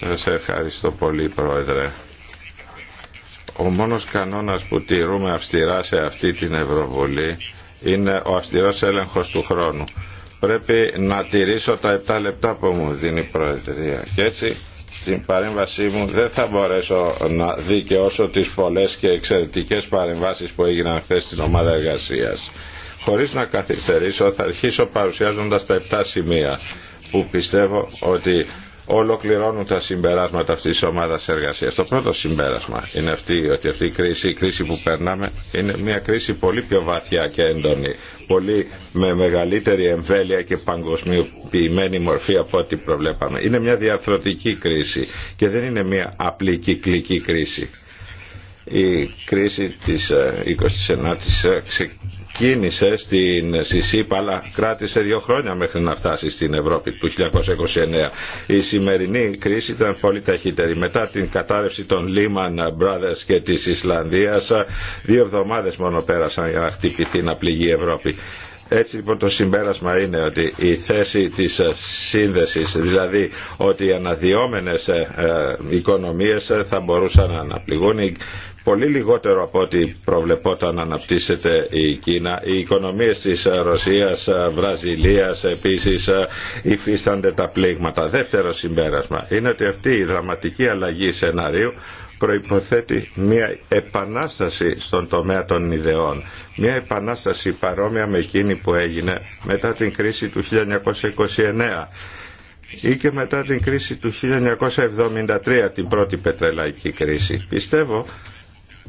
Σας ευχαριστώ πολύ Πρόεδρε. Ο μόνος κανόνας που τηρούμε αυστηρά σε αυτή την Ευρωβουλή είναι ο αυστηρός έλεγχος του χρόνου. Πρέπει να τηρήσω τα 7 λεπτά που μου δίνει η Προεδρία. Και έτσι στην παρέμβασή μου δεν θα μπορέσω να δικαιώσω τις πολλές και εξαιρετικές παρεμβάσεις που έγιναν χθε στην ομάδα εργασίας. Χωρίς να καθυστερήσω θα αρχίσω παρουσιάζοντας τα 7 σημεία που πιστεύω ότι ολοκληρώνουν τα συμπεράσματα αυτής της ομάδας εργασίας. Το πρώτο συμπέρασμα είναι αυτή, ότι αυτή η κρίση, η κρίση που περνάμε, είναι μια κρίση πολύ πιο βαθιά και έντονη, πολύ με μεγαλύτερη εμβέλεια και παγκοσμιοποιημένη μορφή από ό,τι προβλέπαμε. Είναι μια διαρθρωτική κρίση και δεν είναι μια απλή κυκλική κρίση. Η κρίση της 29ης ε, ε, ξεκίνησε στην ΣΥΣΥΠ αλλά κράτησε δύο χρόνια μέχρι να φτάσει στην Ευρώπη του 1929. Η σημερινή κρίση ήταν πολύ ταχύτερη. Μετά την κατάρρευση των Lehman Brothers και της Ισλανδίας ε, δύο εβδομάδες μόνο πέρασαν για να χτυπηθεί να πληγεί η Ευρώπη. Έτσι λοιπόν το συμπέρασμα είναι ότι η θέση της σύνδεσης, δηλαδή ότι οι αναδυόμενες οικονομίες θα μπορούσαν να αναπληγούν, πολύ λιγότερο από ό,τι προβλεπόταν να αναπτύσσεται η Κίνα. Οι οικονομίες της Ρωσίας, Βραζιλίας επίσης υφίστανται τα πλήγματα. Δεύτερο συμπέρασμα είναι ότι αυτή η δραματική αλλαγή σενάριου προϋποθέτει μια επανάσταση στον τομέα των ιδεών. Μια επανάσταση παρόμοια με εκείνη που έγινε μετά την κρίση του 1929 ή και μετά την κρίση του 1973, την πρώτη πετρελαϊκή κρίση. Πιστεύω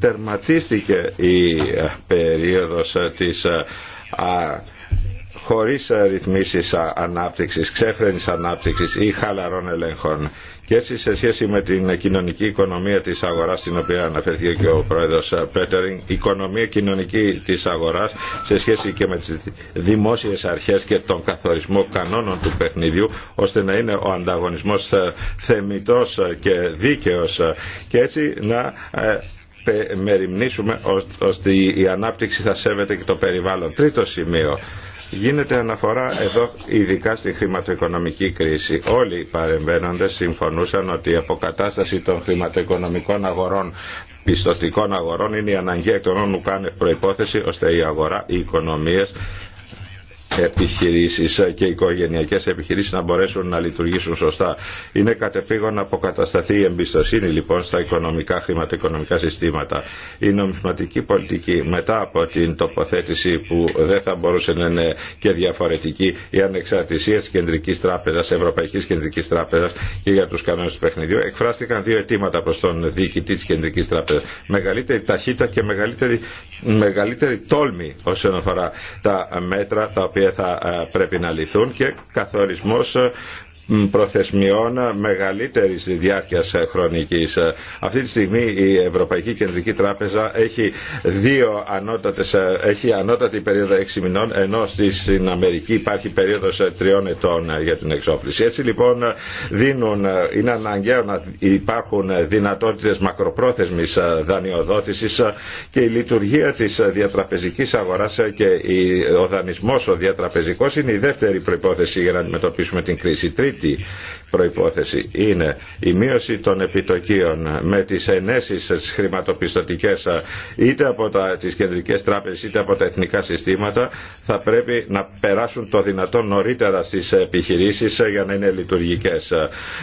τερματίστηκε η ε, περίοδος ε, της ε, χωρίς ρυθμίσεις ανάπτυξης, ξέφρενης ανάπτυξης ή χαλαρών ελέγχων. Και έτσι σε σχέση με την κοινωνική οικονομία της αγοράς, στην οποία αναφέρθηκε και ο πρόεδρος Πέτερινγκ, οικονομία κοινωνική της αγοράς σε σχέση και με τις δημόσιες αρχές και τον καθορισμό κανόνων του παιχνιδιού, ώστε να είναι ο ανταγωνισμός θεμητός και δίκαιος και έτσι να μεριμνήσουμε ώστε η ανάπτυξη θα σέβεται και το περιβάλλον. Τρίτο σημείο. Γίνεται αναφορά εδώ ειδικά στη χρηματοοικονομική κρίση. Όλοι οι παρεμβαίνοντες συμφωνούσαν ότι η αποκατάσταση των χρηματοοικονομικών αγορών πιστοτικών αγορών είναι η αναγκαία εκ των όνων προπόθεση ώστε η αγορά, οι οικονομίες επιχειρήσεις και οικογενειακές επιχειρήσεις να μπορέσουν να λειτουργήσουν σωστά. Είναι κατεπήγον να αποκατασταθεί η εμπιστοσύνη λοιπόν στα οικονομικά οικονομικά συστήματα. Η νομισματική πολιτική μετά από την τοποθέτηση που δεν θα μπορούσε να είναι και διαφορετική η ανεξαρτησία της Κεντρικής Τράπεζας, Ευρωπαϊκής Κεντρικής Τράπεζας και για τους κανόνες του παιχνιδιού εκφράστηκαν δύο αιτήματα προς τον διοικητή της Κεντρικής Τράπεζας. Μεγαλύτερη ταχύτητα και μεγαλύτερη, μεγαλύτερη τόλμη όσον αφορά τα μέτρα τα οποία θα ε, πρέπει να λυθούν και καθορισμός ε, προθεσμιών μεγαλύτερης διάρκειας χρονικής. Αυτή τη στιγμή η Ευρωπαϊκή Κεντρική Τράπεζα έχει δύο ανώτατες, έχει ανώτατη περίοδο 6 μηνών, ενώ στην Αμερική υπάρχει περίοδος 3 ετών για την εξόφληση. Έτσι λοιπόν δίνουν, είναι αναγκαίο να υπάρχουν δυνατότητες μακροπρόθεσμης δανειοδότησης και η λειτουργία της διατραπεζικής αγοράς και ο δανεισμός ο διατραπεζικός είναι η δεύτερη προϋπόθεση για να αντιμετωπίσουμε την κρίση μελέτη προϋπόθεση είναι η μείωση των επιτοκίων με τις ενέσεις στις χρηματοπιστωτικές είτε από τα, τις κεντρικές τράπεζες είτε από τα εθνικά συστήματα θα πρέπει να περάσουν το δυνατόν νωρίτερα στις επιχειρήσεις για να είναι λειτουργικές.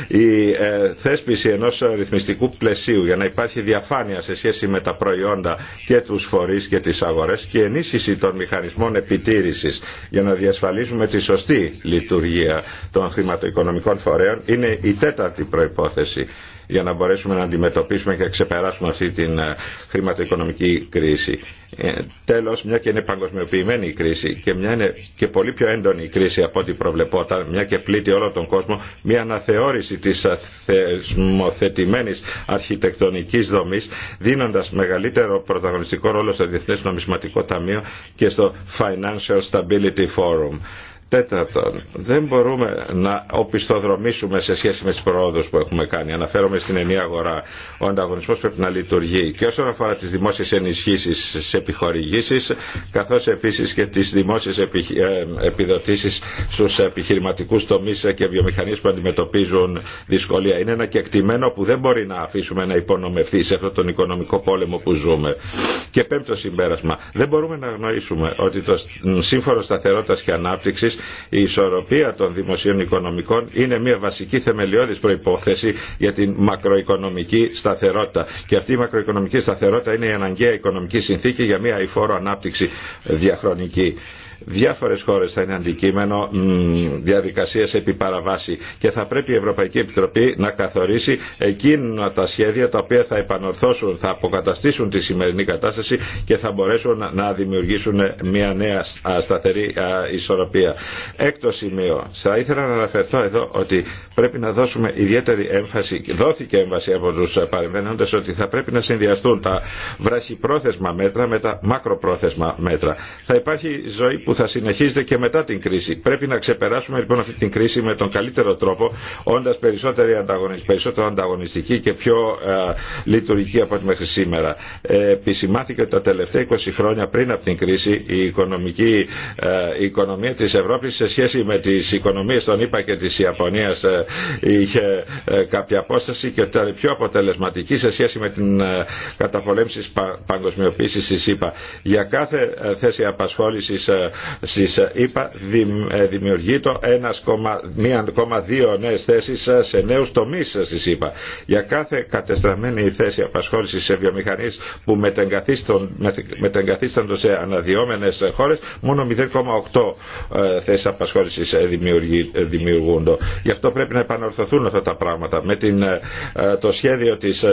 Η ε, θέσπιση ενός ρυθμιστικού πλαισίου για να υπάρχει διαφάνεια σε σχέση με τα προϊόντα και τους φορείς και τις αγορές και ενίσχυση των μηχανισμών επιτήρησης για να διασφαλίσουμε τη σωστή λειτουργία των χρηματοοικονομικών φορέων είναι η τέταρτη προϋπόθεση για να μπορέσουμε να αντιμετωπίσουμε και να ξεπεράσουμε αυτή την ε, χρηματοοικονομική κρίση. Ε, τέλος, μια και είναι παγκοσμιοποιημένη η κρίση και μια είναι και πολύ πιο έντονη η κρίση από ό,τι προβλεπόταν, μια και πλήττει όλο τον κόσμο, μια αναθεώρηση της θεσμοθετημένης αρχιτεκτονικής δομής, δίνοντας μεγαλύτερο πρωταγωνιστικό ρόλο στο Διεθνές Νομισματικό Ταμείο και στο Financial Stability Forum Τέταρτον, δεν μπορούμε να οπισθοδρομήσουμε σε σχέση με τι προόδου που έχουμε κάνει. Αναφέρομαι στην ενιαία αγορά. Ο ανταγωνισμό πρέπει να λειτουργεί και όσον αφορά τι δημόσιε ενισχύσει σε επιχορηγήσει, καθώ επίση και τι δημόσιε επιδοτήσει στου επιχειρηματικού τομεί και βιομηχανίε που αντιμετωπίζουν δυσκολία. Είναι ένα κεκτημένο που δεν μπορεί να αφήσουμε να υπονομευθεί σε αυτόν τον οικονομικό πόλεμο που ζούμε. Και πέμπτο συμπέρασμα, δεν μπορούμε να γνωρίσουμε ότι το Σύμφωνο Σταθερότητα και Ανάπτυξη η ισορροπία των δημοσίων οικονομικών είναι μια βασική θεμελιώδης προϋπόθεση για την μακροοικονομική σταθερότητα. Και αυτή η μακροοικονομική σταθερότητα είναι η αναγκαία οικονομική συνθήκη για μια υφόρο ανάπτυξη διαχρονική διάφορες χώρες θα είναι αντικείμενο διαδικασίας επί παραβάση και θα πρέπει η Ευρωπαϊκή Επιτροπή να καθορίσει εκείνα τα σχέδια τα οποία θα επανορθώσουν, θα αποκαταστήσουν τη σημερινή κατάσταση και θα μπορέσουν να δημιουργήσουν μια νέα σταθερή ισορροπία. Έκτο σημείο. Θα ήθελα να αναφερθώ εδώ ότι πρέπει να δώσουμε ιδιαίτερη έμφαση, δόθηκε έμφαση από τους παρεμβαίνοντες ότι θα πρέπει να συνδυαστούν τα βραχυπρόθεσμα μέτρα με τα μακροπρόθεσμα μέτρα. Θα υπάρχει ζωή που θα συνεχίζεται και μετά την κρίση. Πρέπει να ξεπεράσουμε λοιπόν αυτή την κρίση με τον καλύτερο τρόπο, όντα περισσότερο ανταγωνιστική και πιο ε, λειτουργική από μέχρι σήμερα. Ε, επισημάθηκε ότι τα τελευταία 20 χρόνια πριν από την κρίση η, οικονομική, ε, η οικονομία τη Ευρώπη σε σχέση με τι οικονομίε των ΗΠΑ και τη Ιαπωνία ε, είχε κάποια απόσταση και ήταν πιο αποτελεσματική σε σχέση με την καταπολέμηση τη παγκοσμιοποίηση τη ΗΠΑ. Για κάθε θέση απασχόληση στις ΕΠΑ ε, δημιουργεί το 1,2 νέες θέσεις ε, σε νέους τομείς ε, στις ΕΠΑ. Για κάθε κατεστραμμένη θέση απασχόλησης σε βιομηχανίες που μετεγκαθίστανται σε αναδυόμενες χώρες, μόνο 0,8 θέσεις απασχόλησης δημιουργούνται. Γι' αυτό πρέπει να επανορθωθούν αυτά τα πράγματα. Με την, το σχέδιο της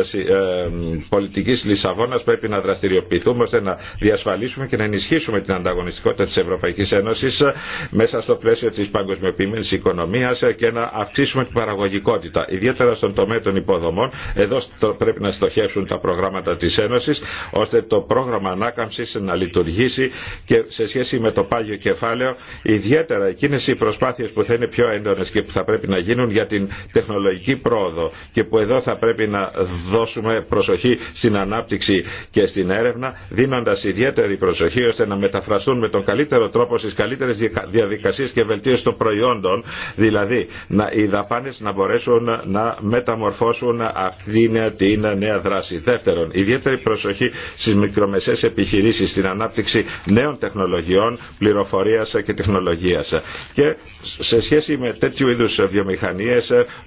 πολιτικής Λισαβόνας πρέπει να δραστηριοποιηθούμε ώστε να διασφαλίσουμε και να ενισχύσουμε την ανταγωνιστικότητα της Ευρωπαϊκής Ευρωπαϊκής Ένωσης μέσα στο πλαίσιο της παγκοσμιοποιημένη οικονομίας και να αυξήσουμε την παραγωγικότητα. Ιδιαίτερα στον τομέα των υποδομών, εδώ πρέπει να στοχεύσουν τα προγράμματα της Ένωσης, ώστε το πρόγραμμα ανάκαμψης να λειτουργήσει και σε σχέση με το πάγιο κεφάλαιο, ιδιαίτερα εκείνες οι προσπάθειες που θα είναι πιο έντονες και που θα πρέπει να γίνουν για την τεχνολογική πρόοδο και που εδώ θα πρέπει να δώσουμε προσοχή στην ανάπτυξη και στην έρευνα, δίνοντας ιδιαίτερη προσοχή ώστε να μεταφραστούν με τον καλύτερο καλύτερο τρόπο, στι καλύτερε διαδικασίε και βελτίωση των προϊόντων, δηλαδή να, οι δαπάνε να μπορέσουν να μεταμορφώσουν αυτήν την νέα δράση. Δεύτερον, ιδιαίτερη προσοχή στι μικρομεσαίε επιχειρήσει, στην ανάπτυξη νέων τεχνολογιών, πληροφορία και τεχνολογία. Και σε σχέση με τέτοιου είδου βιομηχανίε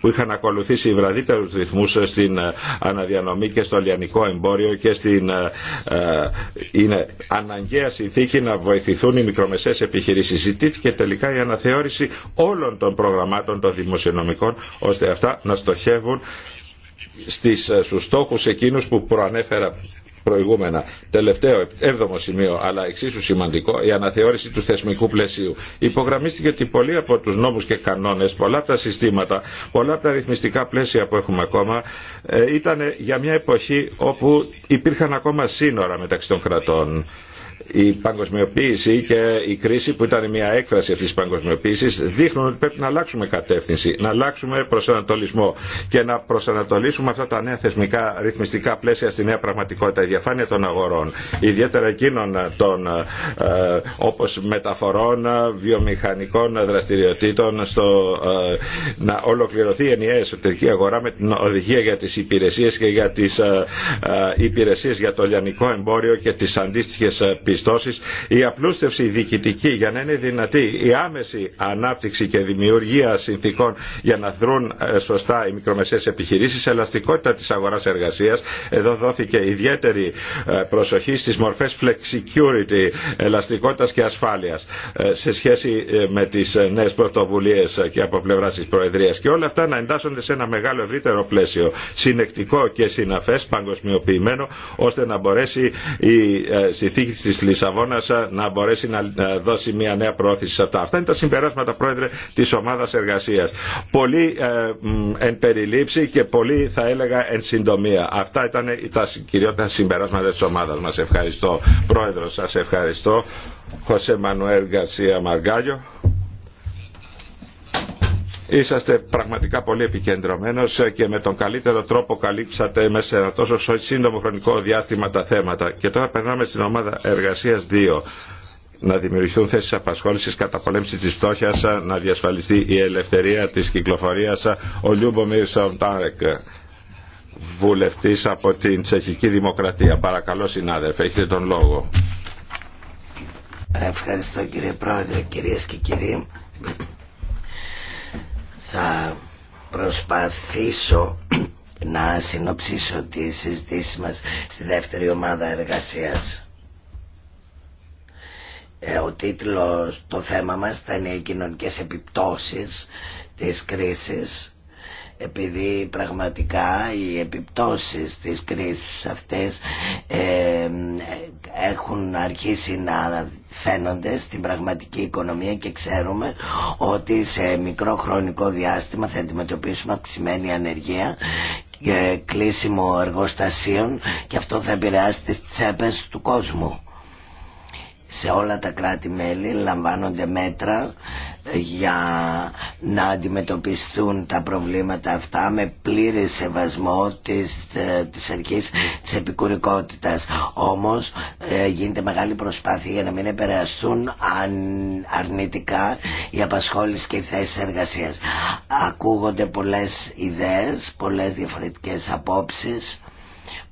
που είχαν ακολουθήσει βραδύτερου ρυθμού στην αναδιανομή και στο λιανικό εμπόριο και στην. Ε, ε, αναγκαία συνθήκη να βοηθηθούν οι μικρομεσαίε μικρομεσαίες επιχειρήσεις. Ζητήθηκε τελικά η αναθεώρηση όλων των προγραμμάτων των δημοσιονομικών ώστε αυτά να στοχεύουν στις, ε, στους στόχους εκείνους που προανέφερα προηγούμενα. Τελευταίο, έβδομο σημείο, αλλά εξίσου σημαντικό, η αναθεώρηση του θεσμικού πλαισίου. Υπογραμμίστηκε ότι πολλοί από του νόμου και κανόνε, πολλά από τα συστήματα, πολλά από τα ρυθμιστικά πλαίσια που έχουμε ακόμα, ε, ήταν για μια εποχή όπου υπήρχαν ακόμα σύνορα μεταξύ των κρατών η παγκοσμιοποίηση και η κρίση που ήταν μια έκφραση αυτής της παγκοσμιοποίησης δείχνουν ότι πρέπει να αλλάξουμε κατεύθυνση, να αλλάξουμε προσανατολισμό και να προσανατολίσουμε αυτά τα νέα θεσμικά ρυθμιστικά πλαίσια στη νέα πραγματικότητα, η διαφάνεια των αγορών, ιδιαίτερα εκείνων των ε, όπως μεταφορών βιομηχανικών δραστηριοτήτων στο ε, να ολοκληρωθεί η ενιαία εσωτερική αγορά με την οδηγία για τις υπηρεσίες και για τις ε, ε υπηρεσίες για το λιανικό εμπόριο και τις αντίστοιχες η απλούστευση διοικητική για να είναι δυνατή η άμεση ανάπτυξη και δημιουργία συνθήκων για να δρουν ε, σωστά οι επιχειρήσει, επιχειρήσεις, ελαστικότητα τη αγορά εργασία, Εδώ δόθηκε ιδιαίτερη ε, προσοχή στις μορφές flexicurity, ελαστικότητα και ασφάλεια ε, σε σχέση με τι νέε πρωτοβουλίε και από πλευρά τη Προεδρία. Και όλα αυτά να εντάσσονται σε ένα μεγάλο ευρύτερο πλαίσιο, συνεκτικό και συναφές, παγκοσμιοποιημένο, ώστε να μπορέσει η συνθήκη τη. Λισαβόνα ε, να μπορέσει να ε, δώσει μια νέα πρόθεση σε αυτά. Αυτά είναι τα συμπεράσματα, Πρόεδρε, τη ομάδα εργασία. Πολύ ε, εν περιλήψη και πολύ θα έλεγα εν συντομία. Αυτά ήταν τα κυριότερα συμπεράσματα τη ομάδα. Μα Ευχαριστώ. Πρόεδρο, σα ευχαριστώ. Χωσέ Μανουέλ Γκαρσία Μαργκάλιο. Είσαστε πραγματικά πολύ επικεντρωμένος και με τον καλύτερο τρόπο καλύψατε μέσα σε ένα τόσο σύντομο χρονικό διάστημα τα θέματα. Και τώρα περνάμε στην ομάδα εργασίας 2 να δημιουργηθούν θέσει απασχόληση, καταπολέμηση τη φτώχεια, να διασφαλιστεί η ελευθερία τη κυκλοφορία. Ο Λιούμπομιρ Σοντάρεκ, βουλευτή από την Τσεχική Δημοκρατία. Παρακαλώ, συνάδελφε, έχετε τον λόγο. Ευχαριστώ κύριε Πρόεδρε, κυρίε και κύριοι. Θα προσπαθήσω να συνοψίσω τι συζήτηση μας στη δεύτερη ομάδα εργασίας. Ε, ο τίτλος, το θέμα μας θα είναι οι κοινωνικές επιπτώσεις της κρίσης επειδή πραγματικά οι επιπτώσεις της κρίσης αυτές ε, ε, έχουν αρχίσει να φαίνονται στην πραγματική οικονομία και ξέρουμε ότι σε μικρό χρονικό διάστημα θα αντιμετωπίσουμε αυξημένη ανεργία και κλείσιμο εργοστασίων και αυτό θα επηρεάσει τις τσέπες του κόσμου. Σε όλα τα κράτη-μέλη λαμβάνονται μέτρα για να αντιμετωπιστούν τα προβλήματα αυτά με πλήρη σεβασμό της, ε, της αρχής της επικουρικότητας. Όμως ε, γίνεται μεγάλη προσπάθεια για να μην επηρεαστούν αρνητικά οι απασχόληση και οι θέσεις εργασίας. Ακούγονται πολλές ιδέες, πολλές διαφορετικές απόψεις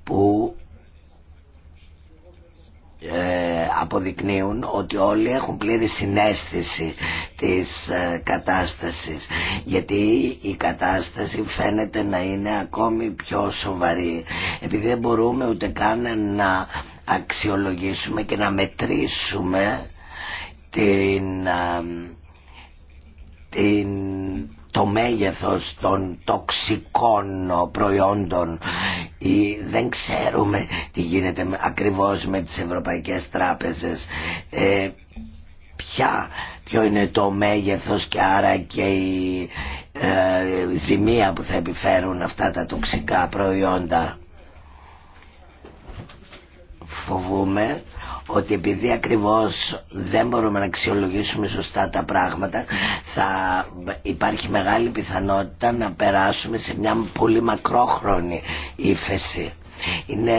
που ε, αποδεικνύουν ότι όλοι έχουν πλήρη συνέστηση της ε, κατάστασης γιατί η κατάσταση φαίνεται να είναι ακόμη πιο σοβαρή επειδή δεν μπορούμε ούτε καν να αξιολογήσουμε και να μετρήσουμε την, ε, την το μέγεθος των τοξικών προϊόντων ή δεν ξέρουμε τι γίνεται ακριβώς με τις ευρωπαϊκές τράπεζες ε, ποια, ποιο είναι το μέγεθος και άρα και η ε, ζημία που θα επιφέρουν αυτά τα τοξικά προϊόντα φοβούμε ότι επειδή ακριβώς δεν μπορούμε να αξιολογήσουμε σωστά τα πράγματα θα υπάρχει μεγάλη πιθανότητα να περάσουμε σε μια πολύ μακρόχρονη ύφεση είναι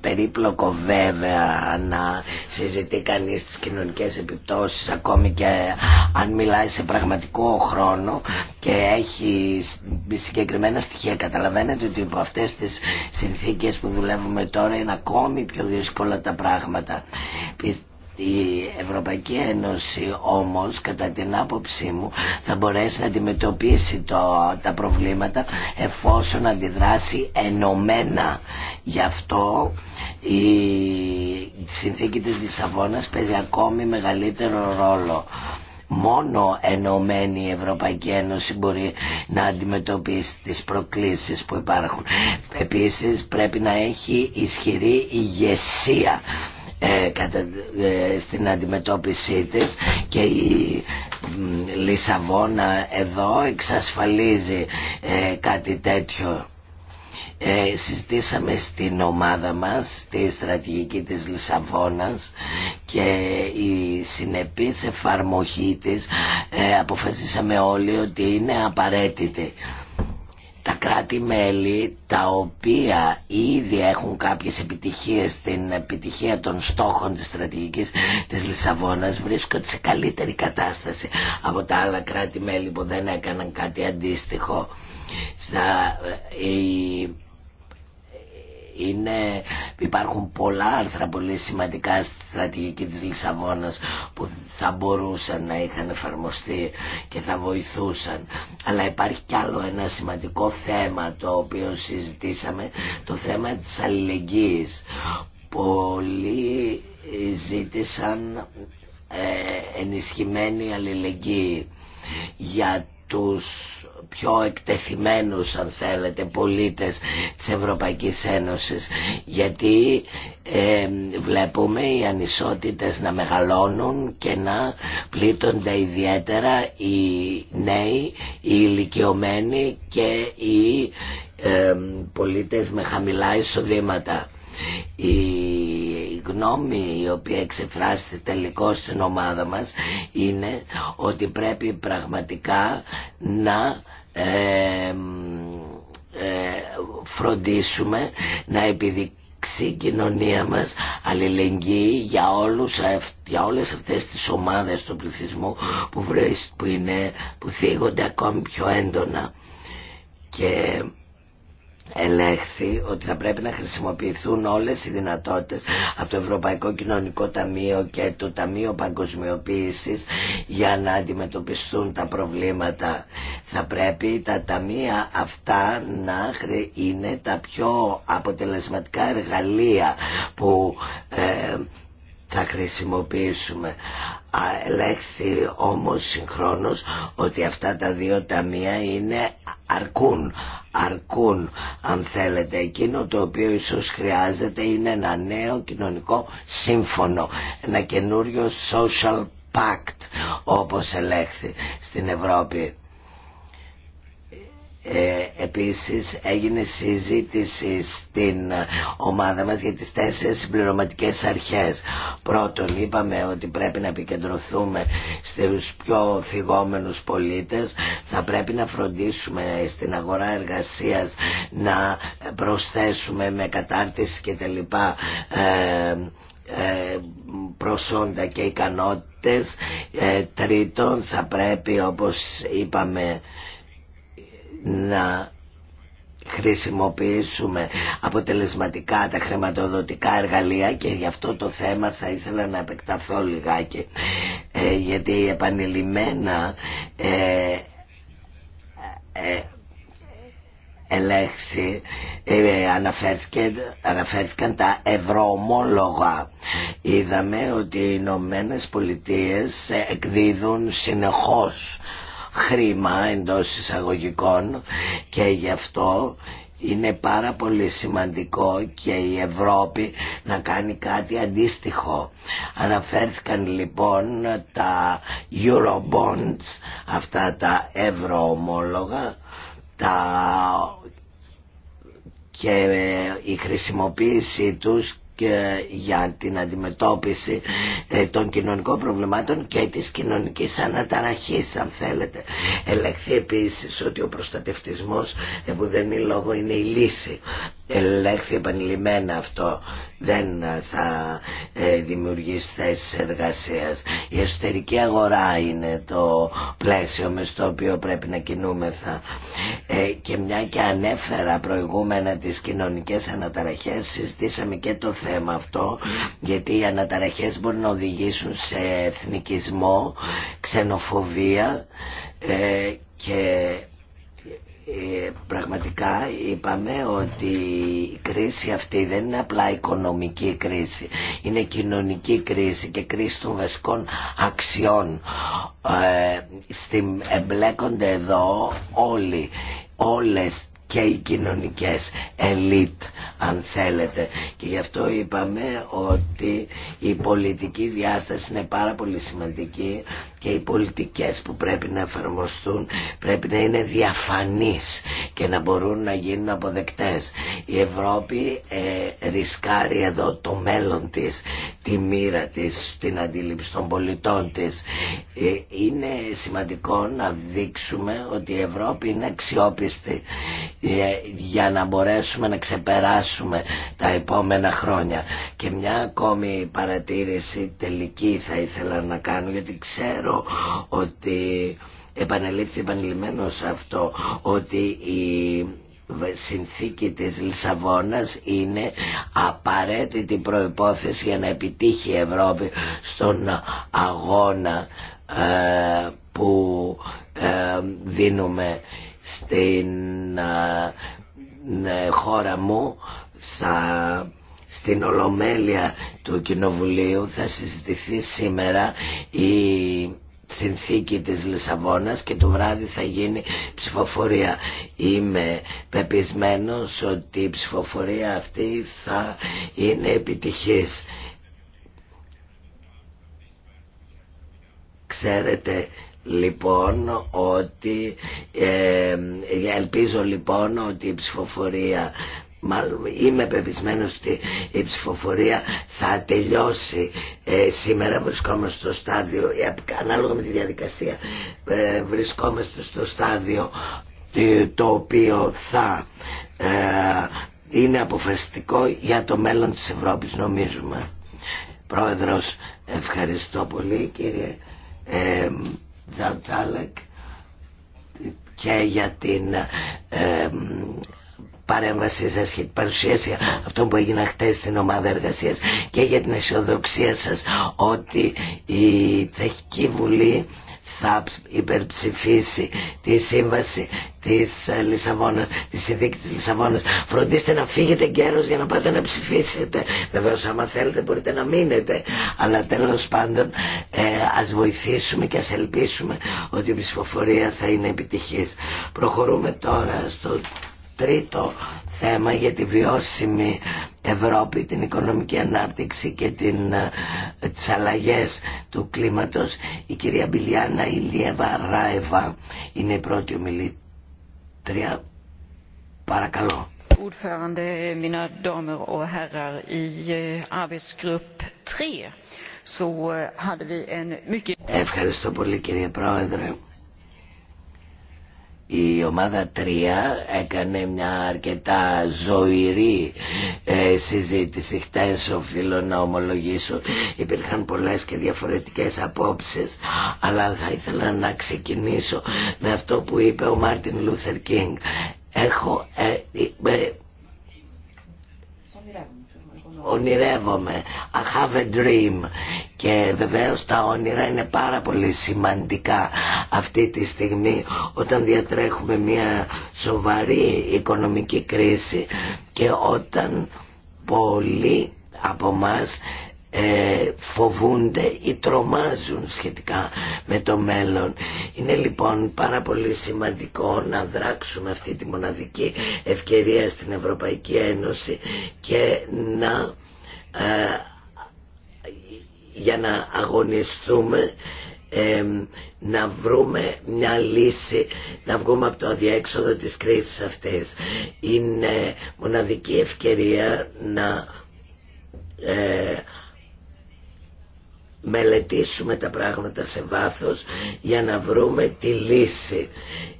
περίπλοκο βέβαια να συζητεί κανείς τις κοινωνικές επιπτώσεις ακόμη και αν μιλάει σε πραγματικό χρόνο και έχει συγκεκριμένα στοιχεία. Καταλαβαίνετε ότι υπό αυτές τις συνθήκες που δουλεύουμε τώρα είναι ακόμη πιο δύσκολα τα πράγματα. Η Ευρωπαϊκή Ένωση όμως κατά την άποψή μου θα μπορέσει να αντιμετωπίσει το, τα προβλήματα εφόσον αντιδράσει ενωμένα. Γι' αυτό η συνθήκη της Λισαβόνας παίζει ακόμη μεγαλύτερο ρόλο. Μόνο ενωμένη η Ευρωπαϊκή Ένωση μπορεί να αντιμετωπίσει τις προκλήσεις που υπάρχουν. Επίσης πρέπει να έχει ισχυρή ηγεσία ε, κατα, ε, στην αντιμετώπιση της και η Λισαβόνα εδώ εξασφαλίζει ε, κάτι τέτοιο. Ε, συζητήσαμε στην ομάδα μας τη στρατηγική της Λισαβόνας και η συνεπής εφαρμογή της ε, αποφασίσαμε όλοι ότι είναι απαραίτητη τα κράτη-μέλη τα οποία ήδη έχουν κάποιες επιτυχίες στην επιτυχία των στόχων της στρατηγικής της Λισαβόνας βρίσκονται σε καλύτερη κατάσταση από τα άλλα κράτη-μέλη που δεν έκαναν κάτι αντίστοιχο. Ε, η, είναι, υπάρχουν πολλά άρθρα πολύ σημαντικά στη στρατηγική της Λισαβόνας που θα μπορούσαν να είχαν εφαρμοστεί και θα βοηθούσαν. Αλλά υπάρχει κι άλλο ένα σημαντικό θέμα το οποίο συζητήσαμε, το θέμα της αλληλεγγύης. Πολλοί ζήτησαν ε, ενισχυμένη αλληλεγγύη για τους πιο εκτεθειμένους αν θέλετε πολίτες της Ευρωπαϊκής Ένωσης γιατί βλέπουμε οι ανισότητες να μεγαλώνουν και να πλήττονται ιδιαίτερα οι νέοι, οι ηλικιωμένοι και οι ε, πολίτες με χαμηλά εισοδήματα. Η γνώμη η οποία εξεφράστηκε τελικό στην ομάδα μας είναι ότι πρέπει πραγματικά να ε, ε, φροντίσουμε να επιδειξει η κοινωνία μας αλληλεγγύη για, όλους, για όλες αυτές τις ομάδες του πληθυσμού που, που θίγονται ακόμη πιο έντονα και ελέγχθη ότι θα πρέπει να χρησιμοποιηθούν όλες οι δυνατότητες από το Ευρωπαϊκό Κοινωνικό Ταμείο και το Ταμείο Παγκοσμιοποίησης για να αντιμετωπιστούν τα προβλήματα. Θα πρέπει τα ταμεία αυτά να είναι τα πιο αποτελεσματικά εργαλεία που ε, θα χρησιμοποιήσουμε. Ελέγχθη όμως συγχρόνως ότι αυτά τα δύο ταμεία είναι αρκούν. Αρκούν αν θέλετε. Εκείνο το οποίο ίσως χρειάζεται είναι ένα νέο κοινωνικό σύμφωνο. Ένα καινούριο social pact όπως ελέγχθη στην Ευρώπη ε, επίσης έγινε συζήτηση στην ομάδα μας για τις τέσσερις συμπληρωματικές αρχές. Πρώτον είπαμε ότι πρέπει να επικεντρωθούμε στους πιο θυγόμενους πολίτες, θα πρέπει να φροντίσουμε στην αγορά εργασίας να προσθέσουμε με κατάρτιση και τα ε, ε, προσόντα και ικανότητες. Ε, τρίτον θα πρέπει όπως είπαμε να χρησιμοποιήσουμε αποτελεσματικά τα χρηματοδοτικά εργαλεία και γι' αυτό το θέμα θα ήθελα να επεκταθώ λιγάκι ε, γιατί επανειλημμένα ε, ε, ε, αναφέρθηκαν τα ευρωομόλογα. Είδαμε ότι οι Ηνωμένε Πολιτείες ε, εκδίδουν συνεχώς χρήμα εντός εισαγωγικών και γι' αυτό είναι πάρα πολύ σημαντικό και η Ευρώπη να κάνει κάτι αντίστοιχο. Αναφέρθηκαν λοιπόν τα Eurobonds, αυτά τα ευρωομόλογα, τα και η χρησιμοποίησή τους και για την αντιμετώπιση ε, των κοινωνικών προβλημάτων και της κοινωνικής αναταραχής αν θέλετε. Ελεγχθεί επίσης ότι ο προστατευτισμός ε, που δεν είναι λόγο είναι η λύση ελέγχθη επανειλημμένα αυτό δεν θα ε, δημιουργήσει θέσει εργασία. Η εσωτερική αγορά είναι το πλαίσιο με στο οποίο πρέπει να κινούμεθα. Ε, και μια και ανέφερα προηγούμενα τις κοινωνικές αναταραχές, συζητήσαμε και το θέμα αυτό, γιατί οι αναταραχές μπορούν να οδηγήσουν σε εθνικισμό, ξενοφοβία ε, και ε, πραγματικά είπαμε ότι η κρίση αυτή δεν είναι απλά οικονομική κρίση είναι κοινωνική κρίση και κρίση των βασικών αξιών ε, στην, εμπλέκονται εδώ όλοι όλες και οι κοινωνικές ελίτ αν θέλετε και γι' αυτό είπαμε ότι η πολιτική διάσταση είναι πάρα πολύ σημαντική και οι πολιτικές που πρέπει να εφαρμοστούν πρέπει να είναι διαφανείς και να μπορούν να γίνουν αποδεκτές η Ευρώπη ε, ρισκάρει εδώ το μέλλον της τη μοίρα της, την αντίληψη των πολιτών της ε, είναι σημαντικό να δείξουμε ότι η Ευρώπη είναι αξιόπιστη ε, για να μπορέσουμε να ξεπεράσουμε τα επόμενα χρόνια. Και μια ακόμη παρατήρηση τελική θα ήθελα να κάνω γιατί ξέρω ότι επανελήφθη επανειλημμένος αυτό ότι η συνθήκη της Λισαβόνας είναι απαραίτητη προϋπόθεση για να επιτύχει η Ευρώπη στον αγώνα ε, που ε, δίνουμε στην ναι, χώρα μου στην Ολομέλεια του Κοινοβουλίου θα συζητηθεί σήμερα η συνθήκη της Λισαβόνας και το βράδυ θα γίνει ψηφοφορία. Είμαι πεπισμένος ότι η ψηφοφορία αυτή θα είναι επιτυχής. Ξέρετε λοιπόν ότι ελπίζω λοιπόν ότι η ψηφοφορία μάλλον είμαι πεπισμένος ότι η ψηφοφορία θα τελειώσει ε, σήμερα βρισκόμαστε στο στάδιο ε, ανάλογα με τη διαδικασία ε, βρισκόμαστε στο στάδιο ε, το οποίο θα είναι αποφασιστικό για το μέλλον της Ευρώπης νομίζουμε Πρόεδρος ευχαριστώ πολύ κύριε και για την ε, παρέμβαση και την παρουσίαση αυτό που έγινε χτες στην ομάδα εργασίας και για την αισιοδοξία σας ότι η Τσεχική Βουλή θα υπερψηφίσει τη σύμβαση της ε, Λισαβόνας, τη συνθήκη της Λισαβόνας. Φροντίστε να φύγετε καιρός για να πάτε να ψηφίσετε. Βεβαίω άμα θέλετε μπορείτε να μείνετε. Αλλά τέλος πάντων ε, ας βοηθήσουμε και ας ελπίσουμε ότι η ψηφοφορία θα είναι επιτυχής. Προχωρούμε τώρα στο τρίτο θέμα για τη βιώσιμη Ευρώπη, την οικονομική ανάπτυξη και την, ε, τις αλλαγές του κλίματος. Η κυρία Μπιλιάνα Ηλιέβα Ράεβα είναι η πρώτη ομιλήτρια. Παρακαλώ. mina damer och herrar, i arbetsgrupp 3 ε, Ευχαριστώ πολύ κύριε Πρόεδρε η ομάδα 3 έκανε μια αρκετά ζωηρή ε, συζήτηση χτες οφείλω να ομολογήσω υπήρχαν πολλές και διαφορετικές απόψεις αλλά θα ήθελα να ξεκινήσω με αυτό που είπε ο Μάρτιν Λούθερ Κίνγκ έχω ε, ε, ονειρεύομαι I have a dream και βεβαίως τα όνειρα είναι πάρα πολύ σημαντικά αυτή τη στιγμή όταν διατρέχουμε μια σοβαρή οικονομική κρίση και όταν πολλοί από μας ε, φοβούνται ή τρομάζουν σχετικά με το μέλλον. Είναι λοιπόν πάρα πολύ σημαντικό να δράξουμε αυτή τη μοναδική ευκαιρία στην Ευρωπαϊκή Ένωση και να ε, για να αγωνιστούμε ε, να βρούμε μια λύση να βγούμε από το αδιέξοδο της κρίσης αυτής είναι μοναδική ευκαιρία να ε, μελετήσουμε τα πράγματα σε βάθος για να βρούμε τη λύση.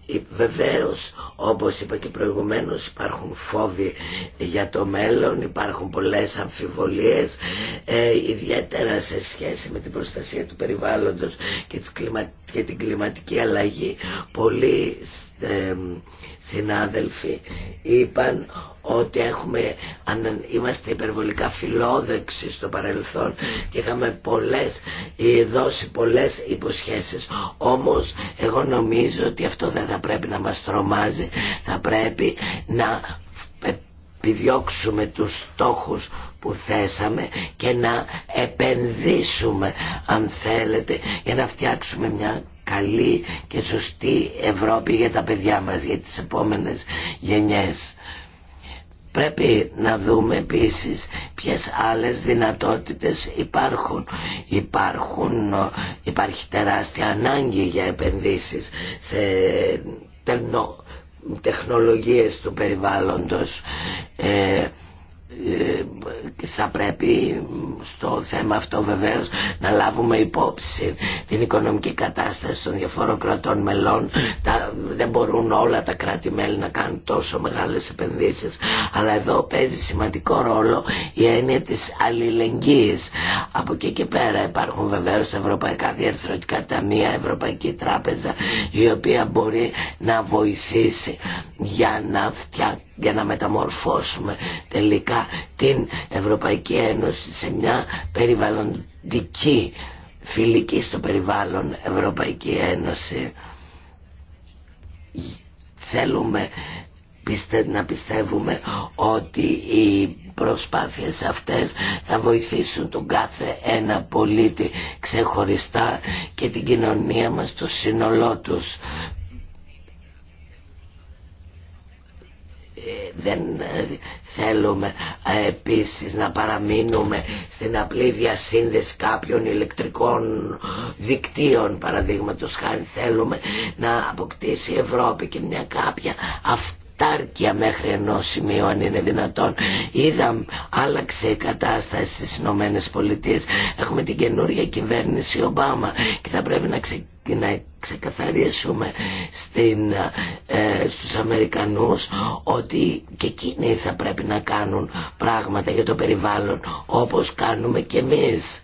Ε, βεβαίως, όπως είπα και προηγουμένως, υπάρχουν φόβοι για το μέλλον, υπάρχουν πολλές αμφιβολίες, ε, ιδιαίτερα σε σχέση με την προστασία του περιβάλλοντος και, της την κλιματική αλλαγή. Πολλοί ε, συνάδελφοι είπαν ότι έχουμε, είμαστε υπερβολικά φιλόδεξοι στο παρελθόν και είχαμε πολλές πολλές δώσει πολλές υποσχέσεις όμως εγώ νομίζω ότι αυτό δεν θα πρέπει να μας τρομάζει θα πρέπει να επιδιώξουμε τους στόχους που θέσαμε και να επενδύσουμε αν θέλετε για να φτιάξουμε μια καλή και σωστή Ευρώπη για τα παιδιά μας, για τις επόμενες γενιές. Πρέπει να δούμε επίσης ποιες άλλες δυνατότητες υπάρχουν. υπάρχουν. Ε, υπάρχει τεράστια ανάγκη για επενδύσεις σε τεχνολογίες του περιβάλλοντος. Ε, ε, θα πρέπει στο θέμα αυτό βεβαίως να λάβουμε υπόψη την οικονομική κατάσταση των διαφόρων κρατών μελών δεν μπορούν όλα τα κράτη-μέλη να κάνουν τόσο μεγάλες επενδύσεις αλλά εδώ παίζει σημαντικό ρόλο η έννοια της αλληλεγγύης από εκεί και πέρα υπάρχουν βεβαίως τα Ευρωπαϊκά Διαρθρωτικά Ταμεία Ευρωπαϊκή Τράπεζα η οποία μπορεί να βοηθήσει για να φτιάξει για να μεταμορφώσουμε τελικά την Ευρωπαϊκή Ένωση σε μια περιβαλλοντική φιλική στο περιβάλλον Ευρωπαϊκή Ένωση θέλουμε να πιστεύουμε ότι οι προσπάθειες αυτές θα βοηθήσουν τον κάθε ένα πολίτη ξεχωριστά και την κοινωνία μας το σύνολό τους Ε, δεν ε, θέλουμε ε, επίσης να παραμείνουμε στην απλή διασύνδεση κάποιων ηλεκτρικών δικτύων παραδείγματος χάρη θέλουμε να αποκτήσει η Ευρώπη και μια κάποια αυτάρκεια μέχρι ενό σημείου αν είναι δυνατόν είδα άλλαξε η κατάσταση στις Ηνωμένε Πολιτείες έχουμε την καινούργια κυβέρνηση Ομπάμα και θα πρέπει να ξεκινήσουμε και να ξεκαθαρίσουμε στην, ε, στους Αμερικανούς ότι και εκείνοι θα πρέπει να κάνουν πράγματα για το περιβάλλον όπως κάνουμε και εμείς.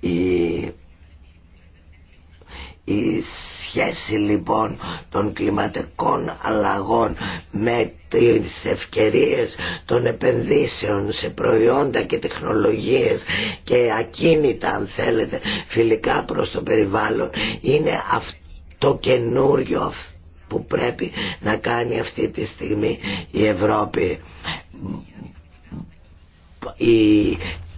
Η... Η σχέση λοιπόν των κλιματικών αλλαγών με τις ευκαιρίες των επενδύσεων σε προϊόντα και τεχνολογίες και ακίνητα αν θέλετε φιλικά προς το περιβάλλον είναι αυτό καινούριο που πρέπει να κάνει αυτή τη στιγμή η Ευρώπη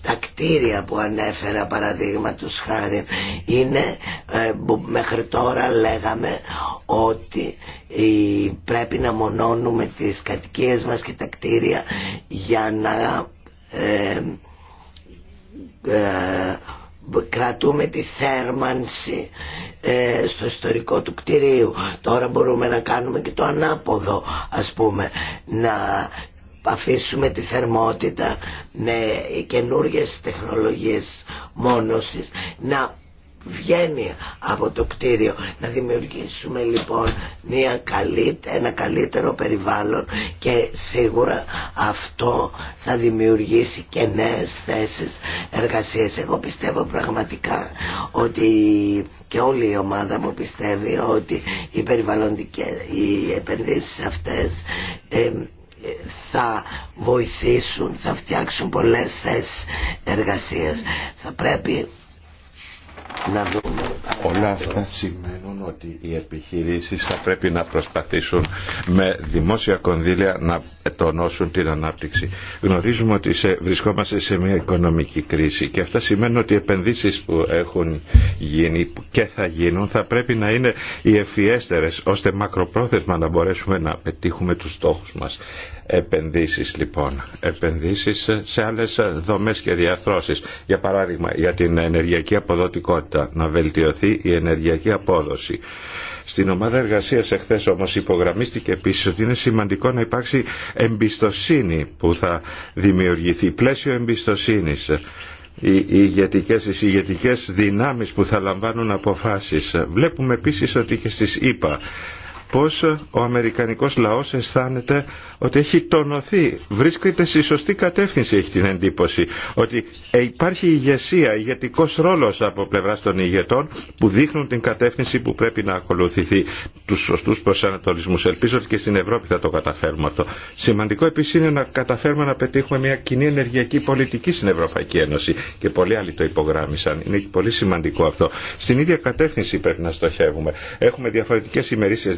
τα κτίρια που ανέφερα παραδείγματος χάρη είναι ε, που μέχρι τώρα λέγαμε ότι ε, πρέπει να μονώνουμε τις κατοικίες μας και τα κτίρια για να ε, κρατούμε τη θέρμανση στο ιστορικό του κτηρίου τώρα μπορούμε να κάνουμε και το ανάποδο ας πούμε να αφήσουμε τη θερμότητα με καινούργιες τεχνολογίες μόνωσης να βγαίνει από το κτίριο να δημιουργήσουμε λοιπόν μια καλή, ένα καλύτερο περιβάλλον και σίγουρα αυτό θα δημιουργήσει και νέες θέσεις εργασίας εγώ πιστεύω πραγματικά ότι και όλη η ομάδα μου πιστεύει ότι οι περιβαλλοντικές οι επενδύσεις αυτές ε, θα βοηθήσουν, θα φτιάξουν πολλές θέσεις εργασίας. Θα πρέπει να δούμε. Όλα αυτά σημαίνουν ότι οι επιχειρήσεις θα πρέπει να προσπαθήσουν με δημόσια κονδύλια να τονώσουν την ανάπτυξη. Γνωρίζουμε ότι βρισκόμαστε σε μια οικονομική κρίση και αυτά σημαίνουν ότι οι επενδύσεις που έχουν γίνει και θα γίνουν θα πρέπει να είναι οι ευφιέστερες ώστε μακροπρόθεσμα να μπορέσουμε να πετύχουμε τους στόχους μας. Επενδύσεις λοιπόν, επενδύσεις σε άλλες δομές και διαθρώσεις. Για παράδειγμα, για την ενεργειακή αποδοτικότητα, να βελτιωθεί η ενεργειακή απόδοση. Στην ομάδα εργασία εχθέ όμω υπογραμμίστηκε επίση ότι είναι σημαντικό να υπάρξει εμπιστοσύνη που θα δημιουργηθεί, πλαίσιο εμπιστοσύνη. Οι ηγετικές, οι δυνάμεις που θα λαμβάνουν αποφάσεις. Βλέπουμε επίσης ότι και στις ΗΠΑ πώς ο Αμερικανικός λαός αισθάνεται ότι έχει τονωθεί, βρίσκεται στη σωστή κατεύθυνση έχει την εντύπωση, ότι υπάρχει ηγεσία, ηγετικός ρόλος από πλευράς των ηγετών που δείχνουν την κατεύθυνση που πρέπει να ακολουθηθεί τους σωστούς προσανατολισμούς. Ελπίζω ότι και στην Ευρώπη θα το καταφέρουμε αυτό. Σημαντικό επίσης είναι να καταφέρουμε να πετύχουμε μια κοινή ενεργειακή πολιτική στην Ευρωπαϊκή Ένωση και πολλοί άλλοι το υπογράμμισαν. Είναι πολύ σημαντικό αυτό. Στην ίδια κατεύθυνση πρέπει να στοχεύουμε. Έχουμε διαφορετικές ημερήσεις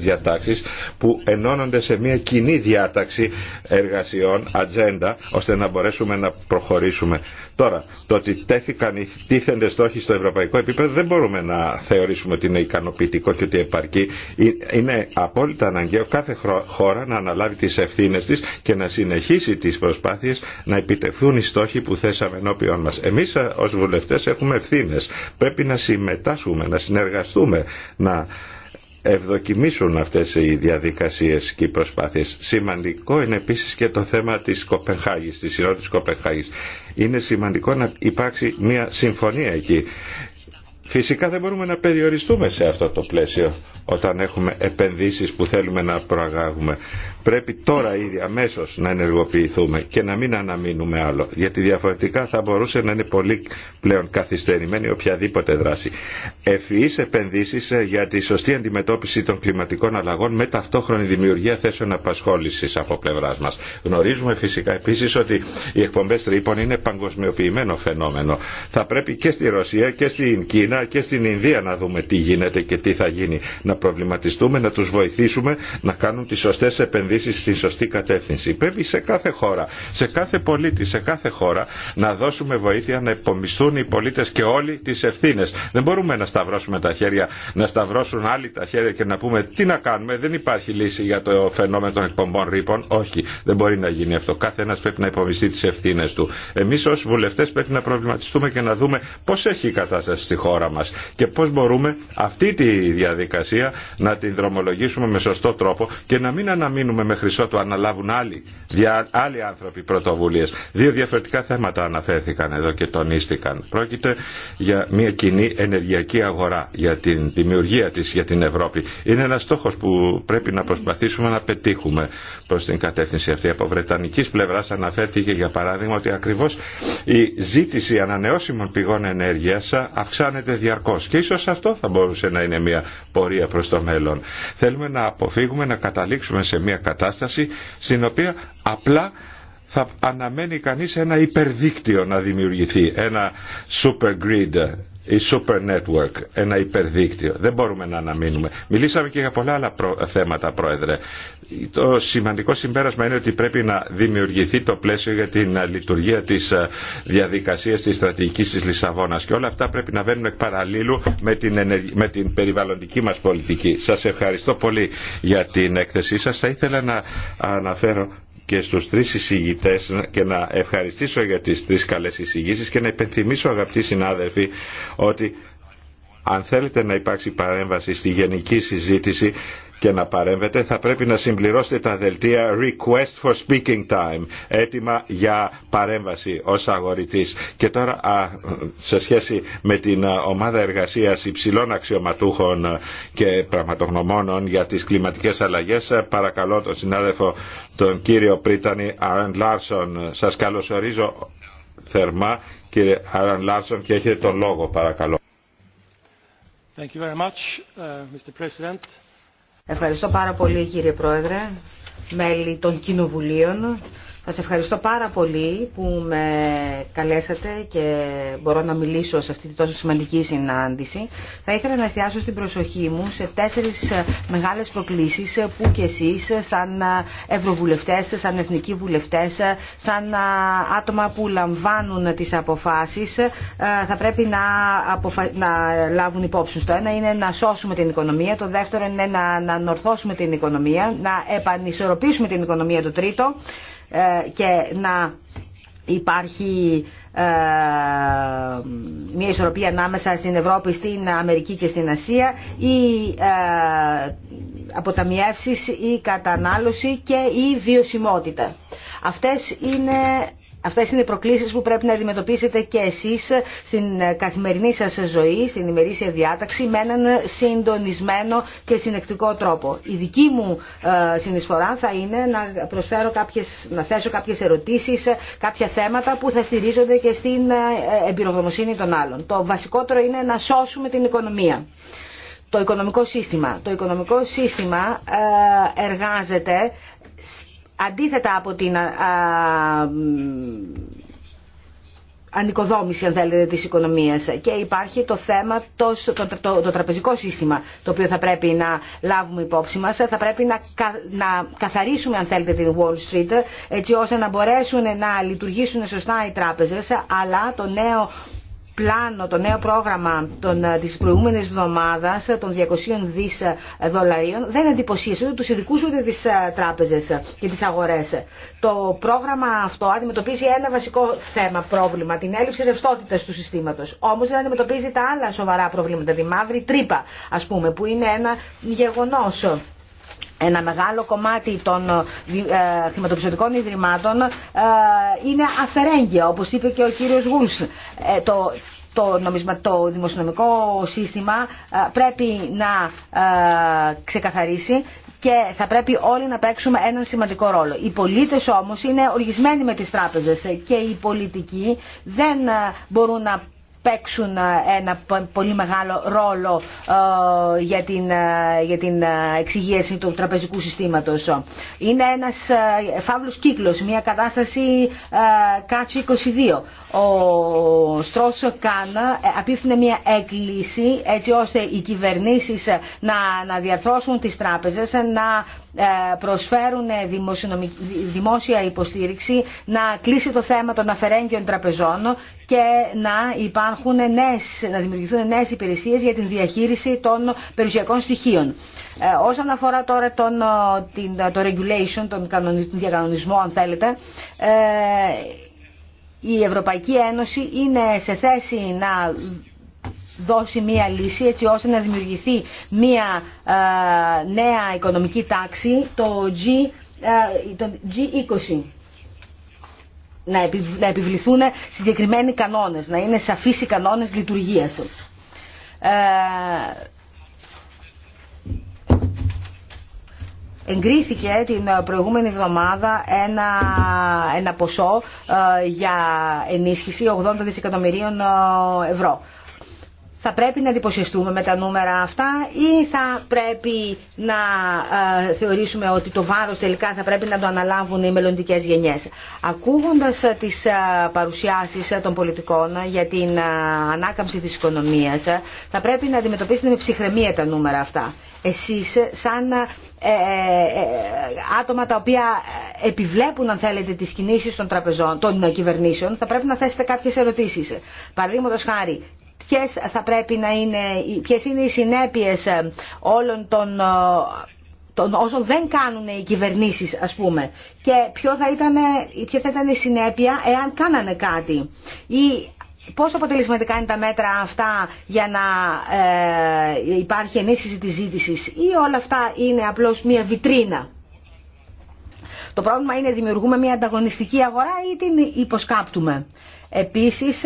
που ενώνονται σε μια κοινή διάταξη εργασιών, ατζέντα, ώστε να μπορέσουμε να προχωρήσουμε. Τώρα, το ότι τέθηκαν, οι τίθενται στόχοι στο ευρωπαϊκό επίπεδο δεν μπορούμε να θεωρήσουμε ότι είναι ικανοποιητικό και ότι επαρκεί. Ε, είναι απόλυτα αναγκαίο κάθε χώρα να αναλάβει τι ευθύνε τη και να συνεχίσει τι προσπάθειε να επιτευχθούν οι στόχοι που θέσαμε ενώπιον μα. Εμεί ε, ω βουλευτέ έχουμε ευθύνε. Πρέπει να συμμετάσχουμε, να συνεργαστούμε, να ευδοκιμήσουν αυτές οι διαδικασίες και οι προσπάθειες. Σημαντικό είναι επίσης και το θέμα της Κοπενχάγης, της συνόδου Κοπενχάγης. Είναι σημαντικό να υπάρξει μια συμφωνία εκεί. Φυσικά δεν μπορούμε να περιοριστούμε σε αυτό το πλαίσιο όταν έχουμε επενδύσεις που θέλουμε να προαγάγουμε. Πρέπει τώρα ήδη αμέσω να ενεργοποιηθούμε και να μην αναμείνουμε άλλο. Γιατί διαφορετικά θα μπορούσε να είναι πολύ πλέον καθυστερημένη οποιαδήποτε δράση. ευφυείς επενδύσεις ε, για τη σωστή αντιμετώπιση των κλιματικών αλλαγών με ταυτόχρονη δημιουργία θέσεων απασχόλησης από πλευρά μα. Γνωρίζουμε φυσικά επίσης ότι οι εκπομπές τρύπων είναι παγκοσμιοποιημένο φαινόμενο. Θα πρέπει και στη Ρωσία και στην Κίνα και στην Ινδία να δούμε τι γίνεται και τι θα γίνει. Να προβληματιστούμε, να τους βοηθήσουμε να κάνουν τις σωστές επενδύσει επενδύσεις στη σωστή κατεύθυνση. Πρέπει σε κάθε χώρα, σε κάθε πολίτη, σε κάθε χώρα να δώσουμε βοήθεια να υπομισθούν οι πολίτες και όλοι τις ευθύνε. Δεν μπορούμε να σταυρώσουμε τα χέρια, να σταυρώσουν άλλοι τα χέρια και να πούμε τι να κάνουμε, δεν υπάρχει λύση για το φαινόμενο των εκπομπών ρήπων. Όχι, δεν μπορεί να γίνει αυτό. Κάθε ένας πρέπει να υπομισθεί τις ευθύνε του. Εμείς ως βουλευτές πρέπει να προβληματιστούμε και να δούμε πώς έχει η κατάσταση στη χώρα μας και πώς μπορούμε αυτή τη διαδικασία να την δρομολογήσουμε με σωστό τρόπο και να μην αναμείνουμε με χρυσό του αναλάβουν άλλοι, άλλοι άνθρωποι πρωτοβουλίε. Δύο διαφορετικά θέματα αναφέρθηκαν εδώ και τονίστηκαν. Πρόκειται για μια κοινή ενεργειακή αγορά για την δημιουργία τη για την Ευρώπη. Είναι ένα στόχο που πρέπει να προσπαθήσουμε να πετύχουμε προ την κατεύθυνση αυτή. Από βρετανική πλευρά αναφέρθηκε για παράδειγμα ότι ακριβώ η ζήτηση ανανεώσιμων πηγών ενέργεια αυξάνεται διαρκώ. Και ίσω αυτό θα μπορούσε να είναι μια πορεία προ το μέλλον. Θέλουμε να αποφύγουμε να καταλήξουμε σε μια κατάσταση στην οποία απλά θα αναμένει κανείς ένα υπερδίκτυο να δημιουργηθεί, ένα super grid η Super Network, ένα υπερδίκτυο. Δεν μπορούμε να αναμείνουμε. Μιλήσαμε και για πολλά άλλα θέματα, Πρόεδρε. Το σημαντικό συμπέρασμα είναι ότι πρέπει να δημιουργηθεί το πλαίσιο για την ε, λειτουργία της ε, διαδικασίας της στρατηγικής της Λισαβόνας και όλα αυτά πρέπει να βαίνουν εκ παραλίλου με την, με την περιβαλλοντική μας πολιτική. Σας ευχαριστώ πολύ για την έκθεσή σας. Θα ήθελα να αναφέρω και στους τρεις εισηγητές και να ευχαριστήσω για τις τρεις καλές εισηγήσεις και να υπενθυμίσω αγαπητοί συνάδελφοι ότι αν θέλετε να υπάρξει παρέμβαση στη γενική συζήτηση και να παρέμβετε θα πρέπει να συμπληρώσετε τα δελτία request for speaking time, έτοιμα για παρέμβαση ως αγορητής. Και τώρα σε σχέση με την ομάδα εργασίας υψηλών αξιωματούχων και πραγματογνωμόνων για τις κλιματικές αλλαγές, παρακαλώ τον συνάδελφο τον κύριο Πρίτανη Άραν Λάρσον. Σας καλωσορίζω θερμά κύριε Άραν Λάρσον και έχετε τον λόγο παρακαλώ. Thank you very much, uh, Ευχαριστώ πάρα πολύ κύριε Πρόεδρε, μέλη των Κοινοβουλίων. Σας ευχαριστώ πάρα πολύ που με καλέσατε και μπορώ να μιλήσω σε αυτή τη τόσο σημαντική συνάντηση. Θα ήθελα να εστιάσω στην προσοχή μου σε τέσσερις μεγάλες προκλήσεις που κι εσείς σαν ευρωβουλευτές, σαν εθνικοί βουλευτές, σαν άτομα που λαμβάνουν τις αποφάσεις ε, θα πρέπει να, να λάβουν υπόψη. Το ένα είναι να σώσουμε την οικονομία, το δεύτερο είναι να ανορθώσουμε την οικονομία, να επανισορροπήσουμε την οικονομία, το τρίτο ε, και να υπάρχει ε, μια ισορροπία ανάμεσα στην Ευρώπη, στην Αμερική και στην Ασία, ή ε, αποταμιεύσεις, η κατανάλωση και η βιωσιμότητα. Αυτές είναι Αυτές είναι οι προκλήσεις που πρέπει να αντιμετωπίσετε και εσείς στην καθημερινή σας ζωή, στην ημερήσια διάταξη, με έναν συντονισμένο και συνεκτικό τρόπο. Η δική μου ε, συνεισφορά θα είναι να, προσφέρω κάποιες, να θέσω κάποιες ερωτήσεις, κάποια θέματα που θα στηρίζονται και στην ε, εμπειρογνωμοσύνη των άλλων. Το βασικότερο είναι να σώσουμε την οικονομία το οικονομικό σύστημα. Το οικονομικό σύστημα ε, εργάζεται αντίθετα από την α, ανοικοδόμηση αν θέλετε της οικονομίας και υπάρχει το θέμα το, το, το, τραπεζικό σύστημα το οποίο θα πρέπει να λάβουμε υπόψη μας θα πρέπει να, να καθαρίσουμε αν θέλετε τη Wall Street έτσι ώστε να μπορέσουν να λειτουργήσουν σωστά οι τράπεζες αλλά το νέο πλάνο, το νέο πρόγραμμα των, ε, της προηγούμενης εβδομάδας ε, των 200 δις ε, δολαρίων δεν εντυπωσίασε ούτε τους ειδικούς ούτε τις τράπεζες και τις αγορές. Το πρόγραμμα αυτό αντιμετωπίζει ένα βασικό θέμα, πρόβλημα, την έλλειψη ρευστότητα του συστήματος. Όμως δεν αντιμετωπίζει τα άλλα σοβαρά προβλήματα, τη μαύρη τρύπα, ας πούμε, που είναι ένα γεγονός ένα μεγάλο κομμάτι των ε, χρηματοπιστωτικών ιδρυμάτων ε, είναι αφαιρέγγια, όπως είπε και ο κύριος Γούλς. Ε, το, το, το δημοσιονομικό σύστημα πρέπει να ξεκαθαρίσει και θα πρέπει όλοι να παίξουμε έναν σημαντικό ρόλο. Οι πολίτες όμως είναι οργισμένοι με τις τράπεζες και οι πολιτικοί δεν μπορούν να παίξουν ε, ένα πολύ μεγάλο ρόλο ε, για την, ε, για την εξυγίαση του τραπεζικού συστήματος. Είναι ένας φαύλος κύκλος, μια κατάσταση κάτσου 22. Ο Στρόσο κάν απίφθινε μια έκκληση έτσι ώστε οι κυβερνήσεις να, να διαρθρώσουν τις τράπεζες, να προσφέρουν δημόσια υποστήριξη, να κλείσει το θέμα των αφαιρέγγιων τραπεζών και να, υπάρχουν νέες, να δημιουργηθούν νέε υπηρεσίες για την διαχείριση των περιουσιακών στοιχείων. Ε, όσον αφορά τώρα τον, την, το regulation, τον, τον διακανονισμό αν θέλετε, ε, η Ευρωπαϊκή Ένωση είναι σε θέση να δώσει μία λύση έτσι ώστε να δημιουργηθεί μία ε, νέα οικονομική τάξη, το, G, το G20 να επιβληθούν συγκεκριμένοι κανόνες, να είναι σαφείς οι κανόνες λειτουργίας. Ε, εγκρίθηκε την προηγούμενη εβδομάδα ένα, ένα ποσό ε, για ενίσχυση 80 δισεκατομμυρίων ε, ευρώ θα πρέπει να εντυπωσιαστούμε με τα νούμερα αυτά ή θα πρέπει να ε, θεωρήσουμε ότι το βάρος τελικά θα πρέπει να το αναλάβουν οι μελλοντικέ γενιές. Ακούγοντας ε, τις ε, παρουσιάσεις ε, των πολιτικών για την ανάκαμψη της οικονομίας, θα πρέπει να αντιμετωπίσετε με ψυχραιμία τα νούμερα αυτά. Εσείς σαν άτομα τα οποία επιβλέπουν αν θέλετε τις κινήσεις των τραπεζών, των κυβερνήσεων, θα πρέπει να θέσετε κάποιες ερωτήσεις. Παραδείγματο χάρη, ποιες θα πρέπει να είναι, ποιες είναι οι συνέπειες ε, όλων ε, των όσων δεν κάνουν οι κυβερνήσεις ας πούμε και ποιο θα ήταν, ποια θα ήταν η συνέπεια εάν κάνανε κάτι ή πόσο αποτελεσματικά είναι τα μέτρα αυτά για να ε, υπάρχει ενίσχυση της ζήτησης ή όλα αυτά είναι απλώς μια βιτρίνα. Το πρόβλημα είναι δημιουργούμε μια ανταγωνιστική αγορά ή την υποσκάπτουμε. Επίσης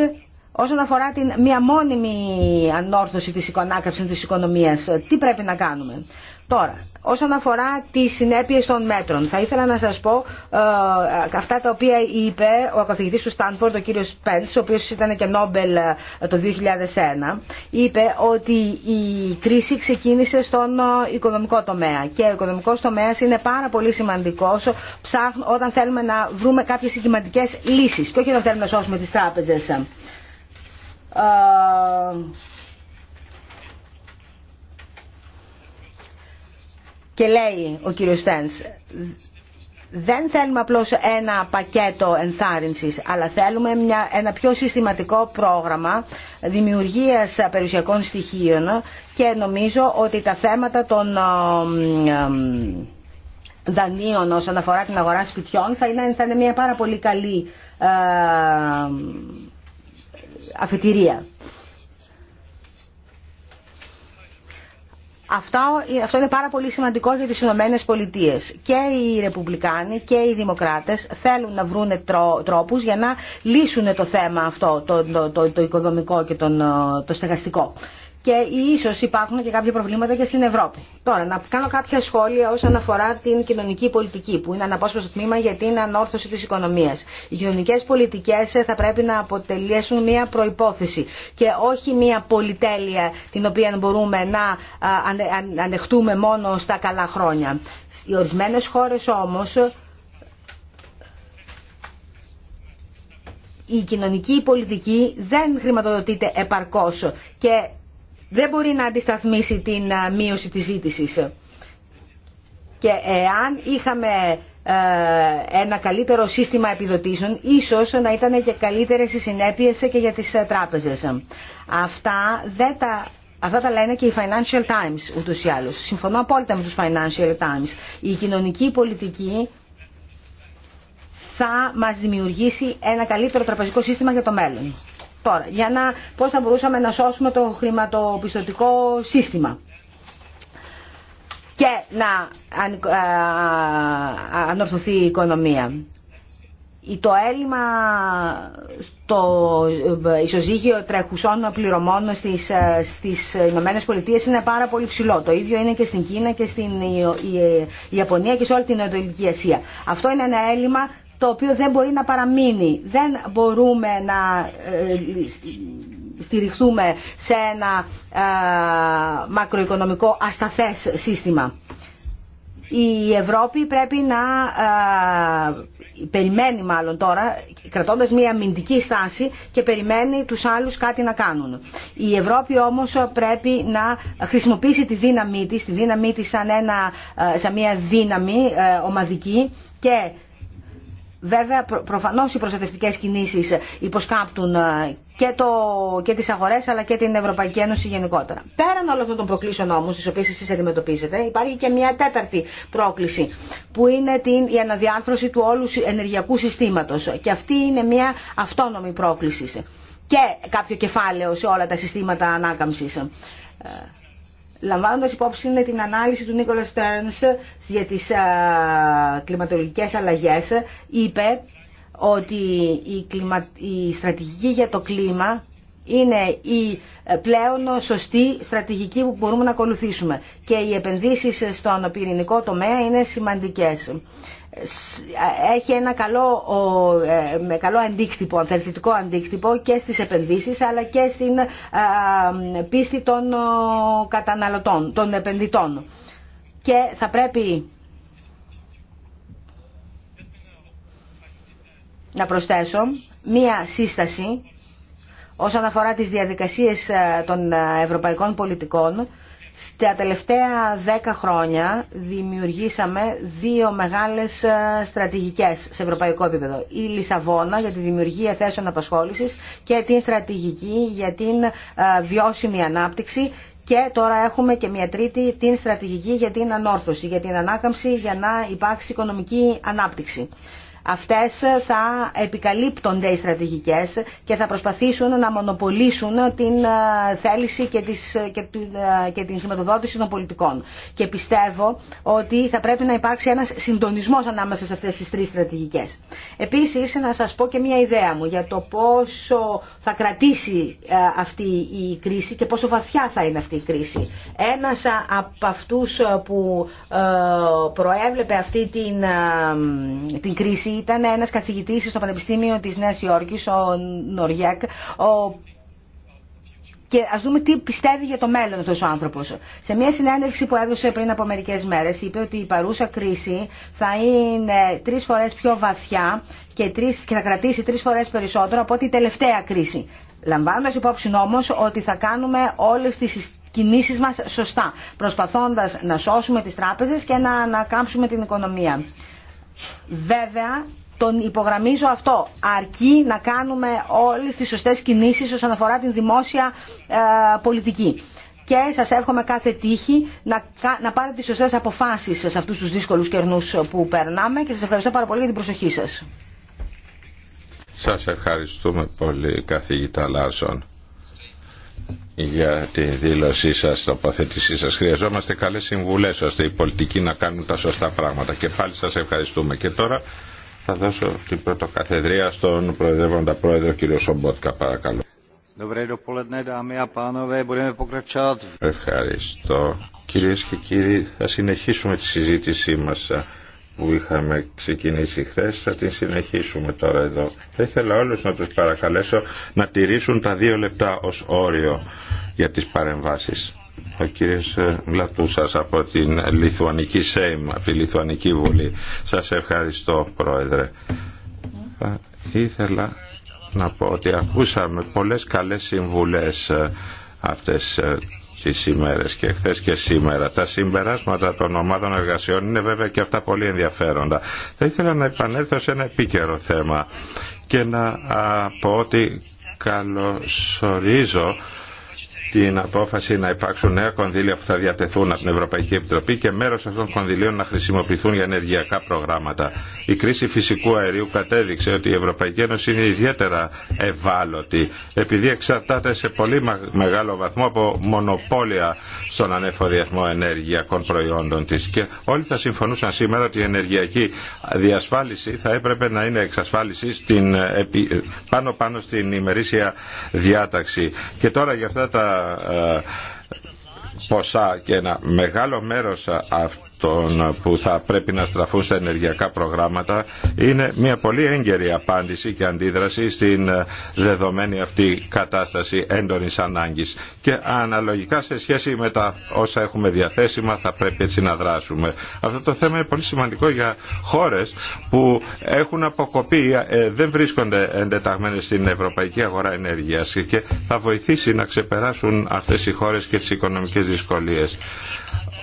Όσον αφορά την μία μόνιμη ανόρθωση της εικονάκαψης της οικονομίας, τι πρέπει να κάνουμε. Τώρα, όσον αφορά τις συνέπειες των μέτρων, θα ήθελα να σας πω ε, αυτά τα οποία είπε ο καθηγητής του Στάνφορντ, ο κύριος Πέντς, ο οποίος ήταν και Νόμπελ ε, το 2001, είπε ότι η κρίση ξεκίνησε στον ε, οικονομικό τομέα και ο οικονομικός τομέας είναι πάρα πολύ σημαντικός όταν θέλουμε να βρούμε κάποιες συγκεκριμένες λύσεις και όχι όταν θέλουμε να σώσουμε τις τράπεζες και λέει ο κύριος Στένς, δεν θέλουμε απλώς ένα πακέτο ενθάρρυνσης, αλλά θέλουμε μια, ένα πιο συστηματικό πρόγραμμα δημιουργίας περιουσιακών στοιχείων και νομίζω ότι τα θέματα των δανείων όσον αφορά την αγορά σπιτιών θα είναι, θα είναι μια πάρα πολύ καλή αφιτηρία. Αυτό, αυτό είναι πάρα πολύ σημαντικό για τις Ηνωμένε Πολιτείες. Και οι Ρεπουμπλικάνοι και οι Δημοκράτες θέλουν να βρουν τρόπους για να λύσουν το θέμα αυτό, το, το, οικοδομικό και τον, το στεγαστικό και ίσω υπάρχουν και κάποια προβλήματα και στην Ευρώπη. Τώρα, να κάνω κάποια σχόλια όσον αφορά την κοινωνική πολιτική, που είναι αναπόσπαστο τμήμα για την ανόρθωση της οικονομίας. Οι κοινωνικέ πολιτικές θα πρέπει να αποτελέσουν μια προϋπόθεση και όχι μια πολυτέλεια την οποία μπορούμε να ανεχτούμε μόνο στα καλά χρόνια. Οι ορισμένες χώρες όμως η κοινωνική πολιτική δεν χρηματοδοτείται επαρκώς και δεν μπορεί να αντισταθμίσει την μείωση της ζήτησης. Και εάν είχαμε ένα καλύτερο σύστημα επιδοτήσεων, ίσως να ήταν και καλύτερες οι συνέπειες και για τις τράπεζες. Αυτά, δεν τα, αυτά τα λένε και οι Financial Times ούτως ή άλλως. Συμφωνώ απόλυτα με τους Financial Times. Η κοινωνική πολιτική θα μας δημιουργήσει ένα καλύτερο τραπεζικό σύστημα για το μέλλον. Τώρα, για να, πώς θα μπορούσαμε να σώσουμε το χρηματοπιστωτικό σύστημα και να ανορθωθεί η οικονομία. Το έλλειμμα στο ισοζύγιο τρεχουσών πληρωμών στις, στις Ηνωμένε Πολιτείε είναι πάρα πολύ ψηλό. Το ίδιο είναι και στην Κίνα και στην Ιαπωνία και σε όλη την Ανατολική Ασία. Αυτό είναι ένα έλλειμμα το οποίο δεν μπορεί να παραμείνει. Δεν μπορούμε να ε, στηριχθούμε σε ένα ε, μακροοικονομικό ασταθές σύστημα. Η Ευρώπη πρέπει να ε, περιμένει μάλλον τώρα, κρατώντας μια αμυντική στάση και περιμένει τους άλλους κάτι να κάνουν. Η Ευρώπη όμως πρέπει να χρησιμοποιήσει τη δύναμή της, τη δύναμή της σαν, ένα, σαν μια δύναμη ομαδική και Βέβαια, προφανώς οι προστατευτικές κινήσεις υποσκάπτουν ε, και, το, και τις αγορές αλλά και την Ευρωπαϊκή Ένωση γενικότερα. Πέραν όλων αυτών των προκλήσεων όμως, τις οποίες εσείς αντιμετωπίζετε, υπάρχει και μια τέταρτη πρόκληση που είναι την, η αναδιάρθρωση του όλου ενεργειακού συστήματος και αυτή είναι μια αυτόνομη πρόκληση και κάποιο κεφάλαιο σε όλα τα συστήματα ανάκαμψης. Ε, λαμβάνοντας υπόψη είναι την ανάλυση του Νίκολα Στέρνς για τις κλιματολογικές αλλαγές, είπε ότι η, η στρατηγική για το κλίμα είναι η ε, πλέον σωστή στρατηγική που μπορούμε να ακολουθήσουμε και οι επενδύσεις στον πυρηνικό τομέα είναι σημαντικές έχει ένα καλό, ε, με καλό αντίκτυπο, ανθερθητικό αντίκτυπο και στις επενδύσεις αλλά και στην πίστη των καταναλωτών, των επενδυτών. Και θα πρέπει να προσθέσω μία σύσταση όσον αφορά τις διαδικασίες ε, των ε, ευρωπαϊκών πολιτικών στα τελευταία δέκα χρόνια δημιουργήσαμε δύο μεγάλες ε, στρατηγικές σε ευρωπαϊκό επίπεδο. Η Λισαβόνα για τη δημιουργία θέσεων απασχόλησης και την στρατηγική για την ε, βιώσιμη ανάπτυξη και τώρα έχουμε και μια τρίτη την στρατηγική για την ανόρθωση, για την ανάκαμψη για να υπάρξει οικονομική ανάπτυξη. Αυτές θα επικαλύπτονται οι στρατηγικές και θα προσπαθήσουν να μονοπολίσουν την ε, θέληση και, τις, ε, και την χρηματοδότηση των πολιτικών. Και πιστεύω ότι θα πρέπει να υπάρξει ένας συντονισμός ανάμεσα σε αυτές τις τρεις στρατηγικές. Επίσης, να σας πω και μια ιδέα μου για το πόσο θα κρατήσει ε, αυτή η κρίση και πόσο βαθιά θα είναι αυτή η κρίση. Ένας από αυτούς που προέβλεπε αυτή την, την κρίση ήταν ένας καθηγητής στο Πανεπιστήμιο της Νέας Υόρκης, ο Νοριέκ ο και α δούμε τι πιστεύει για το μέλλον αυτό ο άνθρωπο. Σε μια συνέντευξη που έδωσε πριν από μερικέ μέρες, είπε ότι η παρούσα κρίση θα είναι τρεις φορές πιο βαθιά και, τρεις, και θα κρατήσει τρει φορέ περισσότερο από την τελευταία κρίση. Λαμβάνοντα υπόψη όμω ότι θα κάνουμε όλε τι κινήσεις μας σωστά, προσπαθώντας να σώσουμε τις τράπεζες και να ανακάμψουμε την οικονομία. Βέβαια, τον υπογραμμίζω αυτό, αρκεί να κάνουμε όλες τις σωστές κινήσεις όσον αφορά την δημόσια ε, πολιτική. Και σα εύχομαι κάθε τύχη να, να πάρετε τις σωστές αποφάσεις σε αυτούς τους δύσκολους κερνούς που περνάμε και σας ευχαριστώ πάρα πολύ για την προσοχή σας. Σας ευχαριστούμε πολύ καθηγητά Λάρσον για τη δήλωσή σας, τοποθέτησή σας. Χρειαζόμαστε καλές συμβουλές ώστε οι πολιτικοί να κάνουν τα σωστά πράγματα. Και πάλι σας ευχαριστούμε. Και τώρα θα δώσω την πρωτοκαθεδρία στον Προεδρεύοντα Πρόεδρο κύριο Σομπότκα παρακαλώ. Ευχαριστώ. κύριε και κύριοι, θα συνεχίσουμε τη συζήτησή μας που είχαμε ξεκινήσει χθε, θα την συνεχίσουμε τώρα εδώ. Θα ήθελα όλους να τους παρακαλέσω να τηρήσουν τα δύο λεπτά ως όριο για τις παρεμβάσεις. Ο κύριος ε, Λατούσας από την Λιθουανική ΣΕΙΜ, από τη Λιθουανική Βουλή. Σας ευχαριστώ Πρόεδρε. Θα ήθελα να πω ότι ακούσαμε πολλές καλές συμβουλές ε, αυτές ε, τις ημέρες και χθε και σήμερα. Τα συμπεράσματα των ομάδων εργασιών είναι βέβαια και αυτά πολύ ενδιαφέροντα. Θα ήθελα να επανέλθω σε ένα επίκαιρο θέμα και να πω ότι καλωσορίζω την απόφαση να υπάρξουν νέα κονδύλια που θα διατεθούν από την Ευρωπαϊκή Επιτροπή και μέρο αυτών των κονδυλίων να χρησιμοποιηθούν για ενεργειακά προγράμματα. Η κρίση φυσικού αερίου κατέδειξε ότι η Ευρωπαϊκή Ένωση είναι ιδιαίτερα ευάλωτη, επειδή εξαρτάται σε πολύ μεγάλο βαθμό από μονοπόλια στον ανεφοδιασμό ενεργειακών προϊόντων τη. Και όλοι θα συμφωνούσαν σήμερα ότι η ενεργειακή διασφάλιση θα έπρεπε να είναι εξασφάλιση πάνω πάνω στην ημερήσια διάταξη. Και τώρα για αυτά τα ε, ποσά και ένα μεγάλο μέρος αυτού που θα πρέπει να στραφούν στα ενεργειακά προγράμματα είναι μια πολύ έγκαιρη απάντηση και αντίδραση στην ε, δεδομένη αυτή κατάσταση έντονης ανάγκης. Και αναλογικά σε σχέση με τα όσα έχουμε διαθέσιμα θα πρέπει έτσι να δράσουμε. Αυτό το θέμα είναι πολύ σημαντικό για χώρες που έχουν αποκοπεί, ε, δεν βρίσκονται εντεταγμένες στην ευρωπαϊκή αγορά Ενεργεια και θα βοηθήσει να ξεπεράσουν αυτές οι χώρες και τις οικονομικές δυσκολίες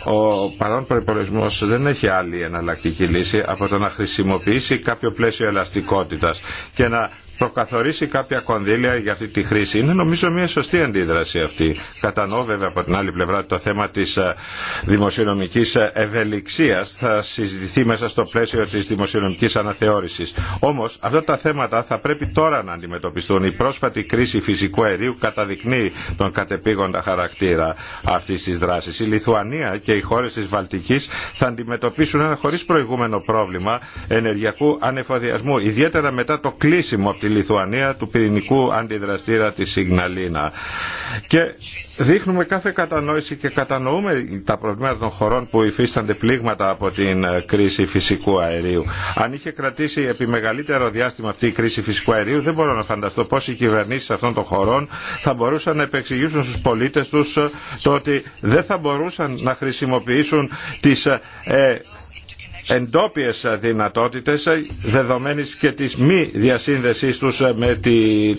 ο παρόν προπολογισμό δεν έχει άλλη εναλλακτική λύση από το να χρησιμοποιήσει κάποιο πλαίσιο ελαστικότητα και να προκαθορίσει κάποια κονδύλια για αυτή τη χρήση. Είναι νομίζω μια σωστή αντίδραση αυτή. Κατανοώ βέβαια από την άλλη πλευρά το θέμα της ε, δημοσιονομικής ε, ευελιξίας θα συζητηθεί μέσα στο πλαίσιο της δημοσιονομικής αναθεώρησης. Όμως αυτά τα θέματα θα πρέπει τώρα να αντιμετωπιστούν. Η πρόσφατη κρίση φυσικού αερίου καταδεικνύει τον κατεπήγοντα χαρακτήρα αυτή τη δράση. Η Λιθουανία και οι χώρε τη Βαλτική θα αντιμετωπίσουν ένα χωρί προηγούμενο πρόβλημα ενεργειακού ανεφοδιασμού, ιδιαίτερα μετά το κλείσιμο Λιθουανία του πυρηνικού αντιδραστήρα της Σιγναλίνα. Και δείχνουμε κάθε κατανόηση και κατανοούμε τα προβλήματα των χωρών που υφίστανται πλήγματα από την κρίση φυσικού αερίου. Αν είχε κρατήσει επί μεγαλύτερο διάστημα αυτή η κρίση φυσικού αερίου, δεν μπορώ να φανταστώ πώ οι κυβερνήσει αυτών των χωρών θα μπορούσαν να επεξηγήσουν στου πολίτε του το ότι δεν θα μπορούσαν να χρησιμοποιήσουν τι ε, εντόπιες δυνατότητες δεδομένης και της μη διασύνδεσής τους με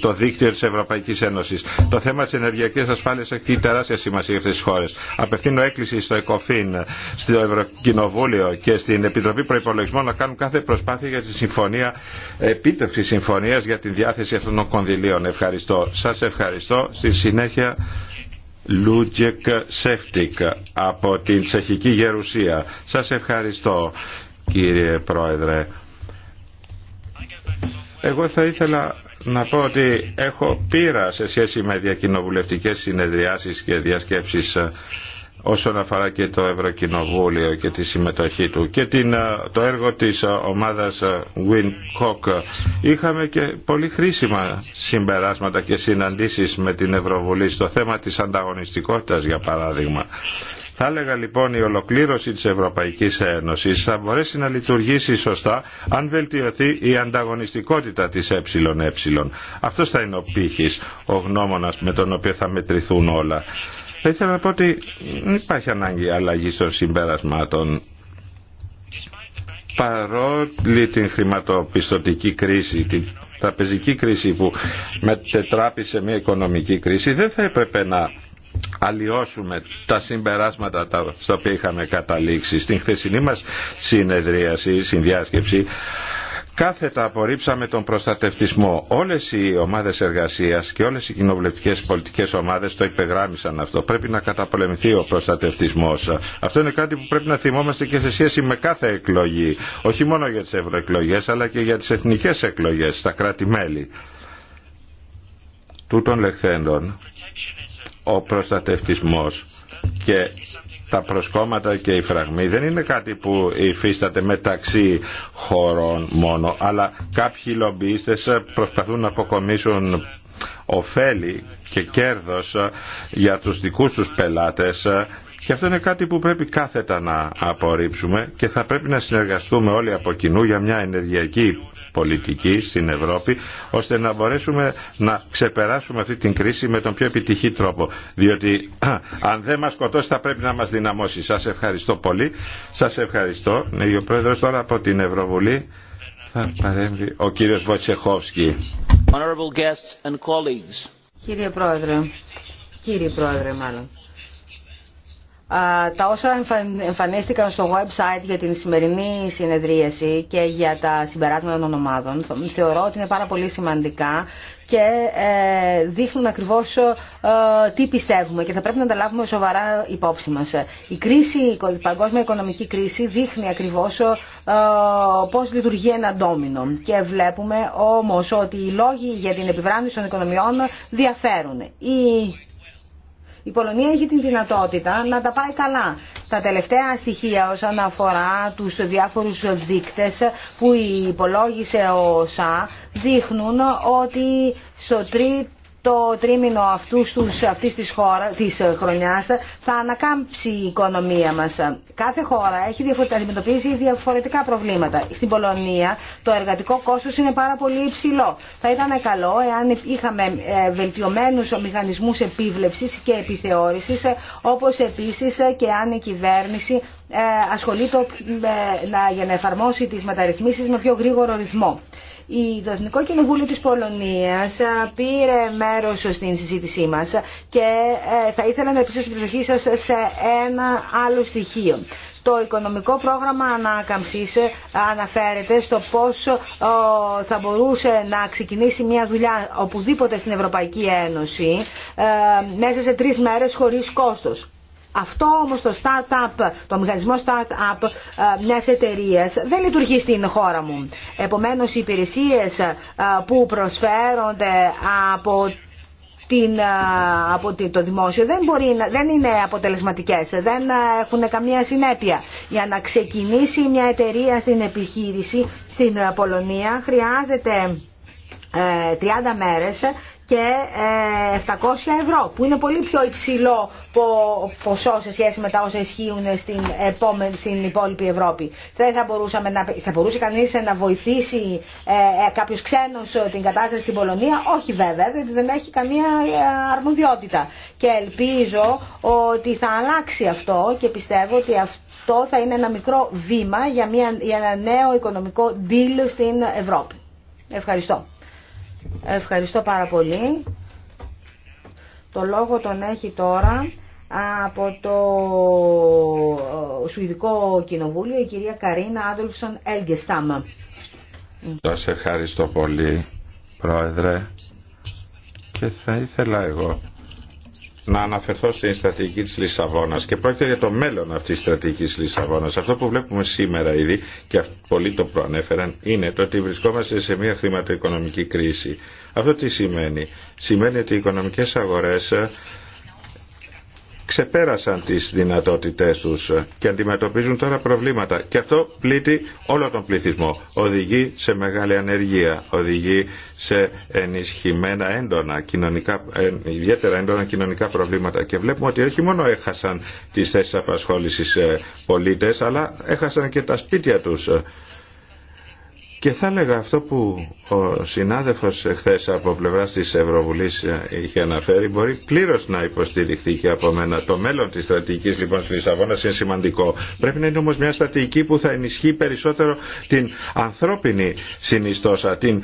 το δίκτυο της Ευρωπαϊκής Ένωσης. Το θέμα της ενεργειακής ασφάλειας έχει τεράστια σημασία για αυτές τις χώρες. Απευθύνω έκκληση στο ΕΚΟΦΗΝ, στο Ευρωκοινοβούλιο και στην Επιτροπή Προϋπολογισμών να κάνουν κάθε προσπάθεια για τη συμφωνία, επίτευξη συμφωνίας για τη διάθεση αυτών των κονδυλίων. Ευχαριστώ. Σας ευχαριστώ. Στη συνέχεια Λούτζεκ Σέφτικ από την Τσεχική Γερουσία. Σας ευχαριστώ κύριε Πρόεδρε. Εγώ θα ήθελα να πω ότι έχω πείρα σε σχέση με διακοινοβουλευτικές συνεδριάσεις και διασκέψεις όσον αφορά και το Ευρωκοινοβούλιο και τη συμμετοχή του και την, ε, το έργο της ε, ομάδας ε, WinCock είχαμε και πολύ χρήσιμα συμπεράσματα και συναντήσεις με την Ευρωβουλή στο θέμα της ανταγωνιστικότητας για παράδειγμα. Θα έλεγα λοιπόν η ολοκλήρωση της Ευρωπαϊκής Ένωσης θα μπορέσει να λειτουργήσει σωστά αν βελτιωθεί η ανταγωνιστικότητα της ΕΕ. Αυτός θα είναι ο πύχης, ο γνώμονας με τον οποίο θα μετρηθούν όλα. Θα ήθελα να πω ότι υπάρχει ανάγκη αλλαγή των συμπερασμάτων. Παρόλη την χρηματοπιστωτική κρίση, την τραπεζική κρίση που μετετράπησε μια οικονομική κρίση, δεν θα έπρεπε να αλλοιώσουμε τα συμπεράσματα στα οποία είχαμε καταλήξει στην χθεσινή μας συνεδρίαση, συνδιάσκεψη κάθετα απορρίψαμε τον προστατευτισμό. Όλες οι ομάδες εργασίας και όλες οι κοινοβουλευτικές πολιτικές ομάδες το υπεγράμμισαν αυτό. Πρέπει να καταπολεμηθεί ο προστατευτισμός. Αυτό είναι κάτι που πρέπει να θυμόμαστε και σε σχέση με κάθε εκλογή. Όχι μόνο για τις ευρωεκλογές αλλά και για τις εθνικές εκλογές στα κράτη-μέλη. Τούτων λεχθέντων ο προστατευτισμός και τα προσκόμματα και οι φραγμοί δεν είναι κάτι που υφίσταται μεταξύ χωρών μόνο, αλλά κάποιοι λομπιίστες προσπαθούν να αποκομίσουν ωφέλη και κέρδος για τους δικούς τους πελάτες και αυτό είναι κάτι που πρέπει κάθετα να απορρίψουμε και θα πρέπει να συνεργαστούμε όλοι από κοινού για μια ενεργειακή πολιτική στην Ευρώπη, ώστε να μπορέσουμε να ξεπεράσουμε αυτή την κρίση με τον πιο επιτυχή τρόπο. Διότι αν δεν μας σκοτώσει θα πρέπει να μας δυναμώσει. Σας ευχαριστώ πολύ. Σας ευχαριστώ. Ναι, ο Πρόεδρος τώρα από την Ευρωβουλή θα παρέμβει ο κύριος Βοτσεχόφσκι. Κύριε Πρόεδρε, κύριε Πρόεδρε μάλλον τα όσα εμφανίστηκαν στο website για την σημερινή συνεδρίαση και για τα συμπεράσματα των ομάδων θεωρώ ότι είναι πάρα πολύ σημαντικά και ε, δείχνουν ακριβώς ε, τι πιστεύουμε και θα πρέπει να τα λάβουμε σοβαρά υπόψη μας. Η, κρίση, η παγκόσμια οικονομική κρίση δείχνει ακριβώς ε, πώς λειτουργεί ένα ντόμινο και βλέπουμε όμως ότι οι λόγοι για την επιβράδυνση των οικονομιών διαφέρουν. Η Πολωνία έχει την δυνατότητα να τα πάει καλά. Τα τελευταία στοιχεία όσον αφορά τους διάφορους δείκτες που υπολόγισε ο ΣΑ δείχνουν ότι στο τρίτο το τρίμηνο αυτούς τους, αυτής της, χώρα, της ε, χρονιάς θα ανακάμψει η οικονομία μας. Κάθε χώρα έχει αντιμετωπίσει διαφορετικά προβλήματα. Στην Πολωνία το εργατικό κόστος είναι πάρα πολύ υψηλό. Θα ήταν καλό εάν είχαμε ε, βελτιωμένους μηχανισμούς επίβλεψης και επιθεώρησης, ε, όπως επίσης και αν η κυβέρνηση ασχολείται για να εφαρμόσει τις μεταρρυθμίσεις με πιο γρήγορο ρυθμό. Το Εθνικό Κοινοβούλιο της Πολωνίας ε, πήρε μέρος στην συζήτησή μας και ε, θα ήθελα να επιστρέψω την προσοχή σας σε ένα άλλο στοιχείο. Το οικονομικό πρόγραμμα ανάκαμψης ε, αναφέρεται στο πώς θα μπορούσε να ξεκινήσει μια δουλειά οπουδήποτε στην Ευρωπαϊκή Ένωση μέσα σε τρεις μέρες χωρίς κόστος. Αυτό όμως το startup, το μηχανισμό startup ε, μιας εταιρείας δεν λειτουργεί στην χώρα μου. Επομένως οι υπηρεσίες ε, που προσφέρονται από την, ε, από το δημόσιο δεν, μπορεί, δεν είναι αποτελεσματικές, δεν έχουν καμία συνέπεια. Για να ξεκινήσει μια εταιρεία στην επιχείρηση στην Πολωνία χρειάζεται 30 μέρες και 700 ε, ευρώ που είναι πολύ πιο υψηλό ποσό σε σχέση με τα όσα ισχύουν στην, στην υπόλοιπη Ευρώπη. Δεν θα, μπορούσαμε να, θα μπορούσε κανείς να βοηθήσει ε, ε κάποιος ξένος την κατάσταση στην Πολωνία. Όχι βέβαια, διότι δεν έχει καμία ε, αρμοδιότητα. Και ελπίζω ότι θα αλλάξει αυτό και πιστεύω ότι αυτό θα είναι ένα μικρό βήμα για, μια, για ένα νέο οικονομικό deal στην Ευρώπη. Ευχαριστώ. Ευχαριστώ πάρα πολύ. Το λόγο τον έχει τώρα από το Σουηδικό Κοινοβούλιο η κυρία Καρίνα Άντολφσον Έλγκεστάμα. Σας ευχαριστώ πολύ, Πρόεδρε. Και θα ήθελα εγώ να αναφερθώ στην στρατηγική της Λισαβόνας και πρόκειται για το μέλλον αυτής της στρατηγικής Λισαβόνας. Αυτό που βλέπουμε σήμερα ήδη και πολλοί το προανέφεραν είναι το ότι βρισκόμαστε σε μια χρηματοοικονομική κρίση. Αυτό τι σημαίνει. Σημαίνει ότι οι οικονομικές αγορές ξεπέρασαν τις δυνατότητές τους και αντιμετωπίζουν τώρα προβλήματα. Και αυτό πλήττει όλο τον πληθυσμό. Οδηγεί σε μεγάλη ανεργία, οδηγεί σε ενισχυμένα έντονα, κοινωνικά, ε, ιδιαίτερα έντονα κοινωνικά προβλήματα. Και βλέπουμε ότι όχι μόνο έχασαν τις θέσεις απασχόλησης ε, πολίτες, αλλά έχασαν και τα σπίτια τους. Και θα έλεγα αυτό που ο συνάδελφος χθε από πλευρά της Ευρωβουλής είχε αναφέρει μπορεί πλήρως να υποστηριχθεί και από μένα. Το μέλλον της στρατηγικής λοιπόν τη Λισαβόνα είναι σημαντικό. Πρέπει να είναι όμως μια στρατηγική που θα ενισχύει περισσότερο την ανθρώπινη συνιστόσα, την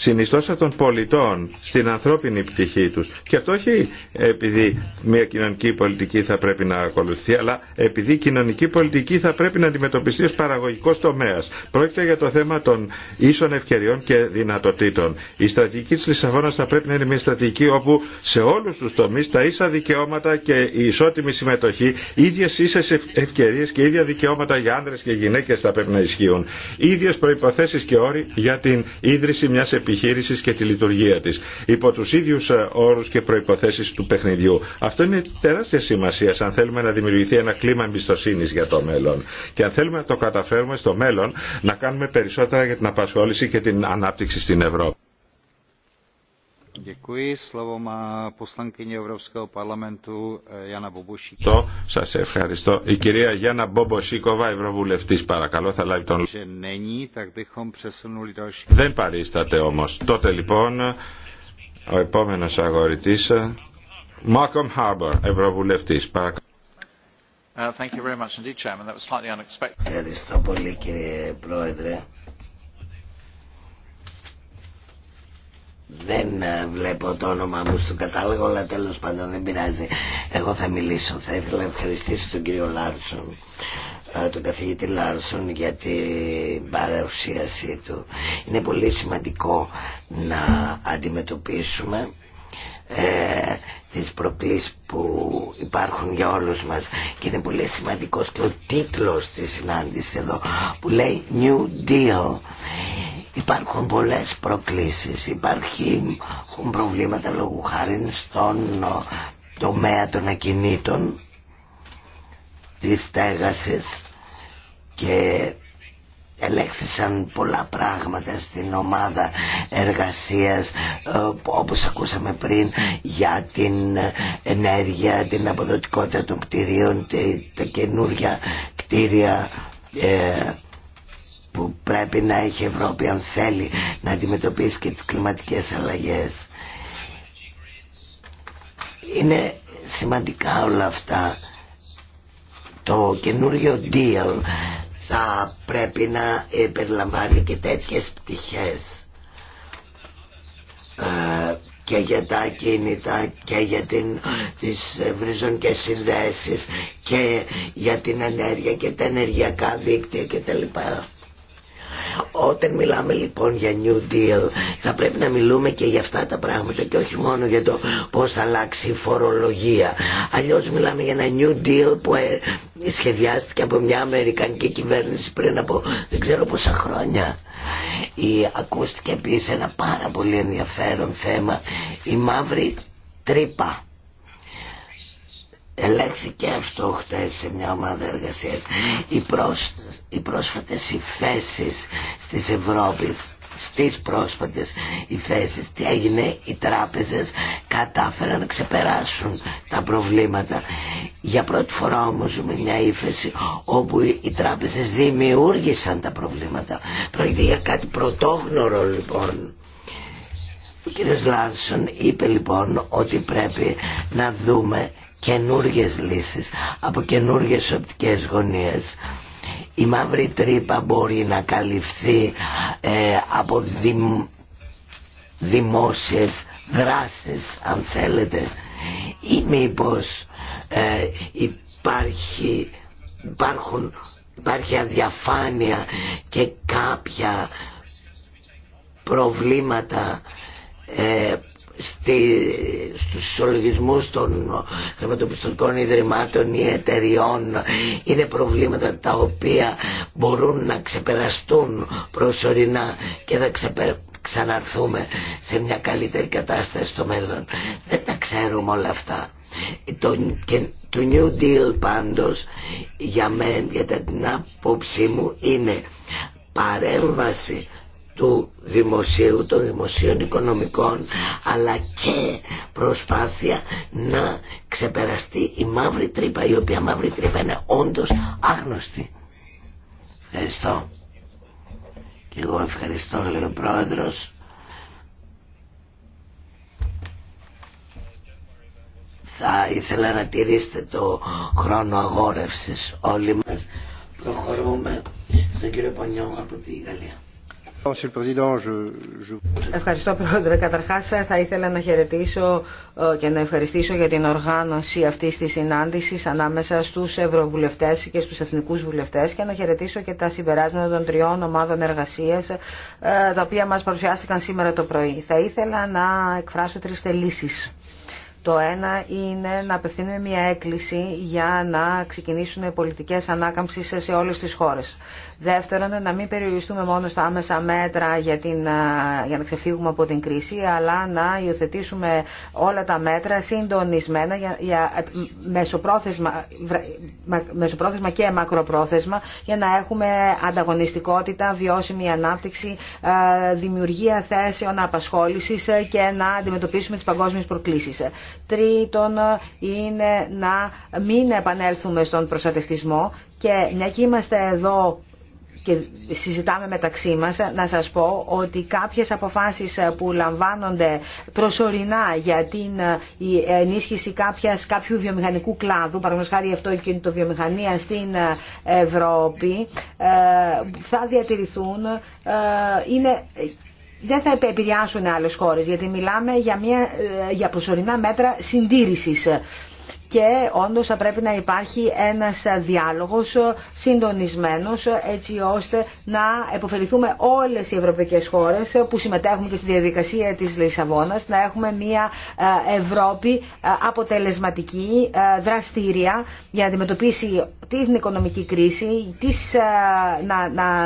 συνιστόσα των πολιτών στην ανθρώπινη πτυχή τους. Και αυτό όχι επειδή μια κοινωνική πολιτική θα πρέπει να ακολουθεί, αλλά επειδή η κοινωνική πολιτική θα πρέπει να αντιμετωπιστεί ω παραγωγικό τομέα, Πρόκειται για το θέμα των ίσων ευκαιριών και δυνατοτήτων. Η στρατηγική της Λισαβόνας θα πρέπει να είναι μια στρατηγική όπου σε όλους τους τομείς τα ίσα δικαιώματα και η ισότιμη συμμετοχή, ίδιες ίσες ευκαιρίες και ίδια δικαιώματα για άνδρες και γυναίκες θα πρέπει να ισχύουν. Ίδιες προϋποθέσεις και όροι για την ίδρυση μιας επιχείρησης και τη λειτουργία της. Υπό τους ίδιους ε, όρους και προϋποθέσεις του παιχνιδιού. Αυτό είναι τεράστια σημασία αν θέλουμε να δημιουργηθεί ένα κλίμα εμπιστοσύνη για το μέλλον. Και αν θέλουμε να το καταφέρουμε στο μέλλον να κάνουμε περισσότερα για την απασχόληση και την ανάπτυξη στην Ευρώπη. Το eh, ευχαριστώ. Η κυρία Γιάννα Μπομποσίκοβα, Ευρωβουλευτή, παρακαλώ, θα λάβει τον λόγο. Δεν παρίσταται όμω. Τότε λοιπόν, ο επόμενο αγορητή, Μάκομ ε, Χάρμπορ, Ευρωβουλευτή, παρακαλώ. Uh, ευχαριστώ πολύ κύριε Πρόεδρε. Δεν ε, βλέπω το όνομά μου στο κατάλογο, αλλά τέλο πάντων δεν πειράζει. Εγώ θα μιλήσω. Θα ήθελα να ευχαριστήσω τον κύριο Λάρσον, ε, τον καθηγητή Λάρσον για την παρουσίασή του. Είναι πολύ σημαντικό να αντιμετωπίσουμε ε, τις προκλήσεις που υπάρχουν για όλους μας και είναι πολύ σημαντικός και ο τίτλος της συνάντησης εδώ που λέει New Deal Υπάρχουν πολλές προκλήσεις, υπάρχουν προβλήματα λόγου χάρη στον ε, τομέα των ακινήτων, της στέγασης και ελέγχθησαν πολλά πράγματα στην ομάδα εργασίας ε, όπως ακούσαμε πριν για την ενέργεια, την αποδοτικότητα των κτηρίων, τα καινούργια κτίρια ε, που πρέπει να έχει η Ευρώπη αν θέλει να αντιμετωπίσει και τις κλιματικές αλλαγές. Είναι σημαντικά όλα αυτά. Το καινούριο deal θα πρέπει να περιλαμβάνει και τέτοιες πτυχές ε, και για τα κίνητα και για την, τις και συνδέσεις και για την ενέργεια και τα ενεργειακά δίκτυα κτλ. Όταν μιλάμε λοιπόν για New Deal θα πρέπει να μιλούμε και για αυτά τα πράγματα και όχι μόνο για το πώς θα αλλάξει η φορολογία. Αλλιώς μιλάμε για ένα New Deal που ε, σχεδιάστηκε από μια Αμερικανική κυβέρνηση πριν από δεν ξέρω πόσα χρόνια. Ή, ακούστηκε επίσης ένα πάρα πολύ ενδιαφέρον θέμα η μαύρη τρύπα ελέγχθηκε αυτό χτες σε μια ομάδα εργασίας οι, πρόσ, οι πρόσφατες υφέσεις στις Ευρώπης στις πρόσφατες υφέσεις τι έγινε οι τράπεζες κατάφεραν να ξεπεράσουν τα προβλήματα για πρώτη φορά όμως ζούμε μια ύφεση όπου οι τράπεζες δημιούργησαν τα προβλήματα πρόκειται για κάτι πρωτόγνωρο λοιπόν ο κ. Λάρσον είπε λοιπόν ότι πρέπει να δούμε καινούργιες λύσεις, από καινούργιες οπτικές γωνίες. Η μαύρη τρύπα μπορεί να καλυφθεί ε, από δημ, δημόσιες δράσεις αν θέλετε ή μήπως ε, υπάρχει, υπάρχουν, υπάρχει αδιαφάνεια και κάποια προβλήματα ε, στη, στους των χρηματοπιστωτικών ιδρυμάτων ή εταιριών είναι προβλήματα τα οποία μπορούν να ξεπεραστούν προσωρινά και θα ξαναρθούμε σε μια καλύτερη κατάσταση στο μέλλον. Δεν τα ξέρουμε όλα αυτά. Το, και, το New Deal πάντως για μένα, για την άποψή μου είναι παρέμβαση του δημοσίου, των δημοσίων οικονομικών αλλά και προσπάθεια να ξεπεραστεί η μαύρη τρύπα η οποία μαύρη τρύπα είναι όντως άγνωστη Ευχαριστώ και εγώ ευχαριστώ λέει ο πρόεδρος θα ήθελα να τηρήσετε το χρόνο αγόρευσης όλοι μας προχωρούμε στον κύριο Πανιό από τη Γαλλία Ευχαριστώ Πρόεδρε. Καταρχάς θα ήθελα να χαιρετήσω ε, και να ευχαριστήσω για την οργάνωση αυτής της συνάντησης ανάμεσα στους ευρωβουλευτές και στους εθνικούς βουλευτές και να χαιρετήσω και τα συμπεράσματα των τριών ομάδων εργασίας ε, τα οποία μας παρουσιάστηκαν σήμερα το πρωί. Θα ήθελα να εκφράσω τρεις θελήσεις. Το ένα είναι να απευθύνουμε μια έκκληση για να ξεκινήσουν πολιτικές ανάκαμψεις σε όλες τις χώρες. Δεύτερον, να μην περιοριστούμε μόνο στα άμεσα μέτρα για, την, για να ξεφύγουμε από την κρίση, αλλά να υιοθετήσουμε όλα τα μέτρα συντονισμένα για, ε, μεσοπρόθεσμα, μεσοπρόθεσμα και μακροπρόθεσμα για να έχουμε ανταγωνιστικότητα, βιώσιμη ανάπτυξη, δημιουργία θέσεων απασχόλησης ε, και να αντιμετωπίσουμε τι παγκόσμιε προκλήσει. Τρίτον, ε, είναι να μην επανέλθουμε στον προστατευτισμό και μια και είμαστε εδώ και συζητάμε μεταξύ μας, να σας πω ότι κάποιες αποφάσεις που λαμβάνονται προσωρινά για την ε, ενίσχυση κάποιας, κάποιου βιομηχανικού κλάδου, παραδείγματος χάρη το βιομηχανία στην ε, Ευρώπη, ε, θα διατηρηθούν, είναι δεν θα επηρεάσουν άλλες χώρες, γιατί μιλάμε για, μια, για προσωρινά μέτρα συντήρησης και όντως θα πρέπει να υπάρχει ένας διάλογος συντονισμένος έτσι ώστε να επωφεληθούμε όλες οι ευρωπαϊκές χώρες που συμμετέχουν και στη διαδικασία της Λισαβόνας να έχουμε μια ε, Ευρώπη ε, αποτελεσματική, ε, δραστήρια για να αντιμετωπίσει την οικονομική κρίση, της,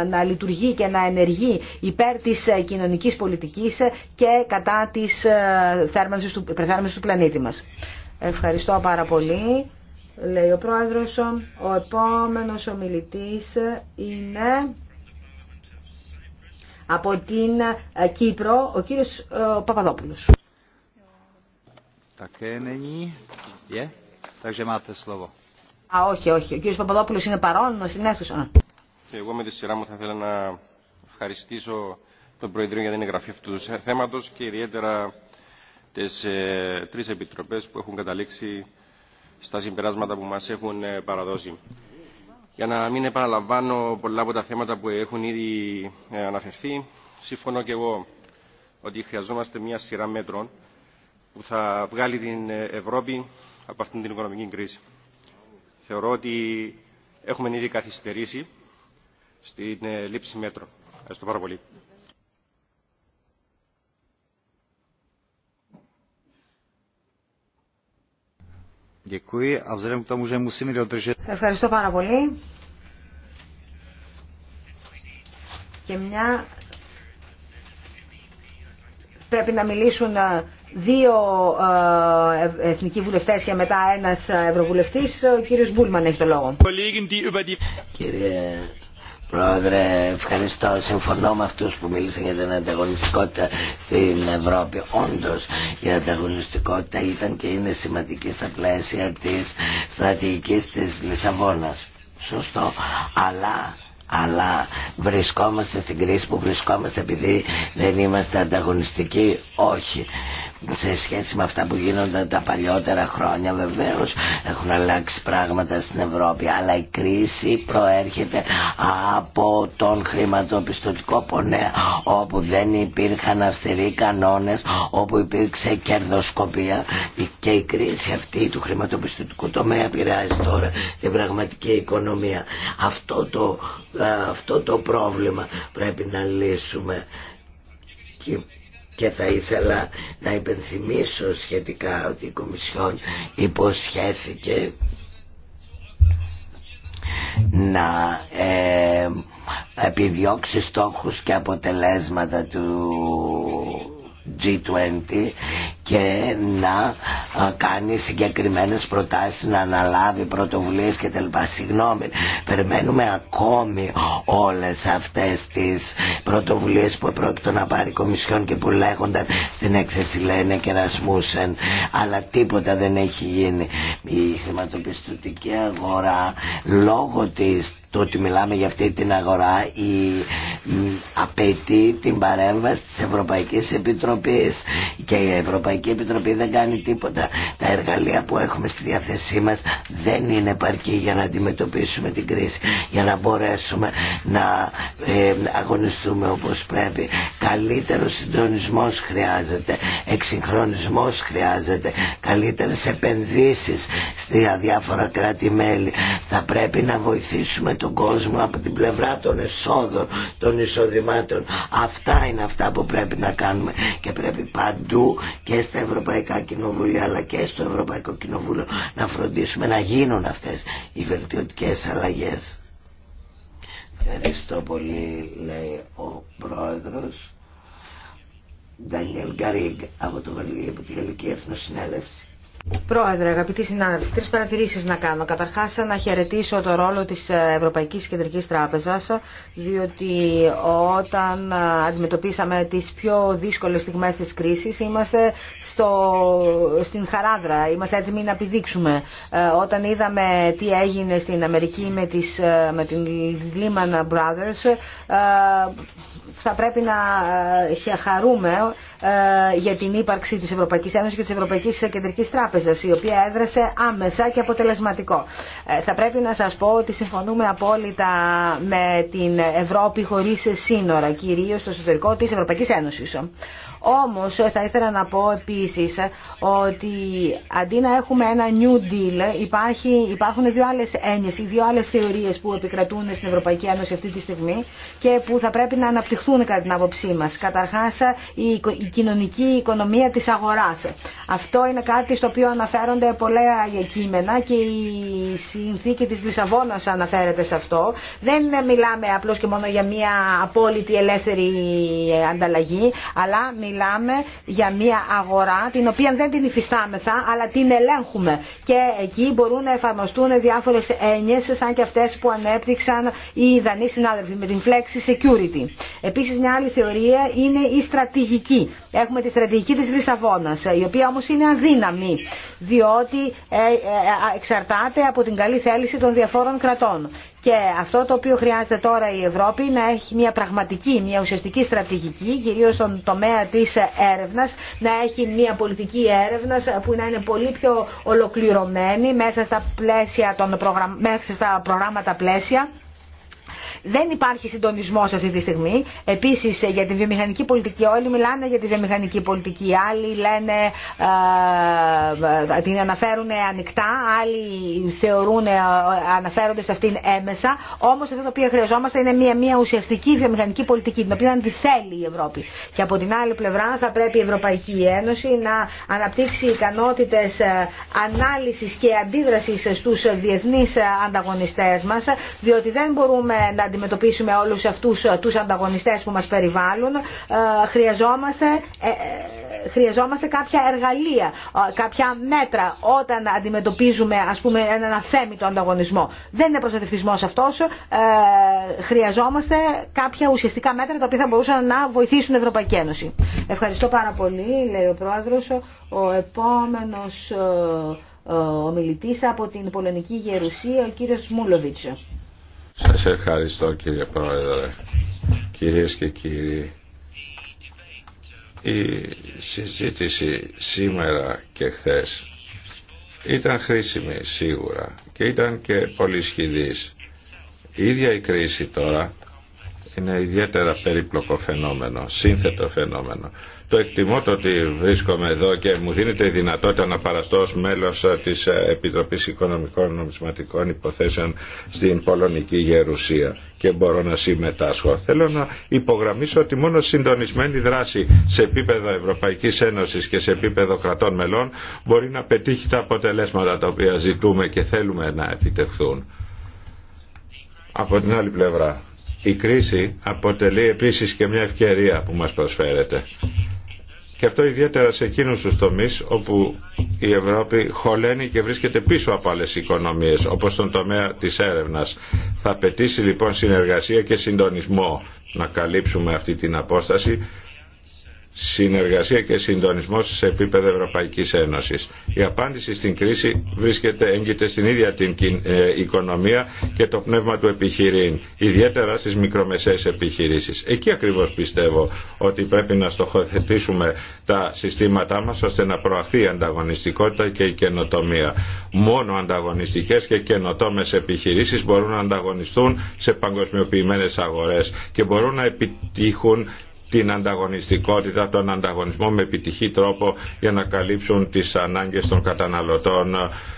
να, λειτουργεί και να ενεργεί υπέρ της κοινωνικής πολιτικής και κατά της θέρμανσης του, του πλανήτη μας. Ευχαριστώ πάρα πολύ. Λέει ο πρόεδρος, ο επόμενος ομιλητής είναι από την Κύπρο, ο κύριος ε, Παπαδόπουλος. Α, όχι, όχι. Ο κύριος Παπαδόπουλος είναι παρόν, στην αίθουσα. Εγώ με τη σειρά μου θα ήθελα να ευχαριστήσω τον Προεδρείο για την εγγραφή αυτού του θέματος και ιδιαίτερα τις ε, τρεις επιτροπές που έχουν καταλήξει στα συμπεράσματα που μας έχουν ε, παραδώσει. Για να μην επαναλαμβάνω πολλά από τα θέματα που έχουν ήδη ε, αναφερθεί, συμφωνώ και εγώ ότι χρειαζόμαστε μια σειρά μέτρων που θα βγάλει την Ευρώπη από αυτήν την οικονομική κρίση. Θεωρώ ότι έχουμε ήδη καθυστερήσει στην λήψη μέτρων. Ευχαριστώ πάρα πολύ. Ευχαριστώ πάρα πολύ. Και μια πρέπει να μιλήσουν ε, δύο ε, ε, εθνικοί βουλευτές και μετά ένας ευρωβουλευτής. Ο κύριος Μπούλμαν έχει το λόγο. Κύριε Πρόεδρε, ευχαριστώ. Συμφωνώ με αυτού που μίλησαν για την ανταγωνιστικότητα στην Ευρώπη. Όντω, η ανταγωνιστικότητα ήταν και είναι σημαντική στα πλαίσια τη στρατηγική τη Λισαβόνα. Σωστό. Αλλά αλλά βρισκόμαστε στην κρίση που βρισκόμαστε επειδή δεν είμαστε ανταγωνιστικοί, όχι σε σχέση με αυτά που γίνονταν τα παλιότερα χρόνια βεβαίως έχουν αλλάξει πράγματα στην Ευρώπη αλλά η κρίση προέρχεται από τον χρηματοπιστωτικό πονέα όπου δεν υπήρχαν αυστηροί κανόνες όπου υπήρξε κερδοσκοπία και η κρίση αυτή του χρηματοπιστωτικού τομέα επηρεάζει τώρα την πραγματική οικονομία αυτό το, ε, αυτό το πρόβλημα πρέπει να λύσουμε και θα ήθελα να υπενθυμίσω σχετικά ότι η Κομισιόν υποσχέθηκε να ε, επιδιώξει στόχους και αποτελέσματα του G20 και να κάνει συγκεκριμένες προτάσεις, να αναλάβει πρωτοβουλίες και τελπά. Συγγνώμη, περιμένουμε ακόμη όλες αυτές τις πρωτοβουλίες που πρόκειται να πάρει η Κομισιόν και που λέγονταν στην έκθεση Λένε και Ρασμούσεν, αλλά τίποτα δεν έχει γίνει. Η χρηματοπιστωτική αγορά λόγω της το ότι μιλάμε για αυτή την αγορά η, απαιτεί την παρέμβαση της Ευρωπαϊκής Επιτροπής και η Ευρωπαϊκή Ευρωπαϊκή Επιτροπή δεν κάνει τίποτα. Τα εργαλεία που έχουμε στη διάθεσή μας δεν είναι παρκή για να αντιμετωπίσουμε την κρίση, για να μπορέσουμε να ε, αγωνιστούμε όπως πρέπει. Καλύτερο συντονισμός χρειάζεται, εξυγχρονισμός χρειάζεται, καλύτερες επενδύσεις στη διάφορα κράτη-μέλη. Θα πρέπει να βοηθήσουμε τον κόσμο από την πλευρά των εσόδων, των εισοδημάτων. Αυτά είναι αυτά που πρέπει να κάνουμε και πρέπει παντού και και στα Ευρωπαϊκά Κοινοβούλια αλλά και στο Ευρωπαϊκό Κοινοβούλιο να φροντίσουμε να γίνουν αυτές οι βελτιωτικές αλλαγές. Ευχαριστώ πολύ λέει ο πρόεδρος Ντανιέλ Γκαρίγκ από, το, από τη Γαλλική Εθνοσυνέλευση. Πρόεδρε, αγαπητοί συνάδελφοι, τρει παρατηρήσει να κάνω. Καταρχά, να χαιρετήσω το ρόλο τη Ευρωπαϊκή Κεντρική Τράπεζα, διότι όταν αντιμετωπίσαμε τι πιο δύσκολε στιγμέ τη κρίση, είμαστε στο, στην χαράδρα, είμαστε έτοιμοι να επιδείξουμε. Ε, όταν είδαμε τι έγινε στην Αμερική με, τις, ε, με την Lehman Brothers, ε, θα πρέπει να χαρούμε ε, για την ύπαρξη της Ευρωπαϊκής Ένωσης και της Ευρωπαϊκής Κεντρικής Τράπεζας, η οποία έδρασε άμεσα και αποτελεσματικό. Ε, θα πρέπει να σας πω ότι συμφωνούμε απόλυτα με την Ευρώπη χωρίς σύνορα, κυρίως στο εσωτερικό της Ευρωπαϊκής Ένωσης. Όμως θα ήθελα να πω επίσης ότι αντί να έχουμε ένα New Deal υπάρχει, υπάρχουν δύο άλλες έννοιες ή δύο άλλες θεωρίες που επικρατούν στην Ευρωπαϊκή Ένωση αυτή τη στιγμή και που θα πρέπει να αναπτυχθούν κατά την άποψή μας. Καταρχάς η κοινωνική οικονομία της αγοράς. Αυτό είναι κάτι στο οποίο αναφέρονται πολλά κείμενα και η συνθήκη της Λισαβόνας αναφέρεται σε αυτό. Δεν μιλάμε απλώς και μόνο για μια απόλυτη ελεύθερη ανταλλαγή, αλλά μιλάμε μιλάμε για μια αγορά την οποία δεν την υφιστάμεθα αλλά την ελέγχουμε και εκεί μπορούν να εφαρμοστούν διάφορες έννοιες σαν και αυτές που ανέπτυξαν οι Ιδανοί συνάδελφοι με την Flexi Security. Επίσης μια άλλη θεωρία είναι η στρατηγική. Έχουμε τη στρατηγική της Λισαβόνας η οποία όμως είναι αδύναμη διότι ε, ε, ε, εξαρτάται από την καλή θέληση των διαφόρων κρατών. Και αυτό το οποίο χρειάζεται τώρα η Ευρώπη να έχει μια πραγματική, μια ουσιαστική στρατηγική, κυρίω στον τομέα τη έρευνα, να έχει μια πολιτική έρευνα που να είναι πολύ πιο ολοκληρωμένη μέσα στα, πλαίσια των προγραμ... μέσα στα προγράμματα πλαίσια δεν υπάρχει συντονισμό αυτή τη στιγμή. Επίση ε, για τη βιομηχανική πολιτική όλοι μιλάνε για τη βιομηχανική πολιτική. Άλλοι λένε, ε, ε την αναφέρουν ανοιχτά, άλλοι θεωρούν, ε, αναφέρονται σε αυτήν έμεσα. όμω αυτό το οποίο χρειαζόμαστε είναι μια, μια ουσιαστική βιομηχανική πολιτική, την οποία να τη θέλει η Ευρώπη. Και από την άλλη πλευρά θα πρέπει η Ευρωπαϊκή Ένωση να αναπτύξει ικανότητε ανάλυση και αντίδραση στου διεθνεί ανταγωνιστέ μα, διότι δεν μπορούμε να αντιμετωπίσουμε όλους αυτούς ε, τους ανταγωνιστές που μας περιβάλλουν. Ε, χρειαζόμαστε, ε, χρειαζόμαστε κάποια εργαλεία, κάποια μέτρα όταν αντιμετωπίζουμε ας πούμε, έναν αθέμητο ανταγωνισμό. Δεν είναι προστατευτισμός αυτός. Χρειαζόμαστε κάποια ουσιαστικά μέτρα τα οποία θα μπορούσαν να βοηθήσουν την Ευρωπαϊκή Ένωση. Ευχαριστώ πάρα πολύ, λέει ο Πρόεδρος. Ο επόμενος ομιλητής από την Πολωνική Γερουσία, ο κύριος Μούλοβιτς. Σας ευχαριστώ κύριε Πρόεδρε. Κυρίες και κύριοι, η συζήτηση σήμερα και χθες ήταν χρήσιμη σίγουρα και ήταν και πολύ σχηδής. Η ίδια η κρίση τώρα είναι ιδιαίτερα περίπλοκο φαινόμενο, σύνθετο φαινόμενο το εκτιμώ το ότι βρίσκομαι εδώ και μου δίνεται η δυνατότητα να παραστώ ως μέλος ε, της ε, Επιτροπής Οικονομικών Νομισματικών Υποθέσεων στην Πολωνική Γερουσία και μπορώ να συμμετάσχω. Θέλω να υπογραμμίσω ότι μόνο συντονισμένη δράση σε επίπεδο Ευρωπαϊκής Ένωσης και σε επίπεδο κρατών μελών μπορεί να πετύχει τα αποτελέσματα τα οποία ζητούμε και θέλουμε να επιτευχθούν. Από την άλλη πλευρά, η κρίση αποτελεί επίσης και μια ευκαιρία που μας προσφέρεται και αυτό ιδιαίτερα σε εκείνους τους τομείς όπου η Ευρώπη χωλαίνει και βρίσκεται πίσω από άλλες οικονομίες, όπως στον τομέα της έρευνας. Θα απαιτήσει λοιπόν συνεργασία και συντονισμό να καλύψουμε αυτή την απόσταση συνεργασία και συντονισμό σε επίπεδο Ευρωπαϊκής Ένωσης. Η απάντηση στην κρίση βρίσκεται, έγκυται στην ίδια την ε, οικονομία και το πνεύμα του επιχειρήν, ιδιαίτερα στις μικρομεσαίες επιχειρήσεις. Εκεί ακριβώς πιστεύω ότι πρέπει να στοχοθετήσουμε τα συστήματά μας ώστε να προαχθεί η ανταγωνιστικότητα και η καινοτομία. Μόνο ανταγωνιστικές και καινοτόμες επιχειρήσεις μπορούν να ανταγωνιστούν σε παγκοσμιοποιημένες αγορές και μπορούν να επιτύχουν την ανταγωνιστικότητα, τον ανταγωνισμό με επιτυχή τρόπο για να καλύψουν τις ανάγκες των καταναλωτών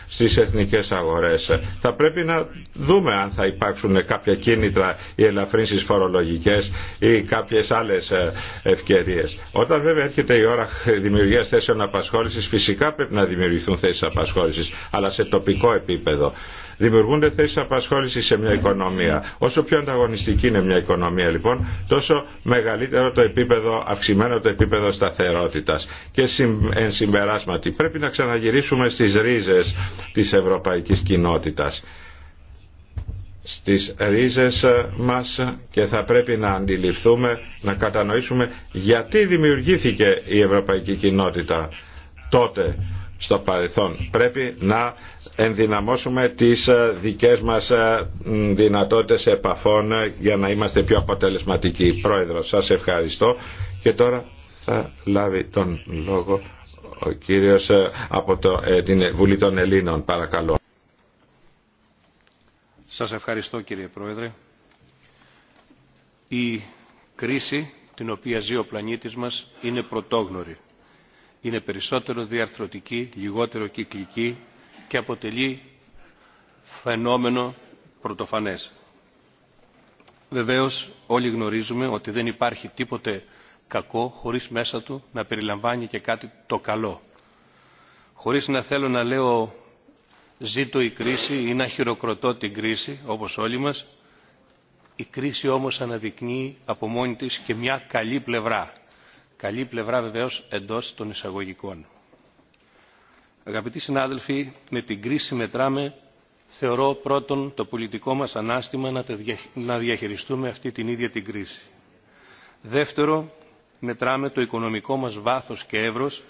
στις εθνικές αγορές. Θα πρέπει να δούμε αν θα υπάρξουν κάποια κίνητρα ή ελαφρύνσεις φορολογικές ή κάποιες άλλες ε, ευκαιρίες. Όταν βέβαια έρχεται η ώρα δημιουργίας θέσεων απασχόλησης, φυσικά πρέπει να δημιουργηθούν θέσεις απασχόλησης, αλλά σε τοπικό επίπεδο. Δημιουργούνται θέσει απασχόληση σε μια οικονομία. Όσο πιο ανταγωνιστική είναι μια οικονομία λοιπόν, τόσο μεγαλύτερο το επίπεδο, αυξημένο το επίπεδο σταθερότητα. Και εν συμπεράσματι, πρέπει να ξαναγυρίσουμε στι ρίζε τη ευρωπαϊκή κοινότητα στις ρίζες μας και θα πρέπει να αντιληφθούμε, να κατανοήσουμε γιατί δημιουργήθηκε η Ευρωπαϊκή Κοινότητα τότε στο παρελθόν. Πρέπει να ενδυναμώσουμε τις ε, δικές μας ε, δυνατότητες επαφών ε, για να είμαστε πιο αποτελεσματικοί. Πρόεδρο, σας ευχαριστώ και τώρα θα λάβει τον λόγο ο κύριος από το, την Βουλή των Ελλήνων. Παρακαλώ. Σας ευχαριστώ κύριε Πρόεδρε. Η κρίση την οποία ζει ο πλανήτης μας είναι πρωτόγνωρη είναι περισσότερο διαρθρωτική, λιγότερο κυκλική και αποτελεί φαινόμενο πρωτοφανές. Βεβαίως όλοι γνωρίζουμε ότι δεν υπάρχει τίποτε κακό χωρίς μέσα του να περιλαμβάνει και κάτι το καλό. Χωρίς να θέλω να λέω ζήτω η κρίση ή να χειροκροτώ την κρίση όπως όλοι μας, η κρίση όμως αναδεικνύει από μόνη της και μια καλή πλευρά Καλή πλευρά βεβαίως εντός των εισαγωγικών. Αγαπητοί συνάδελφοι, με την κρίση μετράμε, θεωρώ πρώτον το πολιτικό μας ανάστημα να διαχειριστούμε αυτή την ίδια την κρίση. Δεύτερο, μετράμε το οικονομικό μας βάθος και εύρος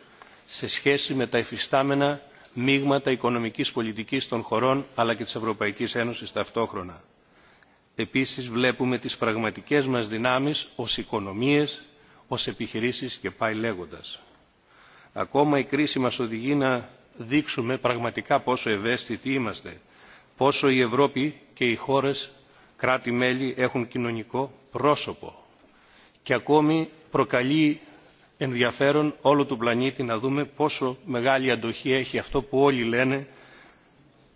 σε σχέση με τα εφιστάμενα μείγματα οικονομικής πολιτικής των χωρών αλλά και της Ευρωπαϊκής Ένωσης ταυτόχρονα. Επίσης βλέπουμε τις πραγματικές μας δυνάμεις ως οικονομίες, ως επιχειρήσεις και πάει λέγοντας. Ακόμα η κρίση μας οδηγεί να δείξουμε πραγματικά πόσο ευαίσθητοι είμαστε, πόσο η Ευρώπη και οι χώρες κράτη-μέλη έχουν κοινωνικό πρόσωπο και ακόμη προκαλεί ενδιαφέρον όλο του πλανήτη να δούμε πόσο μεγάλη αντοχή έχει αυτό που όλοι λένε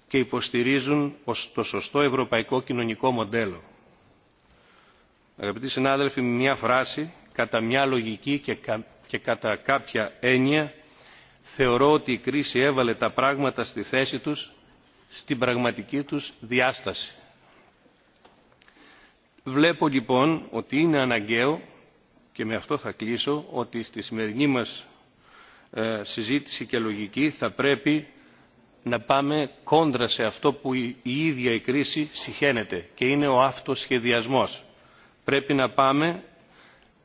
και υποστηρίζουν ως το σωστό ευρωπαϊκό κοινωνικό μοντέλο. Αγαπητοί συνάδελφοι, μια φράση κατά μια λογική και κατά κάποια έννοια θεωρώ ότι η κρίση έβαλε τα πράγματα στη θέση τους στην πραγματική τους διάσταση. Βλέπω λοιπόν ότι είναι αναγκαίο και με αυτό θα κλείσω ότι στη σημερινή μας ε, συζήτηση και λογική θα πρέπει να πάμε κόντρα σε αυτό που η, η ίδια η κρίση συχαίνεται και είναι ο αυτοσχεδιασμός. Πρέπει να πάμε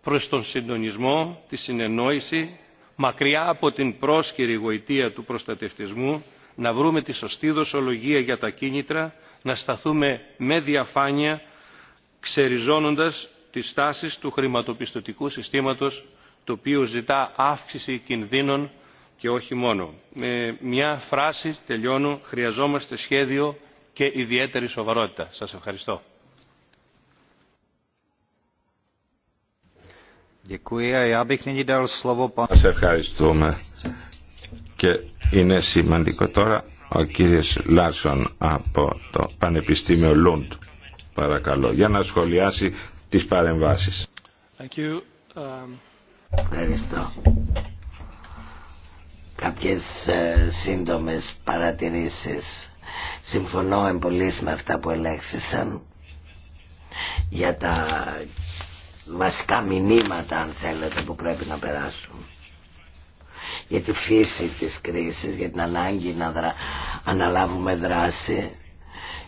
προς τον συντονισμό, τη συνεννόηση, μακριά από την πρόσκαιρη γοητεία του προστατευτισμού, να βρούμε τη σωστή δοσολογία για τα κίνητρα, να σταθούμε με διαφάνεια, ξεριζώνοντας τις τάσεις του χρηματοπιστωτικού συστήματος, το οποίο ζητά αύξηση κινδύνων και όχι μόνο. Με μια φράση τελειώνω, χρειαζόμαστε σχέδιο και ιδιαίτερη σοβαρότητα. Σας ευχαριστώ. Σας ευχαριστούμε. Και είναι σημαντικό τώρα ο κύριος Λάρσον από το Πανεπιστήμιο Λούντ. Παρακαλώ, για να σχολιάσει τις παρεμβάσεις. Um, Ευχαριστώ. Κάποιες ε, σύντομες παρατηρήσεις. Συμφωνώ εμπολής με αυτά που ελέγχθησαν για τα βασικά μηνύματα αν θέλετε που πρέπει να περάσουν για τη φύση της κρίσης, για την ανάγκη να δρα... αναλάβουμε δράση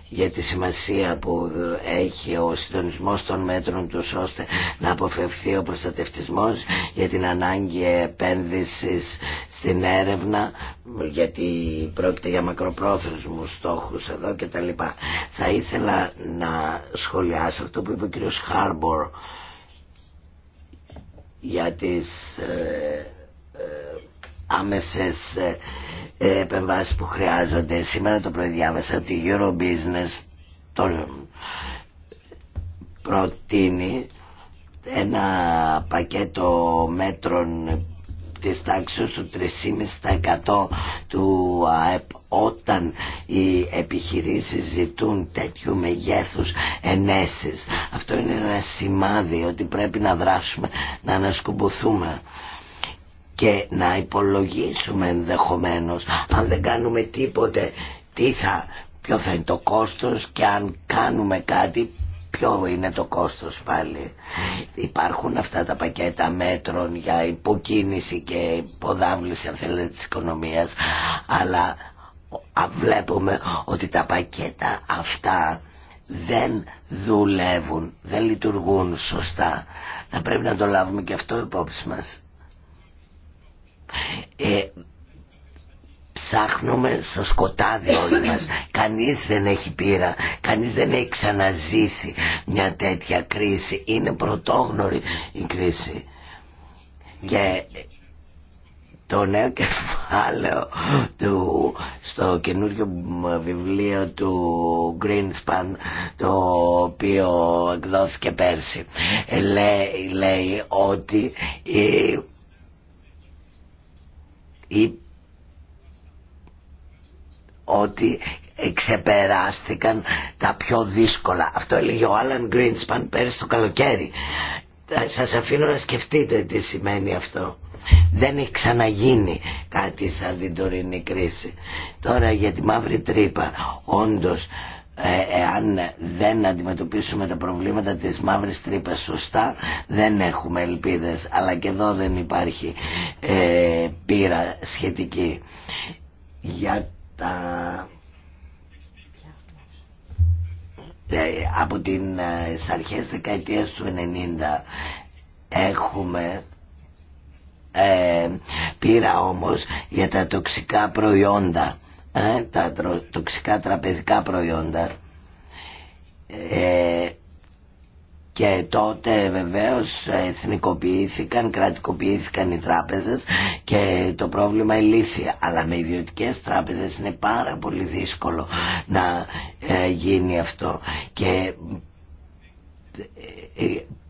για τη σημασία που έχει ο συντονισμός των μέτρων του ώστε να αποφευθεί ο προστατευτισμός για την ανάγκη επένδυσης στην έρευνα γιατί πρόκειται για μακροπρόθεσμους στόχους εδώ και τα λοιπά. Θα ήθελα να σχολιάσω αυτό που είπε ο κ. Χάρμπορ για τις ε, ε, άμεσες ε, ε, επεμβάσεις που χρειάζονται. Σήμερα το πρωί διάβασα ότι η Eurobusiness προτείνει ένα πακέτο μέτρων της τάξης του 3,5% του ΑΕΠ όταν οι επιχειρήσεις ζητούν τέτοιου μεγέθους ενέσεις. Αυτό είναι ένα σημάδι ότι πρέπει να δράσουμε, να ανασκουμποθούμε και να υπολογίσουμε ενδεχομένως αν δεν κάνουμε τίποτε τι θα, ποιο θα είναι το κόστος και αν κάνουμε κάτι ποιο είναι το κόστος πάλι. Υπάρχουν αυτά τα πακέτα μέτρων για υποκίνηση και υποδάβληση αν θέλετε της οικονομίας αλλά βλέπουμε ότι τα πακέτα αυτά δεν δουλεύουν, δεν λειτουργούν σωστά. Θα πρέπει να το λάβουμε και αυτό υπόψη μας. Ε, ψάχνουμε στο σκοτάδι όλοι μας κανείς δεν έχει πείρα κανείς δεν έχει ξαναζήσει μια τέτοια κρίση είναι πρωτόγνωρη η κρίση και το νέο κεφάλαιο του, στο καινούριο βιβλίο του Greenspan το οποίο εκδόθηκε πέρσι λέει, ότι η, η ότι ξεπεράστηκαν τα πιο δύσκολα. Αυτό έλεγε ο Άλαν Γκρίνσπαν πέρυσι το καλοκαίρι. Ε, σας αφήνω να σκεφτείτε τι σημαίνει αυτό. Δεν έχει ξαναγίνει κάτι σαν την τωρινή κρίση. Τώρα για τη μαύρη τρύπα, όντως ε, εάν δεν αντιμετωπίσουμε τα προβλήματα της μαύρης τρύπας σωστά δεν έχουμε ελπίδες αλλά και εδώ δεν υπάρχει ε, πείρα σχετική για τα ε, από την ε, αρχές δεκαετίας του 90 έχουμε ε, όμως για τα τοξικά προϊόντα ε, τα τοξικά τραπεζικά προϊόντα ε, και τότε βεβαίως εθνικοποιήθηκαν, κρατικοποιήθηκαν οι τράπεζες και το πρόβλημα η λύση. Αλλά με ιδιωτικές τράπεζες είναι πάρα πολύ δύσκολο να ε, γίνει αυτό. Και ε,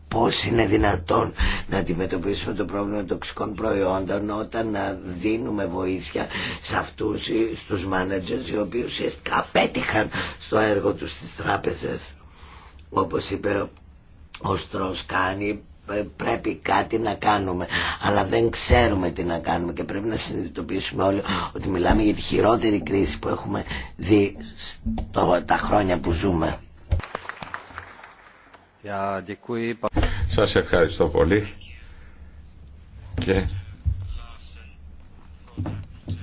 πώς είναι δυνατόν να αντιμετωπίσουμε το πρόβλημα των τοξικών προϊόντων όταν να δίνουμε βοήθεια σε αυτούς, στους managers οι οποίοι ουσιαστικά απέτυχαν στο έργο τους στις τράπεζες. Όπως είπε ο κάνει ε, πρέπει κάτι να κάνουμε αλλά δεν ξέρουμε τι να κάνουμε και πρέπει να συνειδητοποιήσουμε όλοι ότι μιλάμε για τη χειρότερη κρίση που έχουμε δει στο, τα χρόνια που ζούμε Σας ευχαριστώ πολύ και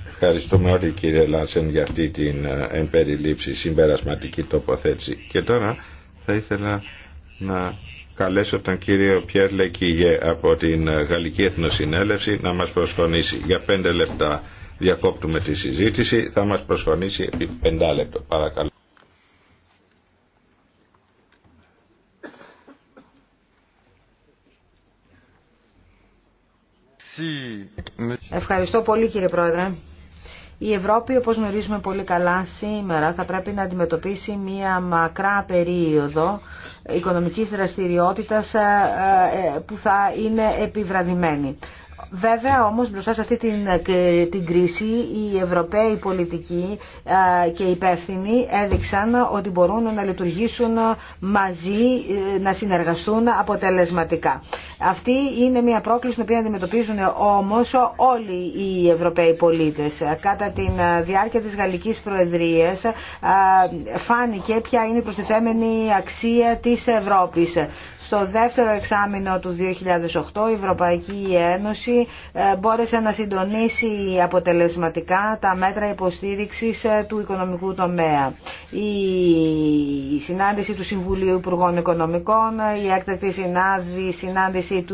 ευχαριστούμε όλοι κύριε Λάσεν για αυτή την ε, εμπεριλήψη συμπερασματική τοποθέτηση και τώρα θα ήθελα να καλέσω τον κύριο Πιέρ Λεκίγε από την ε, Γαλλική Εθνοσυνέλευση να μας προσφωνήσει. Για πέντε λεπτά διακόπτουμε τη συζήτηση. Θα μας προσφωνήσει επί πεντά λεπτό. Παρακαλώ. Ευχαριστώ πολύ κύριε Πρόεδρε. Η Ευρώπη, όπως γνωρίζουμε πολύ καλά σήμερα, θα πρέπει να αντιμετωπίσει μία μακρά περίοδο οικονομικής δραστηριότητας ε, ε, που θα είναι επιβραδυμένη. Βέβαια όμως μπροστά σε αυτή την, την κρίση οι Ευρωπαίοι πολιτικοί και οι υπεύθυνοι έδειξαν ότι μπορούν να λειτουργήσουν μαζί, ε, να συνεργαστούν αποτελεσματικά. Αυτή είναι μια πρόκληση την οποία αντιμετωπίζουν όμως όλοι οι Ευρωπαίοι πολίτες. Κατά τη ε, διάρκεια της Γαλλικής Προεδρίας φάνηκε ποια είναι η προστιθέμενη αξία της Ευρώπης. Το δεύτερο εξάμεινο του 2008 η Ευρωπαϊκή Ένωση ε, μπόρεσε να συντονίσει αποτελεσματικά τα μέτρα υποστήριξης ε, του οικονομικού τομέα. Η συνάντηση του Συμβουλίου Υπουργών Οικονομικών, ε, η έκτακτη συνάντηση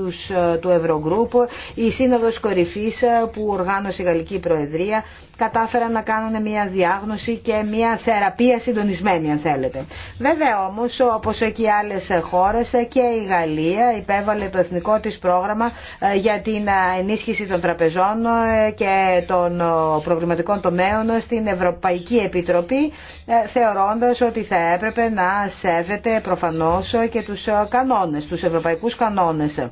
του Ευρωγκρούπ, η Σύνοδος Κορυφής που οργάνωσε η Γαλλική Προεδρία κατάφεραν να κάνουν μια διάγνωση και μια θεραπεία συντονισμένη αν θέλετε. Βέβαια όμως όπως και οι άλλες χώρες και η Γαλλία υπέβαλε το εθνικό της πρόγραμμα ε, για την ε, ενίσχυση των τραπεζών ε, και των προβληματικών τομέων στην Ευρωπαϊκή Επιτροπή θεωρώντας ότι θα έπρεπε να σέβεται προφανώς και τους κανόνες, τους ευρωπαϊκούς κανόνες.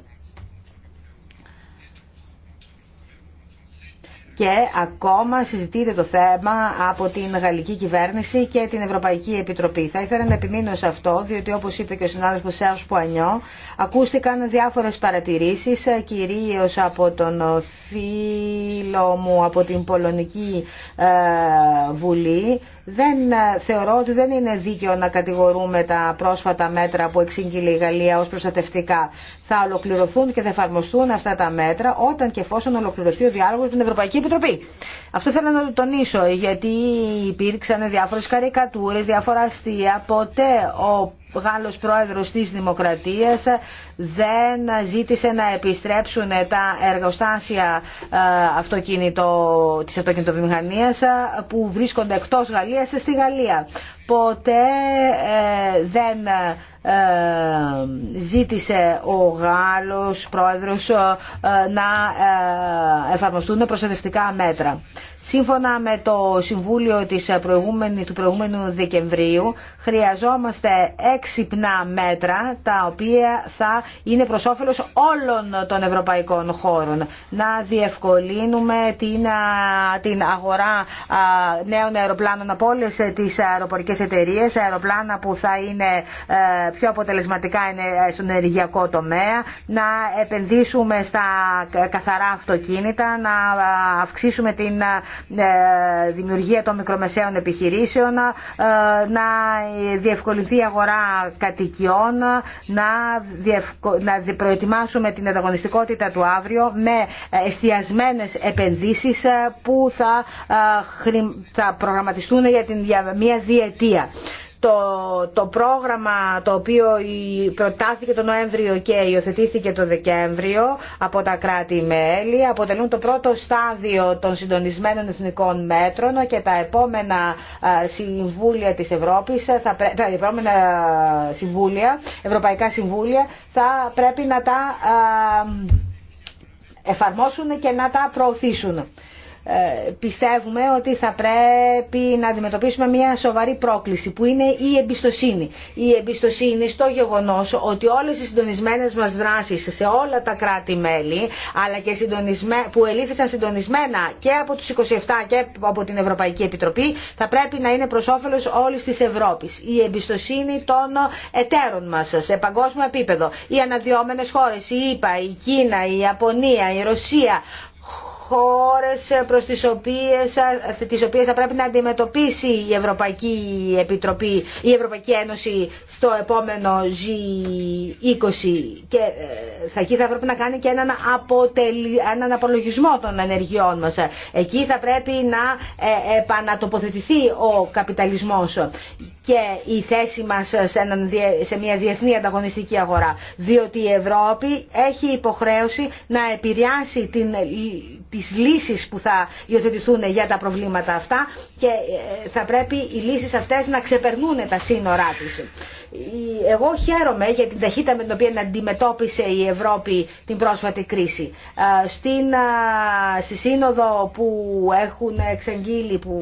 και ακόμα συζητείται το θέμα από την γαλλική κυβέρνηση και την Ευρωπαϊκή Επιτροπή. Θα ήθελα να επιμείνω σε αυτό, διότι όπως είπε και ο συνάδελφος Σέος Πουανιό, ακούστηκαν διάφορες παρατηρήσεις, ε, κυρίως από τον φίλο μου από την Πολωνική ε, Βουλή. Δεν ε, θεωρώ ότι δεν είναι δίκαιο να κατηγορούμε τα πρόσφατα μέτρα που εξήγηλε η Γαλλία ως προστατευτικά. Θα ολοκληρωθούν και θα εφαρμοστούν αυτά τα μέτρα όταν και εφόσον ολοκληρωθεί ο διάλογος με την Ευρωπαϊκή αυτό θέλω να το τονίσω γιατί υπήρξαν διάφορες καρικατούρες, διάφορα αστεία. Ποτέ ο Γάλλος πρόεδρος της Δημοκρατίας δεν ζήτησε να επιστρέψουν τα εργοστάσια ε, αυτοκίνητο, της αυτοκινητοβιομηχανίας ε, που βρίσκονται εκτός Γαλλίας στη Γαλλία. Ποτέ ε, δεν ε, ζήτησε ο Γάλλος πρόεδρος ε, να ε, εφαρμοστούν προστατευτικά μέτρα. Σύμφωνα με το Συμβούλιο της προηγούμενη, του προηγούμενου Δεκεμβρίου χρειαζόμαστε έξυπνα μέτρα τα οποία θα είναι προς όφελος όλων των ευρωπαϊκών χώρων. Να διευκολύνουμε την, την αγορά νέων αεροπλάνων από όλες τις αεροπορικές εταιρείες, αεροπλάνα που θα είναι πιο αποτελεσματικά στον ενεργειακό τομέα, να επενδύσουμε στα καθαρά αυτοκίνητα, να αυξήσουμε την ε, δημιουργία των μικρομεσαίων επιχειρήσεων, ε, να διευκολυνθεί η αγορά κατοικιών, να προετοιμάσουμε την ανταγωνιστικότητα του αύριο με εστιασμένες επενδύσεις ε, που θα προγραμματιστούν για μια διετία το, το πρόγραμμα το οποίο προτάθηκε το Νοέμβριο και υιοθετήθηκε το Δεκέμβριο από τα κράτη-μέλη αποτελούν το πρώτο στάδιο των συντονισμένων εθνικών μέτρων και τα επόμενα ε, συμβούλια της Ευρώπης, ε, θα, τα επόμενα συμβούλια, ευρωπαϊκά συμβούλια θα πρέπει να τα ε, εφαρμόσουν και να τα προωθήσουν. Ε, πιστεύουμε ότι θα πρέπει να αντιμετωπίσουμε μια σοβαρή πρόκληση που είναι η εμπιστοσύνη. Η εμπιστοσύνη στο γεγονός ότι όλες οι συντονισμένες μας δράσεις σε όλα τα κράτη-μέλη αλλά και που ελήφθησαν συντονισμένα και από τους 27 και από την Ευρωπαϊκή Επιτροπή θα πρέπει να είναι προς όφελος όλης της Ευρώπης. Η εμπιστοσύνη των εταίρων μας σε παγκόσμιο επίπεδο. Οι αναδυόμενες χώρες, η ΙΠΑ, η Κίνα, η Ιαπωνία, η Ρωσία, χώρες προς τις οποίες, τις οποίες θα πρέπει να αντιμετωπίσει η Ευρωπαϊκή Επιτροπή, η Ευρωπαϊκή Ένωση στο επόμενο G20 και ε, εκεί θα πρέπει να κάνει και έναν, έναν απολογισμό των ενεργειών μας. Εκεί θα πρέπει να ε, επανατοποθετηθεί ο καπιταλισμός και η θέση μας σε μια διεθνή ανταγωνιστική αγορά. Διότι η Ευρώπη έχει υποχρέωση να επηρεάσει την, τις λύσεις που θα υιοθετηθούν για τα προβλήματα αυτά και ε, θα πρέπει οι λύσεις αυτές να ξεπερνούν τα σύνορά της. Εγώ χαίρομαι για την ταχύτητα με την οποία αντιμετώπισε η Ευρώπη την πρόσφατη κρίση. Στην, στη σύνοδο που έχουν εξαγγείλει, που,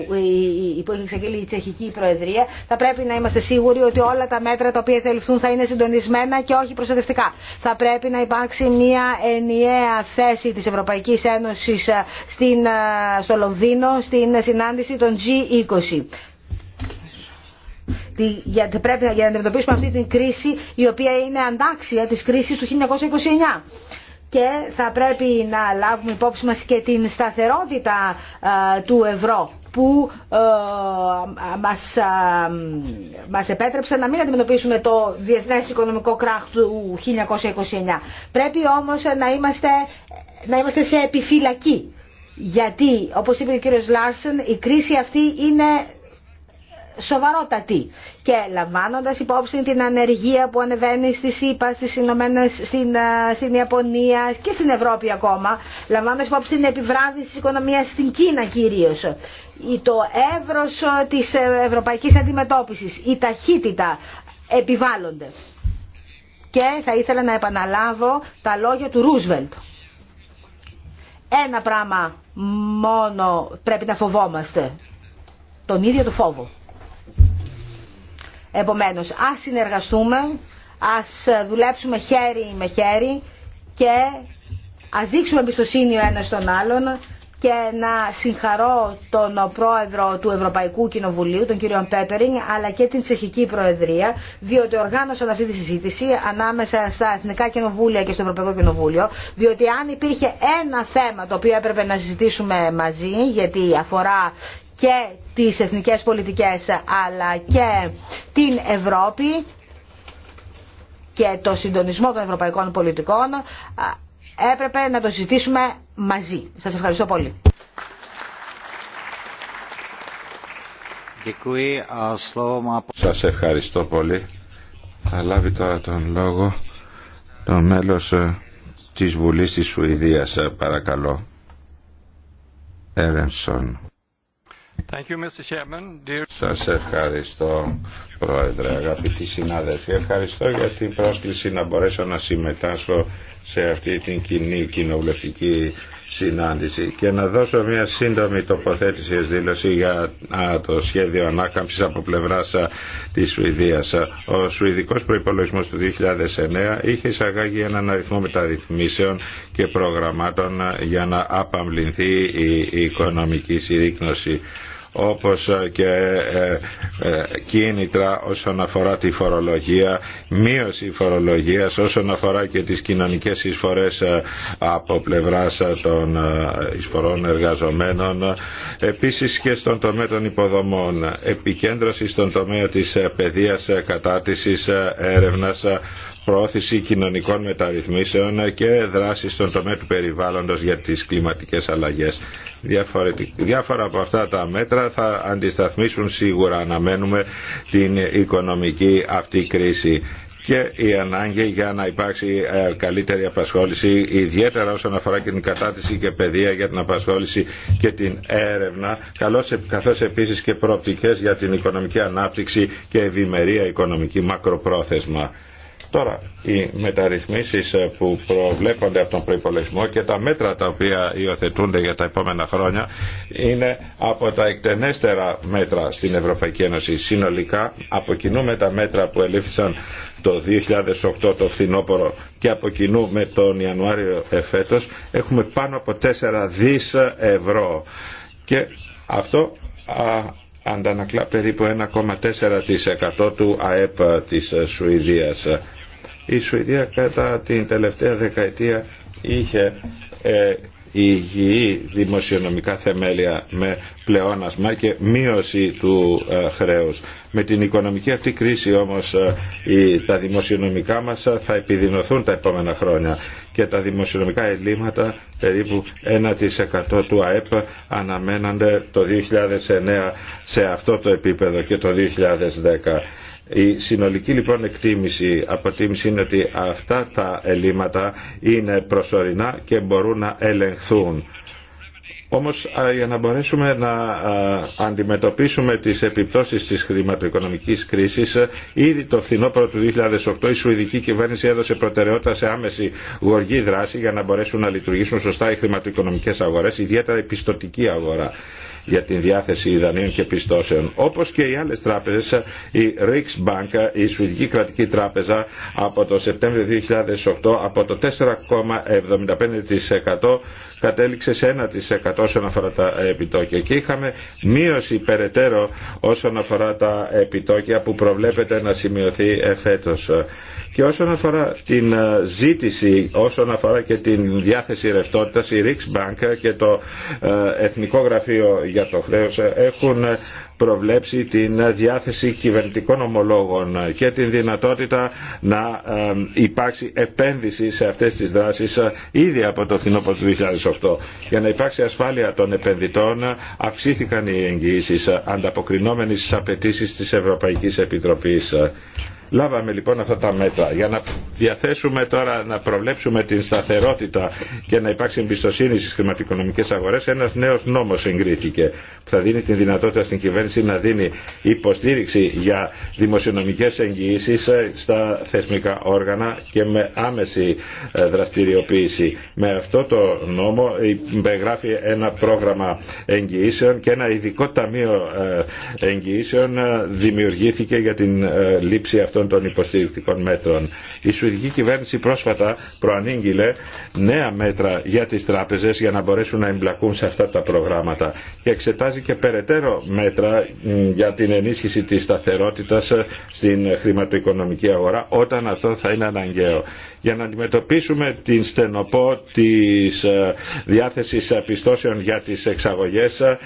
που έχει εξαγγείλει η Τσεχική Προεδρία θα πρέπει να είμαστε σίγουροι ότι όλα τα μέτρα τα οποία θα ληφθούν θα είναι συντονισμένα και όχι προστατευτικά. Θα πρέπει να υπάρξει μια ενιαία θέση της Ευρωπαϊκής Ένωσης στην, στο Λονδίνο στην συνάντηση των G20 γιατί πρέπει για να αντιμετωπίσουμε αυτή την κρίση η οποία είναι αντάξια της κρίσης του 1929 και θα πρέπει να λάβουμε υπόψη μας και την σταθερότητα του ευρώ που ε, μας, μας επέτρεψε να μην αντιμετωπίσουμε το διεθνές οικονομικό κράχ του 1929. Πρέπει όμως να είμαστε, να είμαστε σε επιφυλακή. Γιατί, όπως είπε ο κύριος Λάρσεν, η κρίση αυτή είναι σοβαρότατη και λαμβάνοντας υπόψη την ανεργία που ανεβαίνει στη ΣΥΠΑ, στις Ηνωμένες, στην, ε, στην Ιαπωνία και στην Ευρώπη ακόμα, λαμβάνοντας υπόψη την επιβράδυνση της οικονομίας στην Κίνα κυρίως το εύρο ε, της ε, ευρωπαϊκής αντιμετώπισης, η ταχύτητα επιβάλλονται. Και θα ήθελα να επαναλάβω τα λόγια του Ρούσβελτ. Ένα πράγμα μόνο πρέπει να φοβόμαστε. Τον ίδιο το φόβο. Επομένως, ας συνεργαστούμε, ας δουλέψουμε χέρι με χέρι και ας δείξουμε εμπιστοσύνη ο ένας στον άλλον και να συγχαρώ τον πρόεδρο του Ευρωπαϊκού Κοινοβουλίου, τον κύριο Πέπερινγκ, αλλά και την Τσεχική Προεδρία, διότι οργάνωσαν αυτή τη συζήτηση ανάμεσα στα Εθνικά Κοινοβούλια και στο Ευρωπαϊκό Κοινοβούλιο, διότι αν υπήρχε ένα θέμα το οποίο έπρεπε να συζητήσουμε μαζί, γιατί αφορά και τις εθνικές πολιτικές αλλά και την Ευρώπη και το συντονισμό των ευρωπαϊκών πολιτικών έπρεπε να το συζητήσουμε μαζί. Σας ευχαριστώ πολύ. Σας ευχαριστώ πολύ. Θα λάβει τώρα τον λόγο το μέλος ε, της Βουλής της Σουηδίας, ε, παρακαλώ. Έρενσον. Σα Σας ευχαριστώ Πρόεδρε, αγαπητοί συνάδελφοι. Ευχαριστώ για την πρόσκληση να μπορέσω να συμμετάσχω σε αυτή την κοινή κοινοβουλευτική συνάντηση και να δώσω μια σύντομη τοποθέτηση δήλωση για το σχέδιο ανάκαμψης από πλευρά της Σουηδίας. Ο Σουηδικός Προπολογισμό του 2009 είχε εισαγάγει έναν αριθμό μεταρρυθμίσεων και προγραμμάτων για να απαμβληθεί η οικονομική συρρήκνωση όπως ε, και ε, ε, κίνητρα όσον αφορά τη φορολογία, μείωση φορολογίας όσον αφορά και τις κοινωνικές εισφορές από πλευράς των εισφορών εργαζομένων. Επίσης και στον τομέα των υποδομών, επικέντρωση στον τομέα της παιδείας, κατάτησης έρευνας, προώθηση κοινωνικών μεταρρυθμίσεων και δράση στον τομέα του περιβάλλοντος για τις κλιματικές αλλαγές. Διάφορα από αυτά τα μέτρα θα αντισταθμίσουν σίγουρα, αναμένουμε, την οικονομική αυτή κρίση και η ανάγκη για να υπάρξει ε, καλύτερη απασχόληση, ιδιαίτερα όσον αφορά και την κατάτηση και παιδεία για την απασχόληση και την έρευνα, καθώς επίσης και προοπτικές για την οικονομική ανάπτυξη και ευημερία οικονομική μακροπρόθεσμα. Τώρα, οι μεταρρυθμίσεις ε, που προβλέπονται από τον προϋπολογισμό και τα μέτρα τα οποία υιοθετούνται για τα επόμενα χρόνια είναι από τα εκτενέστερα μέτρα στην Ευρωπαϊκή Ένωση. Συνολικά, από κοινού με τα μέτρα που ελήφθησαν το 2008 το φθινόπωρο και από κοινού με τον Ιανουάριο εφέτος, έχουμε πάνω από 4 δις ευρώ. Και αυτό αντανακλά περίπου 1,4% του ΑΕΠ της Σουηδίας. Η Σουηδία κατά την τελευταία δεκαετία είχε ε, υγιή δημοσιονομικά θεμέλια με πλεόνασμα και μείωση του ε, χρέους. Με την οικονομική αυτή κρίση όμως ε, τα δημοσιονομικά μας θα επιδεινωθούν τα επόμενα χρόνια και τα δημοσιονομικά ελλείμματα περίπου 1% του ΑΕΠ αναμένονται το 2009 σε αυτό το επίπεδο και το 2010. Η συνολική λοιπόν εκτίμηση, αποτίμηση είναι ότι αυτά τα ελλείμματα είναι προσωρινά και μπορούν να ελεγχθούν. Όμως για να μπορέσουμε να αντιμετωπίσουμε τις επιπτώσεις της χρηματοοικονομικής κρίσης, ήδη το φθινόπωρο του 2008 η Σουηδική κυβέρνηση έδωσε προτεραιότητα σε άμεση γοργή δράση για να μπορέσουν να λειτουργήσουν σωστά οι χρηματοοικονομικές αγορές, ιδιαίτερα η πιστοτική αγορά για την διάθεση δανείων και πιστώσεων. Όπως και οι άλλες τράπεζες, η Riksbank, η Σουηδική Κρατική Τράπεζα από το Σεπτέμβριο 2008 από το 4,75% κατέληξε σε 1% όσον αφορά τα επιτόκια και είχαμε μείωση περαιτέρω όσον αφορά τα επιτόκια που προβλέπεται να σημειωθεί εφέτος. Και όσον αφορά την ε, ζήτηση, όσον αφορά και την διάθεση ρευστότητας, η Riksbank και το ε, Εθνικό Γραφείο για το Χρέο ε, έχουν προβλέψει την διάθεση κυβερνητικών ομολόγων και την δυνατότητα να υπάρξει επένδυση σε αυτές τις δράσεις ήδη από το φθινόπωρο του 2008. Για να υπάρξει ασφάλεια των επενδυτών αυξήθηκαν οι εγγυήσεις ανταποκρινόμενοι στις απαιτήσεις της Ευρωπαϊκής Επιτροπής. Λάβαμε λοιπόν αυτά τα μέτρα για να διαθέσουμε τώρα, να προβλέψουμε την σταθερότητα και να υπάρξει εμπιστοσύνη στις χρηματοοικονομικές αγορές. Ένας νέος νόμος εγκρίθηκε που θα δίνει την δυνατότητα στην κυβέρνηση να δίνει υποστήριξη για δημοσιονομικές εγγυήσει ε, στα θεσμικά όργανα και με άμεση ε, δραστηριοποίηση. Με αυτό το νόμο ε, υπεγράφει ένα πρόγραμμα εγγυήσεων και ένα ειδικό ταμείο εγγυήσεων δημιουργήθηκε για την λήψη αυτών των υποστηρικτικών μέτρων. Η Σουηδική κυβέρνηση πρόσφατα προανήγγειλε νέα μέτρα για τις τράπεζες για να μπορέσουν να εμπλακούν σε αυτά τα προγράμματα και εξετάζει και περαιτέρω μέτρα για την ενίσχυση της σταθερότητας ε, στην χρηματοοικονομική αγορά όταν αυτό θα είναι αναγκαίο για να αντιμετωπίσουμε την στενοπό της ε, διάθεσης πιστώσεων για τις εξαγωγές ε,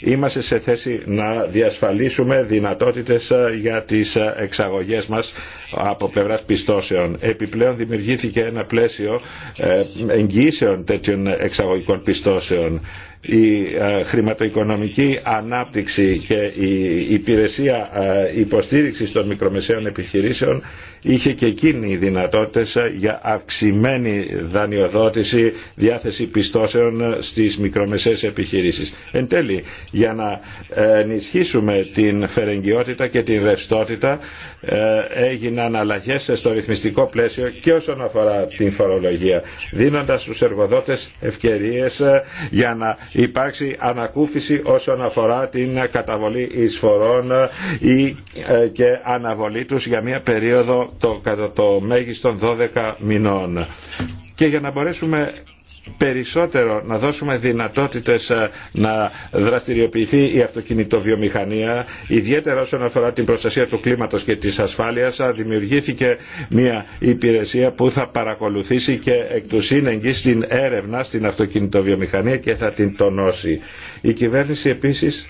είμαστε σε θέση να διασφαλίσουμε δυνατότητες ε, για τις εξαγωγές μας από πλευράς πιστώσεων. Επιπλέον δημιουργήθηκε ένα πλαίσιο εγγυήσεων τέτοιων εξαγωγικών πιστώσεων η χρηματοοικονομική ανάπτυξη και η υπηρεσία υποστήριξης των μικρομεσαίων επιχειρήσεων είχε και εκείνη οι δυνατότητες για αυξημένη δανειοδότηση, διάθεση πιστώσεων στις μικρομεσαίες επιχειρήσεις. Εν τέλει, για να ενισχύσουμε την φερεγγιότητα και την ρευστότητα ε, έγιναν αλλαγές στο ρυθμιστικό πλαίσιο και όσον αφορά την φορολογία, δίνοντας στους εργοδότες ευκαιρίες ε, για να υπάρξει ανακούφιση όσον αφορά την καταβολή εισφορών ε, ή και αναβολή τους για μια περίοδο το, κατά το μέγιστο 12 μηνών. Και για να μπορέσουμε περισσότερο να δώσουμε δυνατότητες ε, να δραστηριοποιηθεί η αυτοκινητοβιομηχανία ιδιαίτερα όσον αφορά την προστασία του κλίματος και της ασφάλειας ε, δημιουργήθηκε μια υπηρεσία που θα παρακολουθήσει και εκ του σύνεγγυ στην έρευνα στην αυτοκινητοβιομηχανία και θα την τονώσει. Η κυβέρνηση επίσης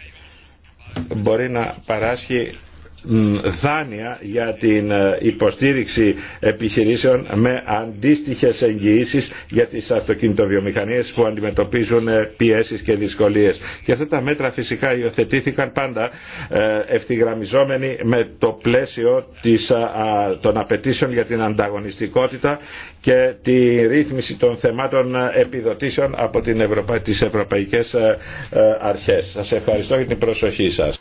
μπορεί να παράσχει δάνεια για την ε, υποστήριξη επιχειρήσεων με αντίστοιχες εγγυήσεις για τις αυτοκινητοβιομηχανίες που αντιμετωπίζουν ε, πιέσεις και δυσκολίες. Και αυτά τα μέτρα φυσικά υιοθετήθηκαν πάντα ε, ευθυγραμμιζόμενοι με το πλαίσιο της, των απαιτήσεων για την ανταγωνιστικότητα και τη ρύθμιση των θεμάτων επιδοτήσεων από την Ευρωπα... τις Ευρωπαϊκές Αρχές. Σας ευχαριστώ για την προσοχή σας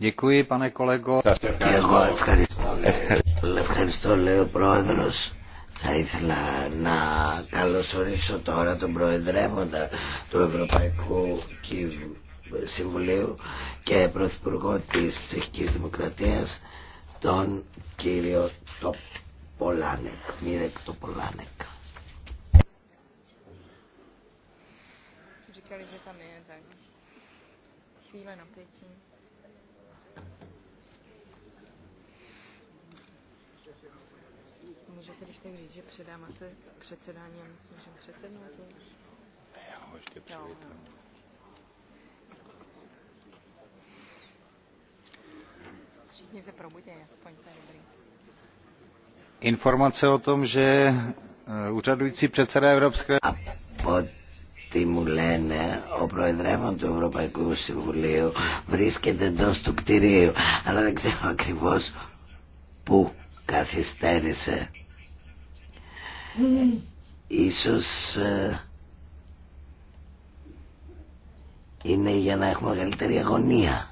ευχαριστώ. λέει ο πρόεδρος. Θα ήθελα να καλωσορίσω τώρα τον προεδρεύοντα του Ευρωπαϊκού Συμβουλίου και πρωθυπουργό της Τσεχικής Δημοκρατίας τον κύριο Τοπολάνεκ, Μίρεκ Τοπολάνεκ. Říkali, že říct, Já dobrý. Informace o tom, že úřadující předseda Evropské... Από o του Ευρωπαϊκού Συμβουλίου βρίσκεται εντό του κτηρίου, Ίσως ε, είναι για να έχουμε μεγαλύτερη αγωνία.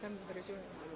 Thank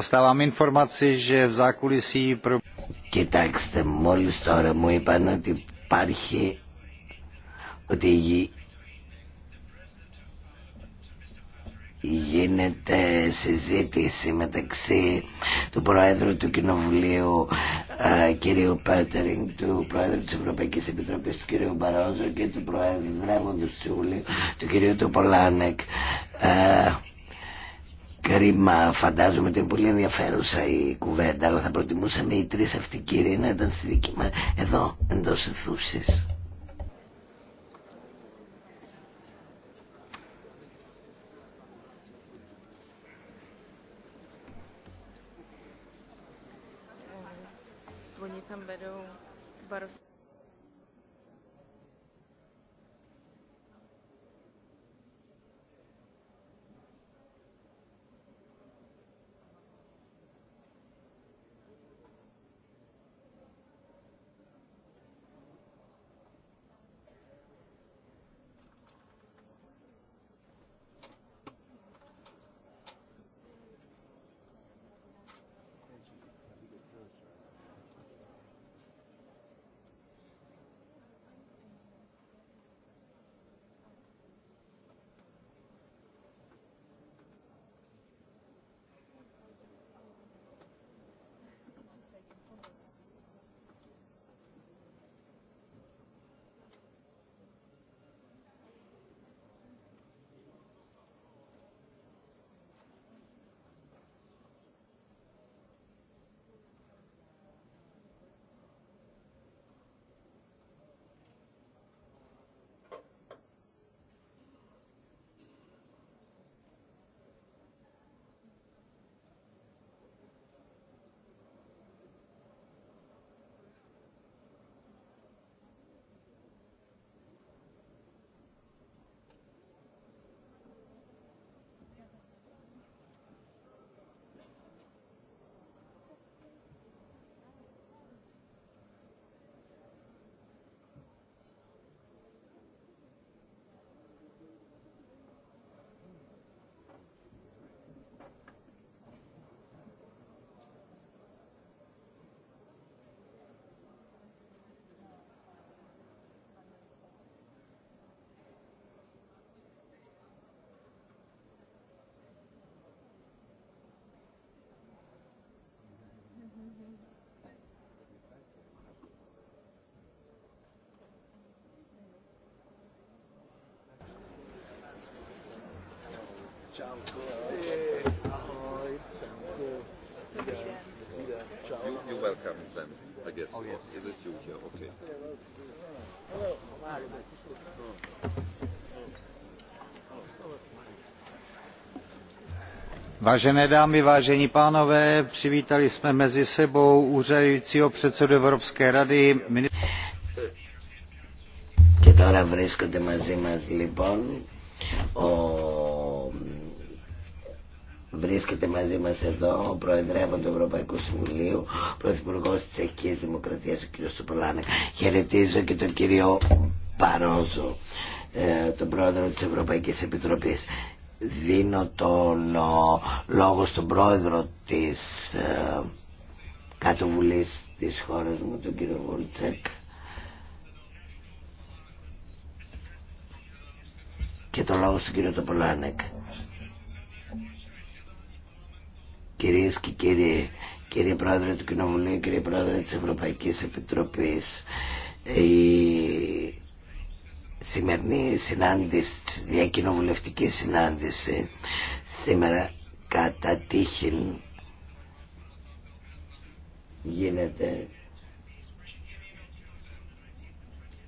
Dostávám informaci, že v zákulisí pro... Κοιτάξτε, μόλι τώρα μου είπαν ότι υπάρχει ότι γίνεται συζήτηση μεταξύ του Προέδρου του Κοινοβουλίου α, ε, κυρίου Πέτερινγκ, του Προέδρου της Ευρωπαϊκής Επιτροπής του κυρίου Μπαρόζο και του Προέδρου του Συμβουλίου του κυρίου Τουπολάνεκ. Α, ε, Κρίμα, φαντάζομαι ότι είναι πολύ ενδιαφέρουσα η κουβέντα, αλλά θα προτιμούσαμε οι τρεις αυτοί κύριοι να ήταν στη δική μας εδώ, εντός αιθούσης. You welcome them, I guess. Is it you here? Okay. Vážené dámy, vážení pánové, přivítali jsme mezi sebou úřadujícího předsedu Evropské rady. Και τώρα βρίσκονται μαζί μας λοιπόν ο βρίσκεται μαζί μα εδώ ο Προεδρεύων του Ευρωπαϊκού Συμβουλίου, Πρωθυπουργό τη της Δημοκρατία ο κ. Στοπολάνεκ. Χαιρετίζω και τον κύριο Παρόζο, ε, τον Πρόεδρο τη Ευρωπαϊκή Επιτροπή, Δίνω τον λόγο στον Πρόεδρο τη ε, βουλή της χώρας μου, τον κύριο Βουλτσέκ. και το λόγο στον κύριο Τοπολάνεκ. Κυρίες και κύριοι, κύριε Πρόεδρε του Κοινοβουλίου, κύριε Πρόεδρε της Ευρωπαϊκής Επιτροπής, η σημερινή συνάντηση, διακοινοβουλευτική συνάντηση, σήμερα κατά τύχην γίνεται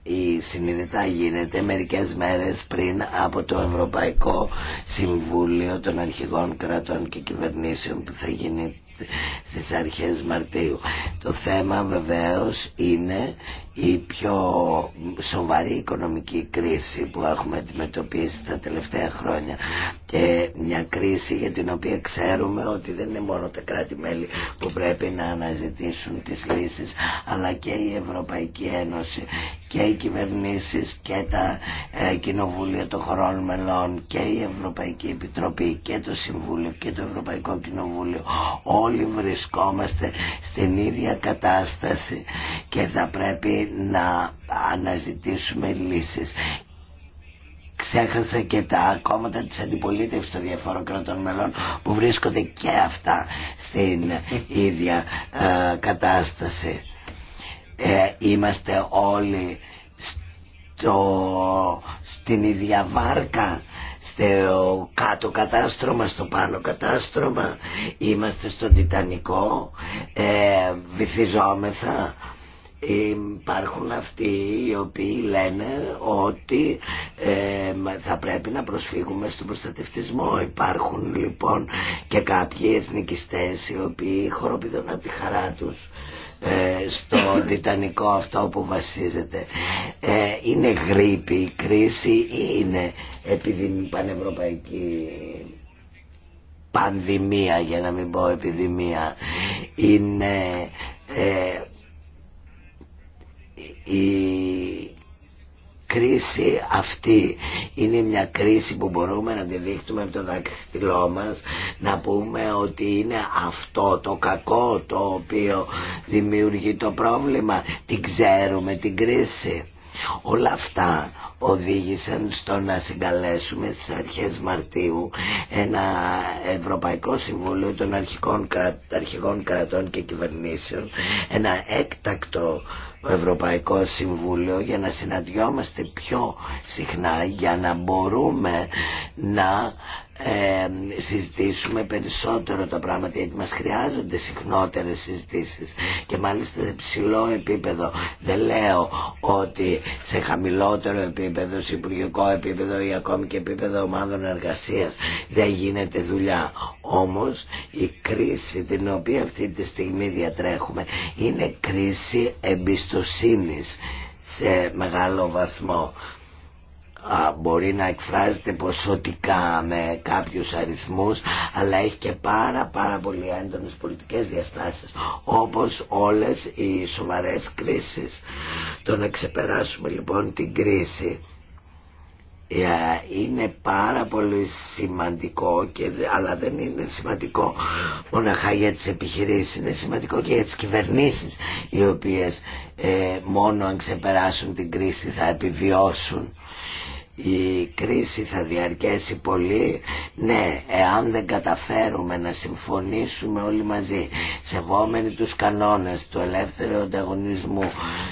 η συνειδητά γίνεται μερικές μέρες πριν από το Ευρωπαϊκό Συμβούλιο των Αρχηγών Κρατών και Κυβερνήσεων που θα γίνει στις αρχές Μαρτίου. Το θέμα βεβαίως είναι η πιο σοβαρή οικονομική κρίση που έχουμε αντιμετωπίσει τα τελευταία χρόνια και μια κρίση για την οποία ξέρουμε ότι δεν είναι μόνο τα κράτη-μέλη που πρέπει να αναζητήσουν τις λύσεις αλλά και η Ευρωπαϊκή Ένωση και οι κυβερνήσεις και τα ε, κοινοβούλια των χωρών μελών και η Ευρωπαϊκή Επιτροπή και το Συμβούλιο και το Ευρωπαϊκό Κοινοβούλιο όλοι βρισκόμαστε στην ίδια κατάσταση και θα πρέπει να αναζητήσουμε λύσεις. Ξέχασα και τα κόμματα της αντιπολίτευσης των διαφόρων κρατών μελών που βρίσκονται και αυτά στην ίδια ε, κατάσταση. Ε, είμαστε όλοι στο, στην ίδια βάρκα στο κάτω κατάστρωμα, στο πάνω κατάστρωμα, είμαστε στον Τιτανικό, ε, βυθιζόμεθα υπάρχουν αυτοί οι οποίοι λένε ότι θα πρέπει να προσφύγουμε στον προστατευτισμό υπάρχουν λοιπόν και κάποιοι εθνικιστές οι οποίοι χοροπηδούν από τη χαρά τους ε, στο τιτανικό αυτό που βασίζεται ε, είναι γρήπη η κρίση ή είναι επιδημία πανευρωπαϊκή πανδημία για να μην πω επιδημία είναι ε, η κρίση αυτή είναι μια κρίση που μπορούμε να τη δείχνουμε από το δάχτυλό μας να πούμε ότι είναι αυτό το κακό το οποίο δημιουργεί το πρόβλημα την ξέρουμε την κρίση όλα αυτά οδήγησαν στο να συγκαλέσουμε στις αρχές Μαρτίου ένα Ευρωπαϊκό Συμβούλιο των αρχικών, αρχικών κρατών και κυβερνήσεων ένα έκτακτο Ευρωπαϊκό Συμβούλιο για να συναντιόμαστε πιο συχνά για να μπορούμε να ε, συζητήσουμε περισσότερο τα πράγματα γιατί μας χρειάζονται συχνότερες συζητήσεις και μάλιστα σε ψηλό επίπεδο δεν λέω ότι σε χαμηλότερο επίπεδο, σε υπουργικό επίπεδο ή ακόμη και επίπεδο ομάδων εργασίας δεν γίνεται δουλειά όμως η κρίση την οποία αυτή τη στιγμή διατρέχουμε είναι κρίση εμπιστοσύνης σε μεγάλο βαθμό α, μπορεί να εκφράζεται ποσοτικά με κάποιους αριθμούς αλλά έχει και πάρα πάρα πολύ έντονες πολιτικές διαστάσεις όπως όλες οι σοβαρές κρίσεις το να ξεπεράσουμε λοιπόν την κρίση ε, είναι πάρα πολύ σημαντικό και, αλλά δεν είναι σημαντικό μοναχά για τις επιχειρήσεις είναι σημαντικό και για τις κυβερνήσεις οι οποίες ε, μόνο αν ξεπεράσουν την κρίση θα επιβιώσουν η κρίση θα διαρκέσει πολύ ναι εάν δεν καταφέρουμε να συμφωνήσουμε όλοι μαζί σεβόμενοι τους κανόνες του ελεύθερου ανταγωνισμού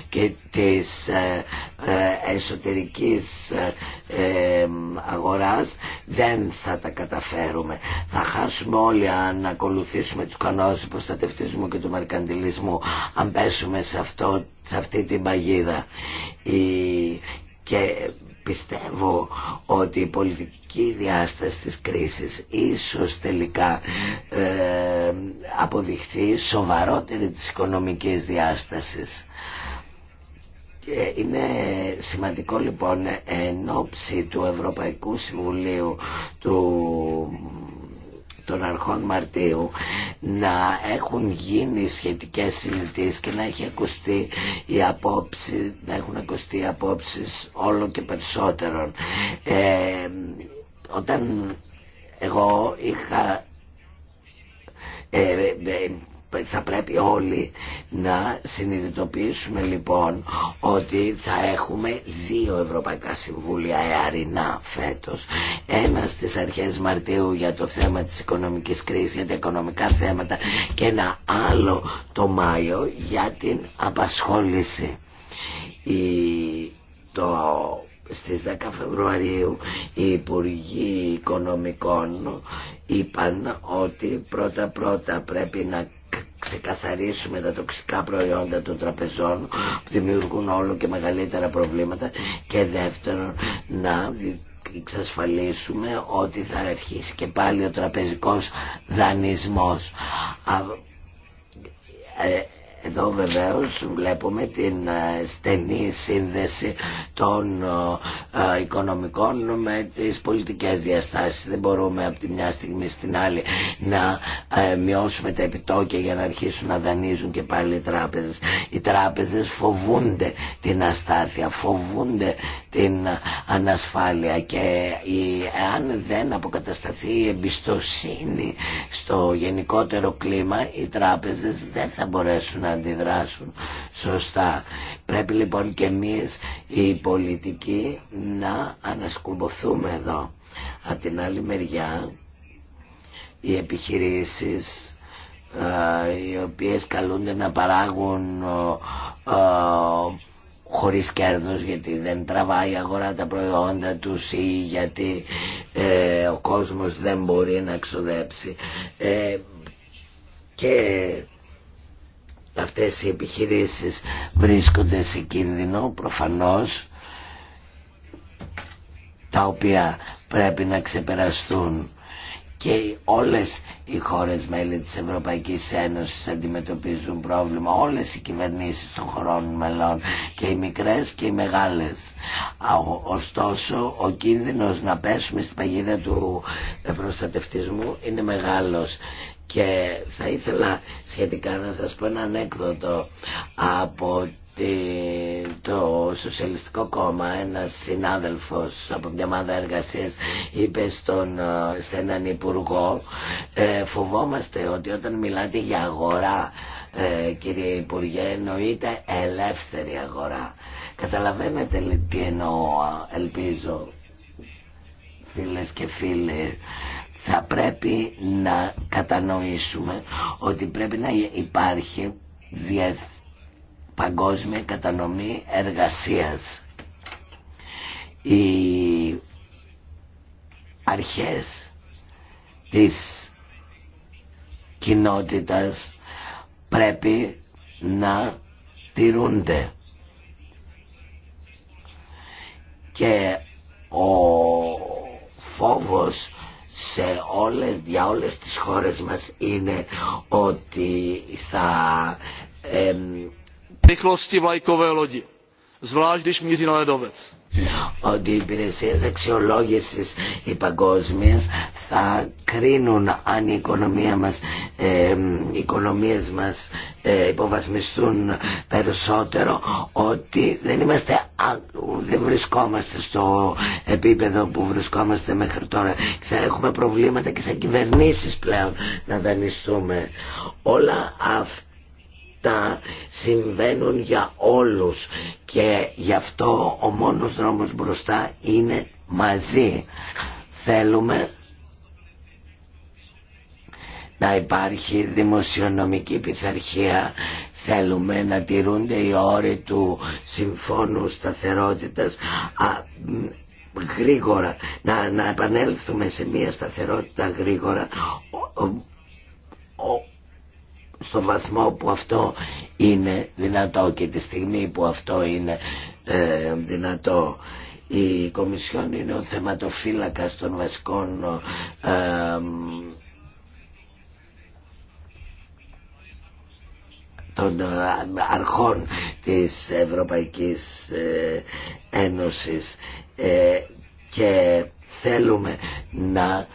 και της ε, ε, εσωτερικής ε, ε, αγοράς δεν θα τα καταφέρουμε θα χάσουμε όλοι αν ακολουθήσουμε τους κανόνες του προστατευτισμού και του μαρκαντιλισμού αν πέσουμε σε, αυτή την παγίδα και πιστεύω ότι η πολιτική διάσταση της κρίσης ίσως τελικά ε, αποδειχθεί σοβαρότερη της οικονομικής διάστασης. Και είναι σημαντικό λοιπόν εν ώψη του Ευρωπαϊκού Συμβουλίου του των αρχών Μαρτίου να έχουν γίνει σχετικές συζητήσεις και να, έχει ακουστεί η να έχουν ακουστεί οι απόψεις όλο και περισσότερων. Ε, όταν εγώ είχα ε, ε θα πρέπει όλοι να συνειδητοποιήσουμε λοιπόν ότι θα έχουμε δύο Ευρωπαϊκά Συμβούλια εαρινά φέτος. Ένα στις αρχές Μαρτίου για το θέμα της οικονομικής κρίσης, για τα οικονομικά θέματα και ένα άλλο το Μάιο για την απασχόληση. Η... Το στις 10 Φεβρουαρίου οι Υπουργοί Οικονομικών είπαν ότι πρώτα πρώτα πρέπει να ξεκαθαρίσουμε τα τοξικά προϊόντα των τραπεζών που δημιουργούν όλο και μεγαλύτερα προβλήματα και δεύτερον να εξασφαλίσουμε ότι θα αρχίσει και πάλι ο τραπεζικός δανεισμός ε, εδώ βεβαίως βλέπουμε την ε, στενή σύνδεση των ε, ε, οικονομικών με τις πολιτικές διαστάσεις. Δεν μπορούμε από τη μια στιγμή στην άλλη να μειώσουμε τα επιτόκια για να αρχίσουν να δανείζουν και πάλι οι τράπεζες. Οι τράπεζες φοβούνται την αστάθεια, φοβούνται την ανασφάλεια και αν δεν αποκατασταθεί η εμπιστοσύνη στο γενικότερο κλίμα οι τράπεζες δεν θα μπορέσουν να αντιδράσουν σωστά. Πρέπει λοιπόν και εμείς οι πολιτικοί να ανασκουμποθούμε εδώ. Από την άλλη μεριά οι επιχειρήσεις ε, οι οποίες καλούνται να παράγουν χωρίς κέρδος γιατί δεν τραβάει η αγορά τα προϊόντα τους ή γιατί ε, ο κόσμος δεν μπορεί να ξοδέψει ε, και αυτές οι επιχειρήσεις βρίσκονται σε κίνδυνο προφανώς τα οποία πρέπει να ξεπεραστούν και όλες οι χώρες μέλη της Ευρωπαϊκής Ένωσης αντιμετωπίζουν πρόβλημα όλες οι κυβερνήσεις των χωρών μελών και οι μικρές και οι μεγάλες ωστόσο ο κίνδυνος να πέσουμε στην παγίδα του ε, προστατευτισμού είναι μεγάλος και θα ήθελα σχετικά να σας πω ένα ανέκδοτο από το Σοσιαλιστικό Κόμμα ένας συνάδελφος από μια ομάδα εργασίας είπε στον, σε έναν υπουργό ε, φοβόμαστε ότι όταν μιλάτε για αγορά ε, κύριε Υπουργέ εννοείται ελεύθερη αγορά καταλαβαίνετε τι εννοώ ελπίζω φίλες και φίλοι θα πρέπει να κατανοήσουμε ότι πρέπει να υπάρχει διεθ... παγκόσμια κατανομή εργασίας. Οι αρχές της κοινότητας πρέπει να τηρούνται. Και ο φόβος σε όλες, για όλες τις χώρες μας είναι ότι θα... Rychlosti vlajkové lodi, zvlášť když míří na ledovec ότι οι υπηρεσίε αξιολόγηση οι παγκόσμιε θα κρίνουν αν η οικονομία μας, οι οικονομίες μας ε, περισσότερο ότι δεν, είμαστε, δεν βρισκόμαστε στο επίπεδο που βρισκόμαστε μέχρι τώρα έχουμε προβλήματα και σαν κυβερνήσεις πλέον να δανειστούμε όλα αυτά αυτά συμβαίνουν για όλους και γι' αυτό ο μόνος δρόμος μπροστά είναι μαζί. Θέλουμε να υπάρχει δημοσιονομική πειθαρχία, θέλουμε να τηρούνται οι όροι του Συμφώνου Σταθερότητας α, γρήγορα, να, να επανέλθουμε σε μια σταθερότητα γρήγορα στο βαθμό που αυτό είναι δυνατό και τη στιγμή που αυτό είναι ε, δυνατό η Κομισιόν είναι ο θεματοφύλακας των βασικών ε, των ε, αρχών της Ευρωπαϊκής ε, Ένωσης και θέλουμε να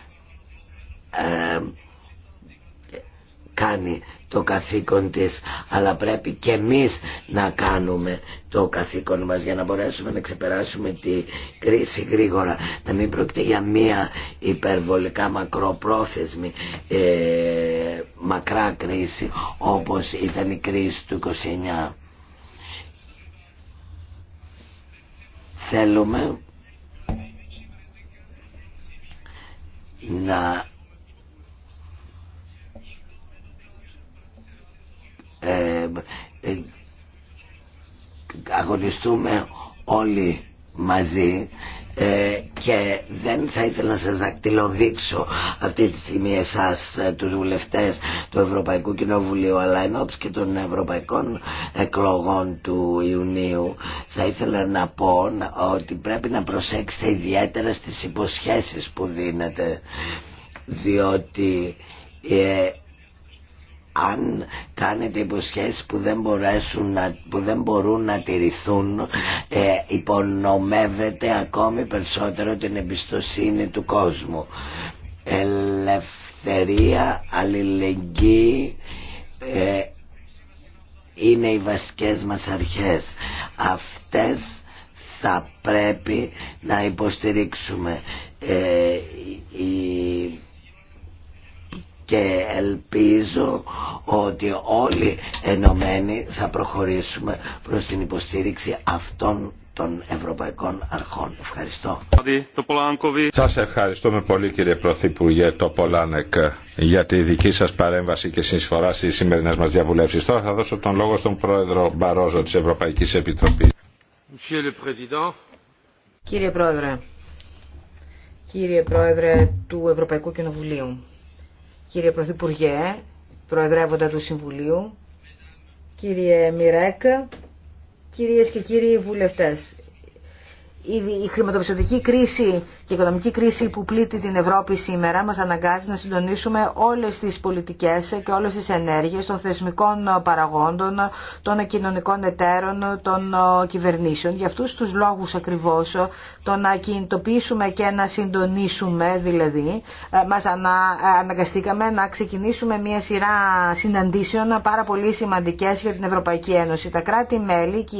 κάνει το καθήκον της αλλά πρέπει και εμείς να κάνουμε το καθήκον μας για να μπορέσουμε να ξεπεράσουμε τη κρίση γρήγορα να μην πρόκειται για μία υπερβολικά μακροπρόθεσμη ε, μακρά κρίση όπως ήταν η κρίση του 29 θέλουμε να Ε, ε, αγωνιστούμε όλοι μαζί ε, και δεν θα ήθελα να σας δακτυλοδείξω αυτή τη στιγμή εσάς ε, τους βουλευτές του Ευρωπαϊκού Κοινοβουλίου αλλά εν και των ευρωπαϊκών εκλογών του Ιουνίου θα ήθελα να πω ότι πρέπει να προσέξετε ιδιαίτερα στις υποσχέσεις που δίνετε διότι αν κάνετε υποσχέσεις που δεν, δεν μπορούν να τηρηθούν ε, υπονομεύεται ακόμη περισσότερο την εμπιστοσύνη του κόσμου ελευθερία αλληλεγγύη ε, είναι οι βασικές μας αρχές αυτές θα πρέπει να υποστηρίξουμε ε, και ελπίζω ότι όλοι ενωμένοι θα προχωρήσουμε προς την υποστήριξη αυτών των ευρωπαϊκών αρχών. Ευχαριστώ. Σας ευχαριστούμε πολύ κύριε Πρωθυπουργέ το Πολάνεκ για τη δική σας παρέμβαση και συνεισφορά στις σημερινές μας διαβουλεύσεις. Τώρα θα δώσω τον λόγο στον Πρόεδρο Μπαρόζο της Ευρωπαϊκής Επιτροπής. Κύριε Πρόεδρε, κύριε Πρόεδρε του Ευρωπαϊκού Κοινοβουλίου, κύριε Πρωθυπουργέ, Προεδρεύοντα του Συμβουλίου, κύριε Μιρέκ, κυρίες και κύριοι βουλευτές η χρηματοπιστωτική κρίση και η οικονομική κρίση που πλήττει την Ευρώπη σήμερα μας αναγκάζει να συντονίσουμε όλες τις πολιτικές και όλες τις ενέργειες των θεσμικών παραγόντων, των κοινωνικών εταίρων, των ε, κυβερνήσεων. Για αυτούς τους λόγους ακριβώς το να κινητοποιήσουμε και να συντονίσουμε δηλαδή ε, μας ανα, ε, αναγκαστήκαμε να ξεκινήσουμε μια σειρά συναντήσεων πάρα πολύ σημαντικές για την Ευρωπαϊκή Ένωση. Τα κράτη-μέλη και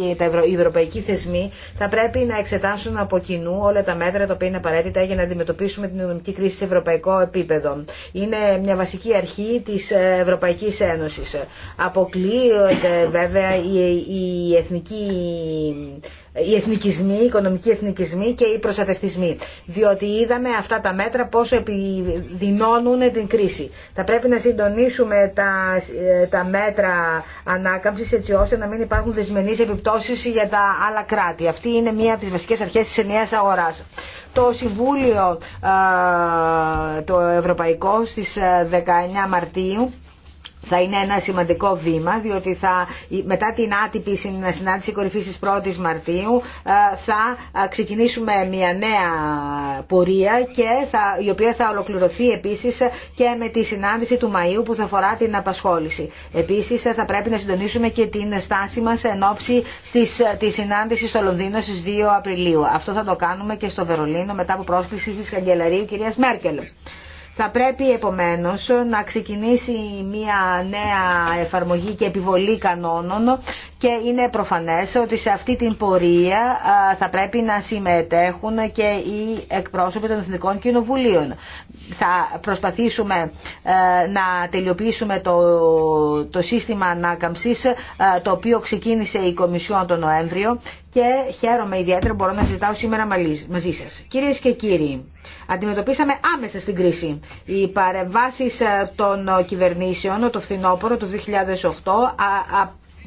οι ευρωπαϊκοί θεσμοί θα πρέπει να εξετάσουν περάσουν από κοινού όλα τα μέτρα τα οποία είναι απαραίτητα για να αντιμετωπίσουμε την οικονομική κρίση σε ευρωπαϊκό επίπεδο. Είναι μια βασική αρχή της Ευρωπαϊκής Ένωσης. Αποκλείονται βέβαια η εθνικοί οι εθνικισμοί, οι οικονομικοί εθνικισμοί και οι προστατευτισμοί. Διότι είδαμε αυτά τα μέτρα πόσο επιδεινώνουν την κρίση. Θα πρέπει να συντονίσουμε τα, ε, τα μέτρα ανάκαμψης έτσι ώστε να μην υπάρχουν δεσμενείς επιπτώσεις για τα άλλα κράτη. Αυτή είναι μία από τις βασικές αρχές της ενιαίας αγοράς. Το Συμβούλιο ε, το Ευρωπαϊκό στις 19 ε, Μαρτίου θα είναι ένα σημαντικό βήμα, διότι θα, μετά την άτυπη συνάντηση κορυφή τη 1η Μαρτίου ε, θα ε, ξεκινήσουμε μια νέα πορεία και θα, η οποία θα ολοκληρωθεί επίση και με τη συνάντηση του Μαΐου που θα αφορά την απασχόληση. Επίση ε, θα πρέπει να συντονίσουμε και την στάση μα εν ώψη τη συνάντηση στο Λονδίνο στι 2 Απριλίου. Αυτό θα το κάνουμε και στο Βερολίνο μετά από πρόσκληση τη καγκελαρίου κυρία Μέρκελ. Θα πρέπει επομένως να ξεκινήσει μια νέα εφαρμογή και επιβολή κανόνων και είναι προφανές ότι σε αυτή την πορεία θα πρέπει να συμμετέχουν και οι εκπρόσωποι των Εθνικών Κοινοβουλίων. Θα προσπαθήσουμε να τελειοποιήσουμε το, το σύστημα ανάκαμψης το οποίο ξεκίνησε η Κομισιόν τον Νοέμβριο και χαίρομαι ιδιαίτερα μπορώ να συζητάω σήμερα μαζί σας. Κυρίες και κύριοι, αντιμετωπίσαμε άμεσα στην κρίση. Οι παρεμβάσει ε, των ε, κυβερνήσεων το φθινόπωρο του 2008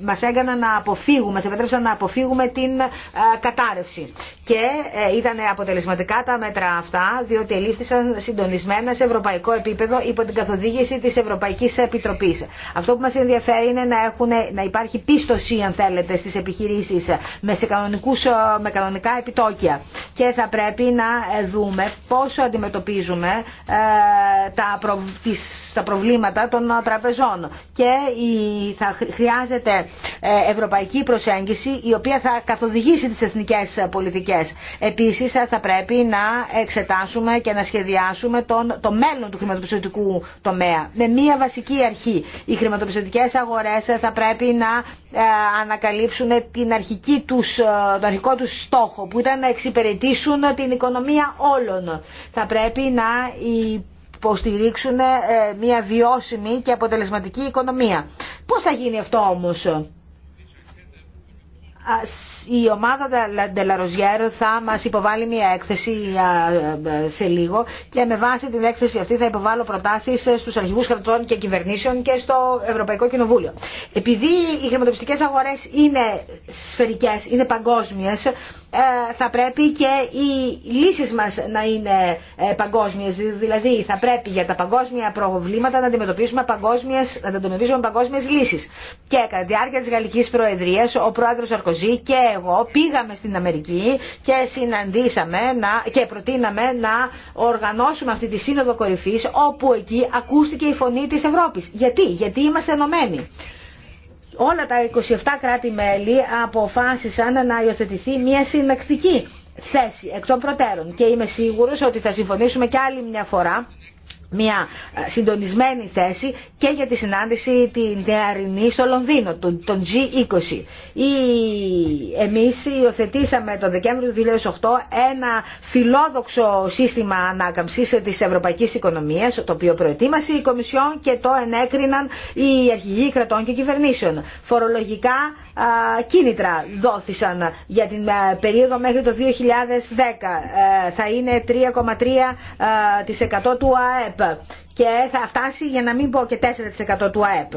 μας έκαναν να αποφύγουμε, μας επέτρεψαν να αποφύγουμε την ε, κατάρρευση και ε, ήταν αποτελεσματικά τα μέτρα αυτά, διότι ελήφθησαν συντονισμένα σε ευρωπαϊκό επίπεδο υπό την καθοδήγηση της Ευρωπαϊκής Επιτροπής. Αυτό που μας ενδιαφέρει είναι να, έχουν, να υπάρχει πίστοση, αν θέλετε, στις επιχειρήσεις ε, με, ε, με κανονικά επιτόκια. Και θα πρέπει να δούμε πόσο αντιμετωπίζουμε τα, προ, τα προβλήματα των τραπεζών. Και η, θα χρειάζεται ευρωπαϊκή προσέγγιση, η οποία θα καθοδηγήσει τις εθνικές πολιτικές Επίσης ε, θα πρέπει να εξετάσουμε και να σχεδιάσουμε τον, το μέλλον του χρηματοπιστωτικού τομέα. Με μία βασική αρχή. Οι χρηματοπιστωτικές αγορές ε, θα πρέπει να ε, ανακαλύψουν την αρχική τους, τον αρχικό τους στόχο που ήταν να εξυπηρετήσουν την οικονομία όλων. Θα πρέπει να υποστηρίξουν μια βιώσιμη και αποτελεσματική οικονομία. Πώς θα γίνει αυτό όμως η ομάδα Ντελαροζιέρ θα μας υποβάλει μια έκθεση ε, σε λίγο και με βάση την έκθεση αυτή θα υποβάλω προτάσεις στους αρχηγούς κρατών και κυβερνήσεων και στο Ευρωπαϊκό Κοινοβούλιο. Επειδή οι χρηματοπιστικές αγορές είναι σφαιρικές, είναι παγκόσμιες, ε, θα πρέπει και οι λύσεις μας να είναι ε, παγκόσμιες. Δηλαδή θα πρέπει για τα παγκόσμια προβλήματα να αντιμετωπίσουμε παγκόσμιες, να παγκόσμιες λύσεις. Και κατά τη διάρκεια της Γαλλικής Προεδρίας ο πρόεδρος Αρκοζή και εγώ πήγαμε στην Αμερική και συναντήσαμε να, και προτείναμε να οργανώσουμε αυτή τη σύνοδο κορυφής όπου εκεί ακούστηκε η φωνή της Ευρώπης. Γιατί, Γιατί είμαστε ενωμένοι όλα τα 27 κράτη-μέλη αποφάσισαν να υιοθετηθεί μια συνακτική θέση εκ των προτέρων και είμαι σίγουρος ότι θα συμφωνήσουμε και άλλη μια φορά μια ε, συντονισμένη θέση και για τη συνάντηση την Τεαρινή στο Λονδίνο, τον, τον G20. Η, εμείς υιοθετήσαμε τον Δεκέμβριο του 2008 ένα φιλόδοξο σύστημα ανάκαμψης της ευρωπαϊκής οικονομίας, το οποίο προετοίμασε η Κομισιόν και το ενέκριναν οι αρχηγοί κρατών και κυβερνήσεων. Φορολογικά κίνητρα δόθησαν για την ε, περίοδο μέχρι το 2010. Ε, θα είναι 3,3% του ΑΕΠ ΑΕΠ και θα φτάσει για να μην πω και 4% του ΑΕΠ.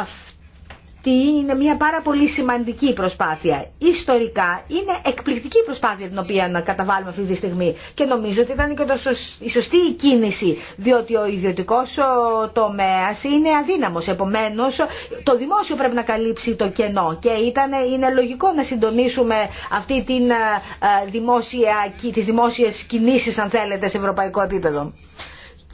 Αυτή είναι μια πάρα πολύ σημαντική προσπάθεια. Ιστορικά είναι εκπληκτική προσπάθεια την οποία να καταβάλουμε αυτή τη στιγμή και νομίζω ότι ήταν και η σωστή κίνηση διότι ο ιδιωτικός τομέας είναι αδύναμος. Επομένως το δημόσιο πρέπει να καλύψει το κενό και ήταν, είναι λογικό να συντονίσουμε αυτή την, ε, ε, δημόσια, τις δημόσιες κινήσεις αν θέλετε σε ευρωπαϊκό επίπεδο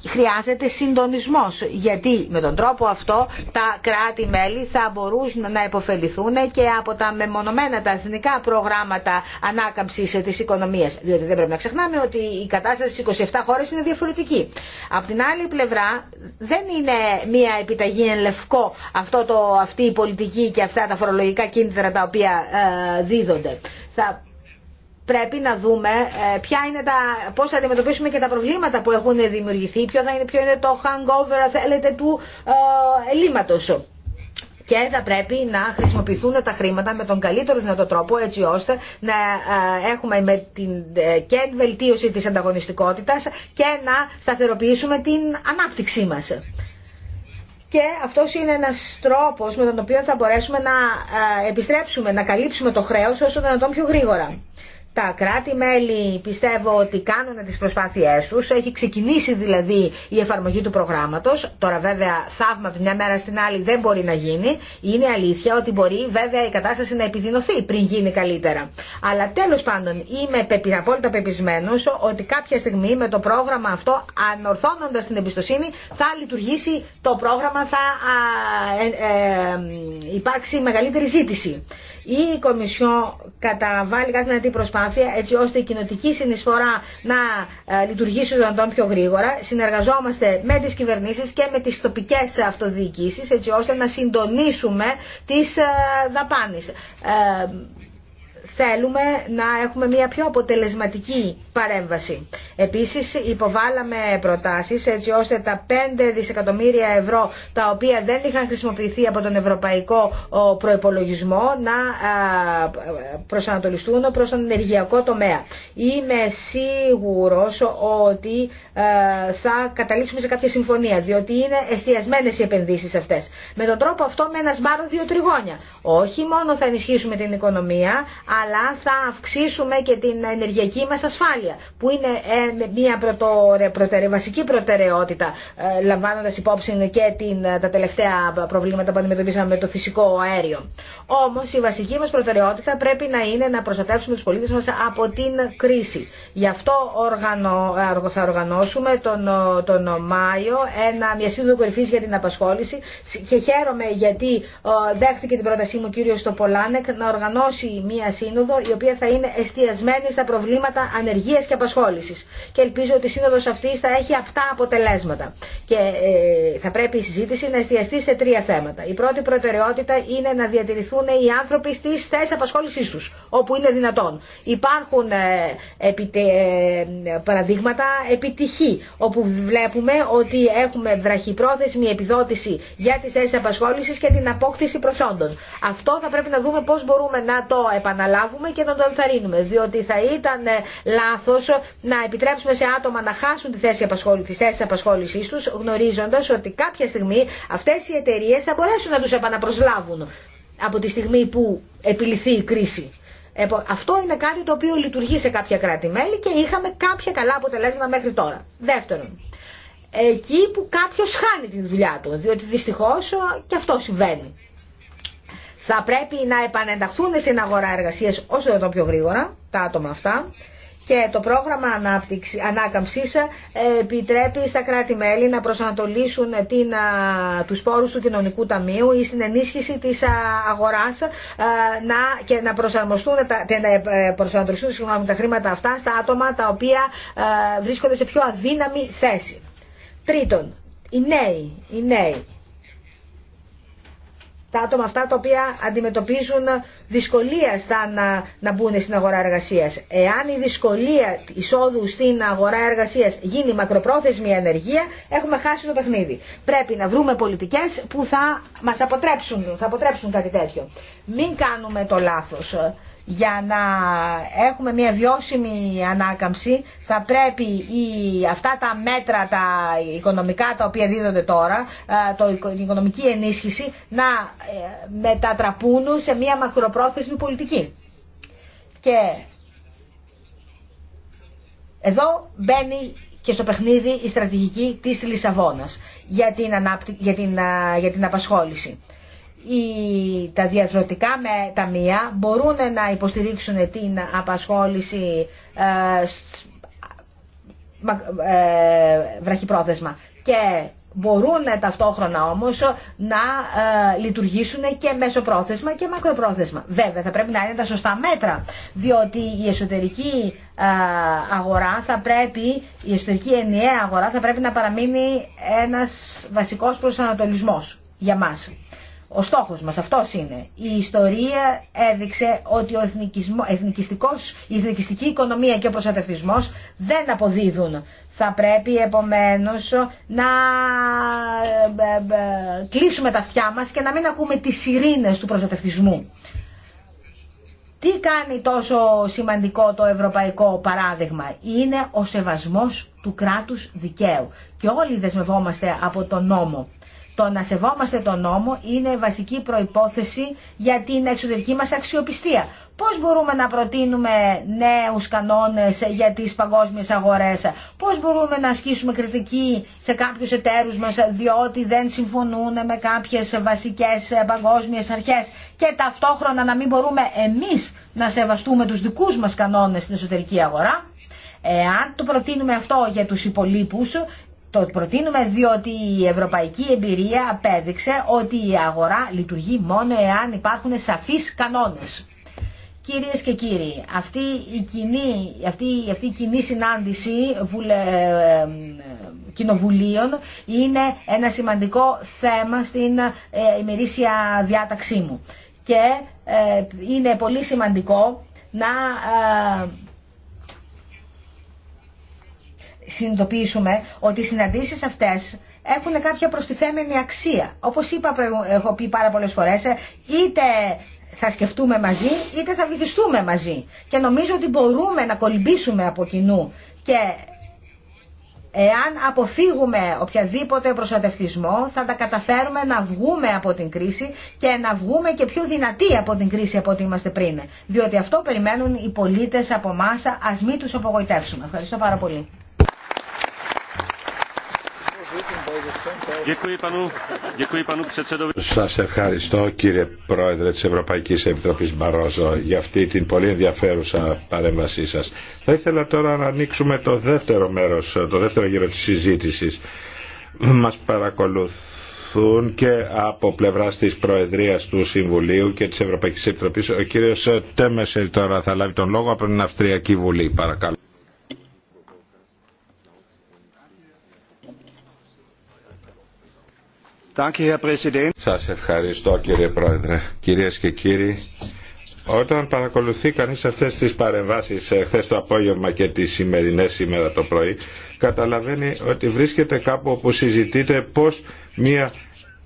χρειάζεται συντονισμός γιατί με τον τρόπο αυτό τα κράτη-μέλη θα μπορούν να υποφεληθούν και από τα μεμονωμένα τα εθνικά προγράμματα ανάκαμψης της οικονομίας διότι δεν πρέπει να ξεχνάμε ότι η κατάσταση στις 27 χώρες είναι διαφορετική. Από την άλλη πλευρά δεν είναι μια επιταγή εν λευκό αυτό το, αυτή η πολιτική και αυτά τα φορολογικά κίνητρα τα οποία ε, δίδονται. Θα πρέπει να δούμε ε, ποια είναι τα, πώς θα αντιμετωπίσουμε και τα προβλήματα που έχουν δημιουργηθεί, ποιο, θα είναι, ποιο είναι το hangover θέλετε, του ε, ελλείμματος και θα πρέπει να χρησιμοποιηθούν τα χρήματα με τον καλύτερο δυνατό τρόπο έτσι ώστε να ε, έχουμε με την, ε, και την βελτίωση της ανταγωνιστικότητας και να σταθεροποιήσουμε την ανάπτυξή μας. Και αυτό είναι ένας τρόπος με τον οποίο θα μπορέσουμε να επιστρέψουμε, να καλύψουμε το χρέος όσο δυνατόν πιο γρήγορα. Τα κράτη-μέλη πιστεύω ότι κάνουν τις προσπάθειές τους. Έχει ξεκινήσει δηλαδή η εφαρμογή του προγράμματος. Τώρα βέβαια θαύμα από μια μέρα στην άλλη δεν μπορεί να γίνει. Είναι αλήθεια ότι μπορεί βέβαια η κατάσταση να επιδεινωθεί πριν γίνει καλύτερα. Αλλά τέλος πάντων είμαι απόλυτα πεπισμένος ότι κάποια στιγμή με το πρόγραμμα αυτό ανορθώνοντας την εμπιστοσύνη θα λειτουργήσει το πρόγραμμα, θα ε, ε, υπάρξει μεγαλύτερη ζήτηση ή η Κομισιόν καταβάλει κάθε δυνατή προσπάθεια έτσι ώστε η κοινοτική συνεισφορά να ε, λειτουργήσει ο δυνατόν πιο γρήγορα. Συνεργαζόμαστε με τις κυβερνήσεις και με τις τοπικές αυτοδιοικήσεις έτσι ώστε να συντονίσουμε τις ε, δαπάνες. Ε, θέλουμε να έχουμε μια πιο αποτελεσματική παρέμβαση. Επίσης υποβάλαμε προτάσεις έτσι ώστε τα 5 δισεκατομμύρια ευρώ τα οποία δεν είχαν χρησιμοποιηθεί από τον ευρωπαϊκό προϋπολογισμό να προσανατολιστούν προς τον ενεργειακό τομέα. Είμαι σίγουρος ότι θα καταλήξουμε σε κάποια συμφωνία διότι είναι εστιασμένες οι επενδύσεις αυτές. Με τον τρόπο αυτό με ένα σμάρο δύο τριγώνια. Όχι μόνο θα ενισχύσουμε την οικονομία, αλλά θα αυξήσουμε και την ενεργειακή μας ασφάλεια, που είναι ε, μια βασική προτεραιότητα, ε, λαμβάνοντας υπόψη και την, ε, τα τελευταία προβλήματα που αντιμετωπίσαμε με το φυσικό αέριο. Όμως η βασική μας προτεραιότητα πρέπει να είναι να προστατεύσουμε τους πολίτες μας από την κρίση. Γι' αυτό θα οργανώσουμε τον, τον Μάιο ένα, μια σύνοδο κορυφή για την απασχόληση και χαίρομαι γιατί δέχτηκε την πρότασή μου ο κύριος Στοπολάνεκ να οργανώσει μια σύνοδο η οποία θα είναι εστιασμένη στα προβλήματα ανεργίας και απασχόλησης. Και ελπίζω ότι η σύνοδος αυτή θα έχει αυτά αποτελέσματα. Και ε, θα πρέπει η συζήτηση να εστιαστεί σε τρία θέματα. Η πρώτη προτεραιότητα είναι να διατηρηθούν οι άνθρωποι στις θέσεις απασχόλησής τους, όπου είναι δυνατόν. Υπάρχουν ε, ε, παραδείγματα επιτυχή, όπου βλέπουμε ότι έχουμε βραχυπρόθεσμη επιδότηση για τις θέσεις απασχόλησης και την απόκτηση προσόντων. Αυτό θα πρέπει να δούμε πώς μπορούμε να το επαναλάβουμε και να το ενθαρρύνουμε. Διότι θα ήταν ε, λάθο να επιτρέψουμε σε άτομα να χάσουν τη θέση απασχόληση του, απασχόλησής τους γνωρίζοντας ότι κάποια στιγμή αυτές οι εταιρείες θα μπορέσουν να τους επαναπροσλάβουν από τη στιγμή που επιληθεί η κρίση. Αυτό είναι κάτι το οποίο λειτουργεί σε κάποια κράτη-μέλη και είχαμε κάποια καλά αποτελέσματα μέχρι τώρα. Δεύτερον, εκεί που κάποιος χάνει τη δουλειά του, διότι δυστυχώς ε, και αυτό συμβαίνει θα πρέπει να επανενταχθούν στην αγορά εργασίας όσο το πιο γρήγορα τα άτομα αυτά και το πρόγραμμα ανάκαμψής ε, επιτρέπει στα κράτη-μέλη να προσανατολίσουν την, τους πόρους του κοινωνικού ταμείου ή στην ενίσχυση της αγοράς και να προσαρμοστούν να ε, προσανατολιστούν συγγνώμη, τα χρήματα αυτά στα άτομα τα οποία βρίσκονται σε πιο αδύναμη θέση. Τρίτον, οι νέοι τα άτομα αυτά τα οποία αντιμετωπίζουν δυσκολία στα να, να μπουν στην αγορά εργασίας. Εάν η δυσκολία εισόδου στην αγορά εργασίας γίνει μακροπρόθεσμη ενεργεία έχουμε χάσει το παιχνίδι. Πρέπει να βρούμε πολιτικές που θα μας αποτρέψουν, θα αποτρέψουν κάτι τέτοιο. Μην κάνουμε το λάθος για να έχουμε μια βιώσιμη ανάκαμψη θα πρέπει η, αυτά τα μέτρα τα οικονομικά τα οποία δίδονται τώρα, ε, το, η οικονομική ενίσχυση να ε, μετατραπούν σε μια μακροπρόθεσμη πολιτική. Και εδώ μπαίνει και στο παιχνίδι η στρατηγική της Λισαβόνας για την, για την, ε, για την απασχόληση οι, τα διαδροτικά με ταμεία μπορούν να υποστηρίξουν την απασχόληση ε, ε βραχυπρόθεσμα και μπορούν ταυτόχρονα όμως να ε, λειτουργήσουν και μεσοπρόθεσμα και μακροπρόθεσμα. Βέβαια θα πρέπει να είναι τα σωστά μέτρα διότι η εσωτερική ε, αγορά θα πρέπει, η εσωτερική ενιαία αγορά θα πρέπει να παραμείνει ένας βασικός προσανατολισμός για μας. Ο στόχος μας αυτός είναι. Η ιστορία έδειξε ότι ο η εθνικιστική οικονομία και ο προστατευτισμός δεν αποδίδουν. Θα πρέπει επομένως να ε, ε, ε, κλείσουμε τα αυτιά μας και να μην ακούμε τις σιρήνες του προστατευτισμού. Τι κάνει τόσο σημαντικό το ευρωπαϊκό παράδειγμα. Είναι ο σεβασμός του κράτους δικαίου. Και όλοι δεσμευόμαστε από τον νόμο. Το να σεβόμαστε τον νόμο είναι βασική προϋπόθεση για την εξωτερική μας αξιοπιστία. Πώς μπορούμε να προτείνουμε νέους κανόνες για τις παγκόσμιες αγορές. Πώς μπορούμε να ασκήσουμε κριτική σε κάποιους εταίρους μας διότι δεν συμφωνούν με κάποιες βασικές παγκόσμιες αρχές και ταυτόχρονα να μην μπορούμε εμείς να σεβαστούμε τους δικούς μας κανόνες στην εσωτερική αγορά. Εάν το προτείνουμε αυτό για τους υπολείπους, το προτείνουμε διότι η ευρωπαϊκή εμπειρία απέδειξε ότι η αγορά λειτουργεί μόνο εάν υπάρχουν σαφείς κανόνες. Κυρίες και κύριοι, αυτή η κοινή, αυτή, αυτή η συνάντηση ε, ε, κοινοβουλίων είναι ένα σημαντικό θέμα στην ε, ημερήσια διάταξή μου. Και ε, είναι πολύ σημαντικό να συνειδητοποιήσουμε ότι οι συναντήσεις αυτές έχουν κάποια προστιθέμενη αξία. Όπως είπα, έχω πει πάρα πολλές φορές, ε, είτε θα σκεφτούμε μαζί είτε θα βυθιστούμε μαζί. Και νομίζω ότι μπορούμε να κολυμπήσουμε από κοινού και εάν αποφύγουμε οποιαδήποτε προστατευτισμό θα τα καταφέρουμε να βγούμε από την κρίση και να βγούμε και πιο δυνατοί από την κρίση από ό,τι είμαστε πριν. Διότι αυτό περιμένουν οι πολίτες από εμά, ας μην τους απογοητεύσουμε. Ευχαριστώ πάρα πολύ. Σας ευχαριστώ κύριε Πρόεδρε της Ευρωπαϊκής Επιτροπής Μπαρόζο για αυτή την πολύ ενδιαφέρουσα παρέμβασή σας. Θα ήθελα τώρα να ανοίξουμε το δεύτερο μέρος, το δεύτερο γύρο της συζήτησης. Μας παρακολουθούν και από πλευράς της Προεδρίας του Συμβουλίου και της Ευρωπαϊκής Επιτροπής. Ο κύριος Τέμεσερ τώρα θα λάβει τον λόγο από την Αυστριακή Βουλή. Παρακαλώ. Σας ευχαριστώ κύριε Πρόεδρε. Κυρίες και κύριοι, όταν παρακολουθεί κανείς αυτές τις παρεμβάσεις ε, χθε το απόγευμα και τις σημερινές σήμερα το πρωί, καταλαβαίνει ότι βρίσκεται κάπου όπου συζητείται πώς μια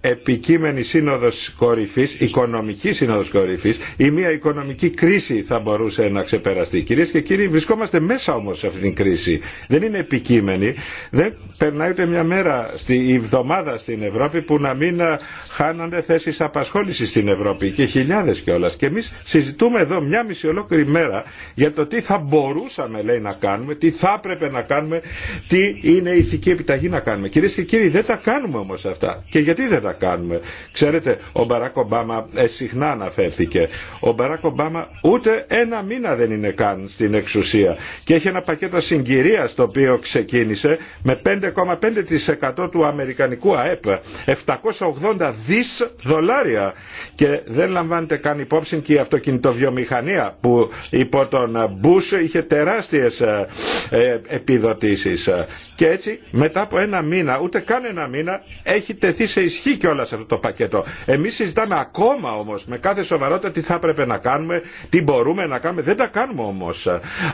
επικείμενη σύνοδος κορυφής, οικονομική σύνοδος κορυφής ή μια οικονομική κρίση θα μπορούσε να ξεπεραστεί. Κυρίες και κύριοι, βρισκόμαστε μέσα όμως σε αυτή την κρίση. Δεν είναι επικείμενη. Δεν περνάει ούτε μια μέρα στη εβδομάδα στην Ευρώπη που να μην ε, χάνονται θέσεις απασχόλησης στην Ευρώπη και χιλιάδες κιόλα. Και εμείς συζητούμε εδώ μια μισή ολόκληρη μέρα για το τι θα μπορούσαμε λέει να κάνουμε, τι θα έπρεπε να κάνουμε, τι είναι η ηθική επιταγή να κάνουμε. Κυρίες και κύριοι, δεν τα κάνουμε όμως αυτά. Και γιατί δεν τα κάνουμε. Ξέρετε, ο Μπαράκ Ομπάμα ε, συχνά αναφέρθηκε. Ο Μπαράκ Ομπάμα ούτε ένα μήνα δεν είναι καν στην εξουσία και έχει ένα πακέτο συγκυρία το οποίο ξεκίνησε με 5,5% του Αμερικανικού ΑΕΠ. 780 δις δολάρια και δεν λαμβάνεται καν υπόψη και η αυτοκινητοβιομηχανία που υπό τον Μπούς είχε τεράστιες ε, ε, επιδοτήσεις. Και έτσι μετά από ένα μήνα, ούτε καν ένα μήνα, έχει τεθεί σε ισχύ κιόλα αυτό το πακέτο. Εμεί συζητάμε ακόμα όμω με κάθε σοβαρότητα τι θα έπρεπε να κάνουμε, τι μπορούμε να κάνουμε. Δεν τα κάνουμε όμω.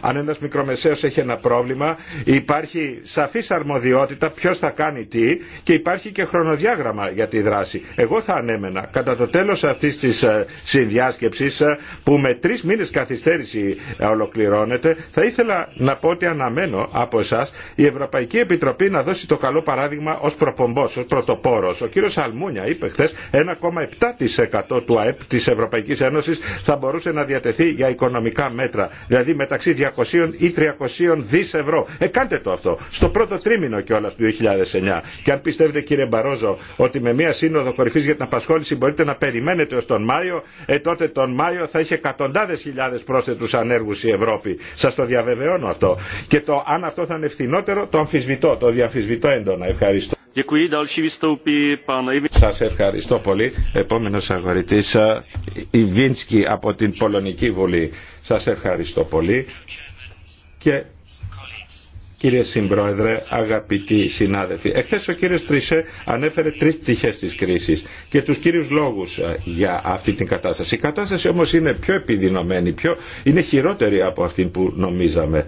Αν ένα μικρομεσαίο έχει ένα πρόβλημα, υπάρχει σαφή αρμοδιότητα ποιο θα κάνει τι και υπάρχει και χρονοδιάγραμμα για τη δράση. Εγώ θα ανέμενα κατά το τέλο αυτή τη ε, συνδιάσκεψη ε, που με τρει μήνε καθυστέρηση ε, ολοκληρώνεται, θα ήθελα να πω ότι αναμένω από εσά η Ευρωπαϊκή Επιτροπή να δώσει το καλό παράδειγμα ω προπομπό, ω πρωτοπόρο. Ο κύριο είπε χθε 1,7% του ΑΕΠ της Ευρωπαϊκής Ένωσης θα μπορούσε να διατεθεί για οικονομικά μέτρα. Δηλαδή μεταξύ 200 ή 300 δις ευρώ. Ε, κάντε το αυτό. Στο πρώτο τρίμηνο κιόλας του 2009. Και αν πιστεύετε κύριε Μπαρόζο ότι με μια σύνοδο κορυφής για την απασχόληση μπορείτε να περιμένετε ως τον Μάιο, ε τότε τον Μάιο θα είχε εκατοντάδες χιλιάδες πρόσθετους ανέργους η Ευρώπη. Σας το διαβεβαιώνω αυτό. Και το αν αυτό θα είναι φθηνότερο το αμφισβητώ, το διαμφισβητώ έντονα. Ευχαριστώ. Σας ευχαριστώ πολύ. Επόμενος αγορητής ε, η Βίνσκι από την Πολωνική Βουλή. Σας ευχαριστώ πολύ. Και Κύριε Συμπρόεδρε, αγαπητοί συνάδελφοι, εχθές ο κύριος Τρισέ ανέφερε τρεις πτυχές της κρίσης και τους κύριους λόγους ε, για αυτή την κατάσταση. Η κατάσταση όμως είναι πιο επιδεινωμένη, πιο... είναι χειρότερη από αυτή που νομίζαμε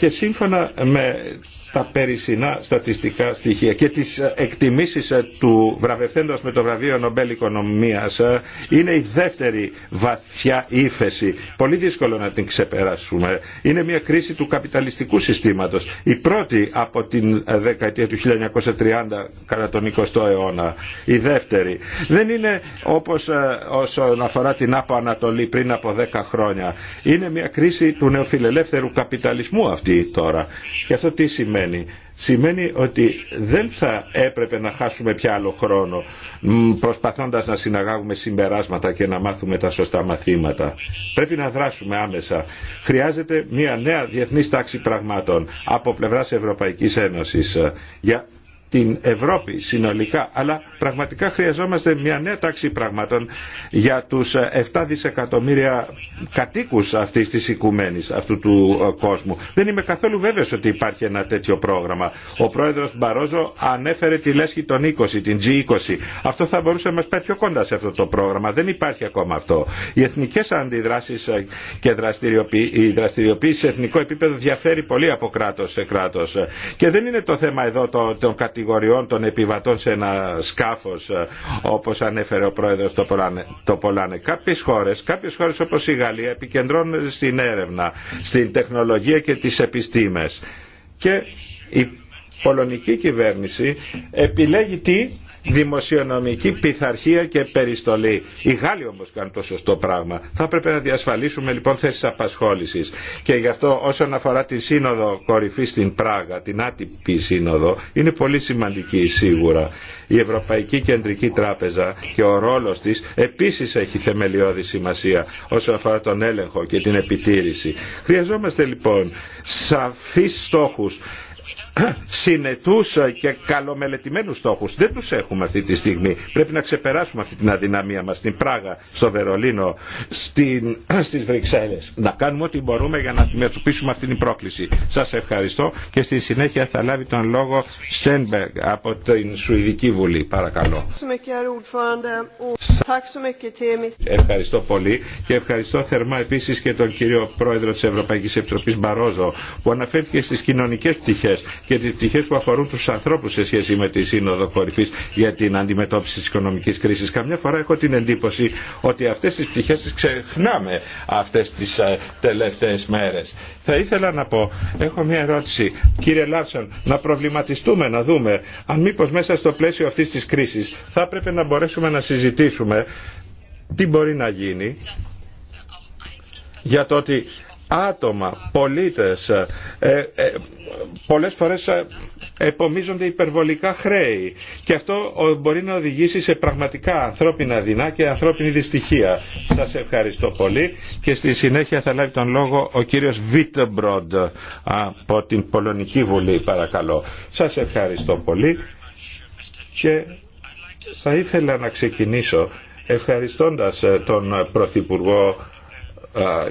και σύμφωνα με τα περισσινά στατιστικά στοιχεία και τις ε, εκτιμήσεις ε, του βραβευθέντος με το βραβείο Νομπέλ Οικονομίας ε, είναι η δεύτερη βαθιά ύφεση. Πολύ δύσκολο να την ξεπεράσουμε. Είναι μια κρίση του καπιταλιστικού συστήματος. Η πρώτη από την δεκαετία του 1930 κατά τον 20ο αιώνα. Η δεύτερη. Δεν είναι όπως όσον αφορά την Άπο Ανατολή πριν από 10 χρόνια. Είναι μια κρίση του νεοφιλελεύθερου καπιταλισμού αυτή τώρα. Και αυτό τι σημαίνει. Σημαίνει ότι δεν θα έπρεπε να χάσουμε πια άλλο χρόνο προσπαθώντας να συναγάγουμε συμπεράσματα και να μάθουμε τα σωστά μαθήματα. Πρέπει να δράσουμε άμεσα. Χρειάζεται μια νέα διεθνή τάξη πραγμάτων από πλευράς Ευρωπαϊκής Ένωσης ε, για την Ευρώπη συνολικά, αλλά πραγματικά χρειαζόμαστε μια νέα τάξη πραγμάτων για τους 7 δισεκατομμύρια κατοίκους αυτής της οικουμένης, αυτού του ε, κόσμου. Δεν είμαι καθόλου βέβαιος ότι υπάρχει ένα τέτοιο πρόγραμμα. Ο πρόεδρος Μπαρόζο ανέφερε τη λέσχη των 20, την G20. Αυτό θα μπορούσε να μας πάει πιο κοντά σε αυτό το πρόγραμμα. Δεν υπάρχει ακόμα αυτό. Οι εθνικές αντιδράσεις ε, και η δραστηριοποίηση σε εθνικό επίπεδο διαφέρει πολύ από κράτος σε κράτος. Και δεν είναι το θέμα εδώ των κατοίκων κατηγοριών των επιβατών σε ένα σκάφος ε, όπως ανέφερε ο πρόεδρος το Πολάνε. Κάποιες χώρες, κάποιες χώρες όπως η Γαλλία επικεντρώνουν στην έρευνα, στην τεχνολογία και τις επιστήμες. Και η πολωνική κυβέρνηση επιλέγει τι δημοσιονομική πειθαρχία και περιστολή. Οι Γάλλοι όμω κάνουν το σωστό πράγμα. Θα έπρεπε να διασφαλίσουμε λοιπόν θέσει απασχόληση. Και γι' αυτό όσον αφορά τη σύνοδο κορυφή στην Πράγα, την άτυπη σύνοδο, είναι πολύ σημαντική σίγουρα. Η Ευρωπαϊκή Κεντρική Τράπεζα και ο ρόλο τη επίση έχει θεμελιώδη σημασία όσον αφορά τον έλεγχο και την επιτήρηση. Χρειαζόμαστε λοιπόν σαφεί στόχου συνετούς και καλομελετημένους στόχους. Δεν τους έχουμε αυτή τη στιγμή. Πρέπει να ξεπεράσουμε αυτή την αδυναμία μας στην Πράγα, στο Βερολίνο, στι στις Βρυξέλλες. Να κάνουμε ό,τι μπορούμε για να αντιμετωπίσουμε αυτή την πρόκληση. Σας ευχαριστώ και στη συνέχεια θα λάβει τον λόγο Στένμπεργκ από την Σουηδική Βουλή. Παρακαλώ. Ευχαριστώ πολύ και ευχαριστώ θερμά επίσης και τον κύριο Πρόεδρο της Ευρωπαϊκής Επιτροπής Μπαρόζο που αναφέρθηκε στι κοινωνικέ πτυχέ και τις πτυχές που αφορούν τους ανθρώπους σε σχέση με τη Σύνοδο Κορυφής για την αντιμετώπιση της οικονομικής κρίσης. Καμιά φορά έχω την εντύπωση ότι αυτές τις πτυχές τις ξεχνάμε αυτές τις ε, τελευταίες μέρες. Θα ήθελα να πω, έχω μια ερώτηση, κύριε Λάρσον, να προβληματιστούμε, να δούμε αν μήπως μέσα στο πλαίσιο αυτής της κρίσης θα έπρεπε να μπορέσουμε να συζητήσουμε τι μπορεί να γίνει για το ότι άτομα, πολίτες, ε, ε, ε πολλές φορές ε, επομίζονται υπερβολικά χρέη και αυτό μπορεί να οδηγήσει σε πραγματικά ανθρώπινα δεινά και ανθρώπινη δυστυχία. Σας ευχαριστώ πολύ και στη συνέχεια θα λάβει τον λόγο ο κύριος Βίτεμπροντ από την Πολωνική Βουλή παρακαλώ. Σας ευχαριστώ πολύ και θα ήθελα να ξεκινήσω ευχαριστώντας ε, τον Πρωθυπουργό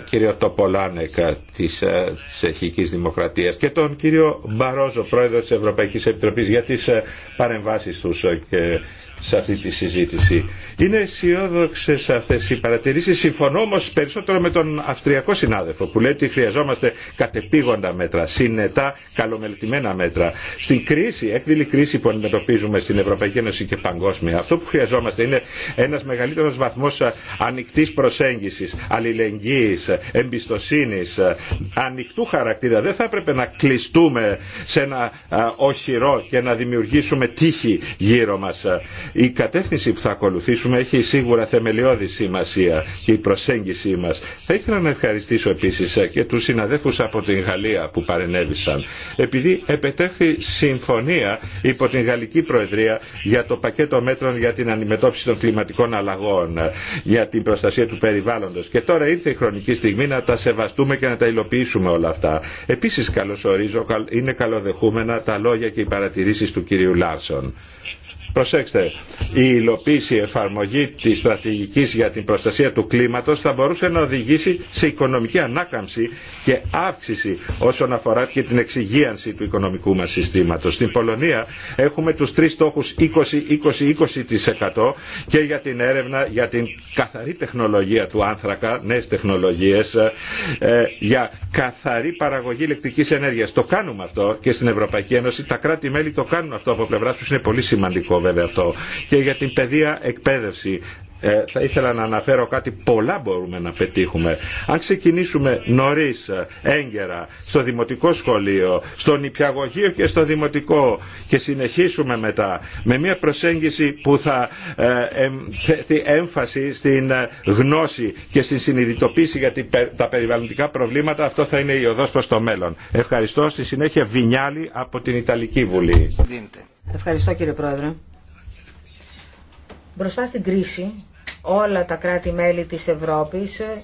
κύριο Τοπολάνεκα της ε, Τσεχικής Δημοκρατίας και τον κύριο Μπαρόζο, πρόεδρο της Ευρωπαϊκής Επιτροπής για τις ε, παρεμβάσεις τους ε, και σε αυτή τη συζήτηση. Είναι αισιόδοξε αυτέ οι παρατηρήσει. Συμφωνώ όμω περισσότερο με τον Αυστριακό συνάδελφο που λέει ότι χρειαζόμαστε κατεπήγοντα μέτρα, συνετά καλομελετημένα μέτρα. Στην κρίση, έκδηλη κρίση που αντιμετωπίζουμε στην Ευρωπαϊκή Ένωση και παγκόσμια, αυτό που χρειαζόμαστε είναι ένα μεγαλύτερο βαθμό ανοιχτή προσέγγιση, αλληλεγγύη, εμπιστοσύνη, ανοιχτού χαρακτήρα. Δεν θα έπρεπε να κλειστούμε σε ένα οχυρό και να δημιουργήσουμε τύχη γύρω μα. Η κατεύθυνση που θα ακολουθήσουμε έχει σίγουρα θεμελιώδη σημασία και η προσέγγιση μας. Θα ήθελα να ευχαριστήσω επίσης και τους συναδέφους από την Γαλλία που παρενέβησαν. Επειδή επετέχθη συμφωνία υπό την Γαλλική Προεδρία για το πακέτο μέτρων για την αντιμετώπιση των κλιματικών αλλαγών, για την προστασία του περιβάλλοντος. Και τώρα ήρθε η χρονική στιγμή να τα σεβαστούμε και να τα υλοποιήσουμε όλα αυτά. Επίσης καλωσορίζω, είναι καλοδεχούμενα τα λόγια και οι παρατηρήσει του κυρίου Λάρσον. Προσέξτε, η υλοποίηση, εφαρμογή της στρατηγικής για την προστασία του κλίματος θα μπορούσε να οδηγήσει σε οικονομική ανάκαμψη και αύξηση όσον αφορά και την εξυγίανση του οικονομικού μας συστήματος. Στην Πολωνία έχουμε τους τρεις στόχους 20-20-20% και για την έρευνα, για την καθαρή τεχνολογία του άνθρακα, νέες τεχνολογίες, ε, για καθαρή παραγωγή ηλεκτρικής ενέργειας. Το κάνουμε αυτό και στην Ευρωπαϊκή Ένωση. Τα κράτη-μέλη το κάνουν αυτό από πλευρά τους, είναι πολύ σημαντικό και για την παιδεία εκπαίδευση ε, θα ήθελα να αναφέρω κάτι πολλά μπορούμε να πετύχουμε. Αν ξεκινήσουμε νωρί, ε, έγκαιρα, στο δημοτικό σχολείο, στο νηπιαγωγείο και στο δημοτικό και συνεχίσουμε μετά με μια προσέγγιση που θα ε, θέτει έμφαση στην γνώση και στην συνειδητοποίηση για τα περιβαλλοντικά προβλήματα, αυτό θα είναι η οδός προς το μέλλον. Ευχαριστώ. Στη συνέχεια Βινιάλη από την Ιταλική Βουλή. Ευχαριστώ κύριε Πρόεδρε. Μπροστά στην κρίση όλα τα κράτη-μέλη της Ευρώπης ε,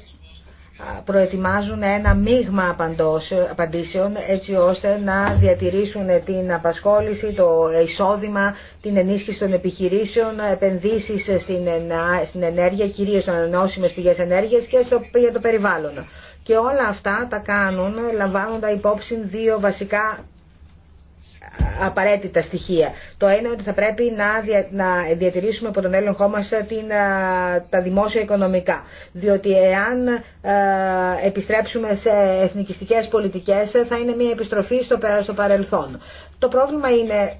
προετοιμάζουν ένα μείγμα ε, απαντήσεων έτσι ώστε να διατηρήσουν την απασχόληση, το εισόδημα, την ενίσχυση των επιχειρήσεων, επενδύσεις στην ενέργεια, κυρίως στις ανανεώσιμες πηγές ενέργειας και στο, για το περιβάλλον. Και όλα αυτά τα κάνουν λαμβάνοντα υπόψη δύο βασικά απαραίτητα στοιχεία. Το ένα είναι ότι θα πρέπει να, να διατηρήσουμε από τον έλεγχό μας την, τα δημόσια οικονομικά. Διότι εάν επιστρέψουμε σε εθνικιστικές πολιτικές θα είναι μια επιστροφή στο, στο παρελθόν. Το πρόβλημα είναι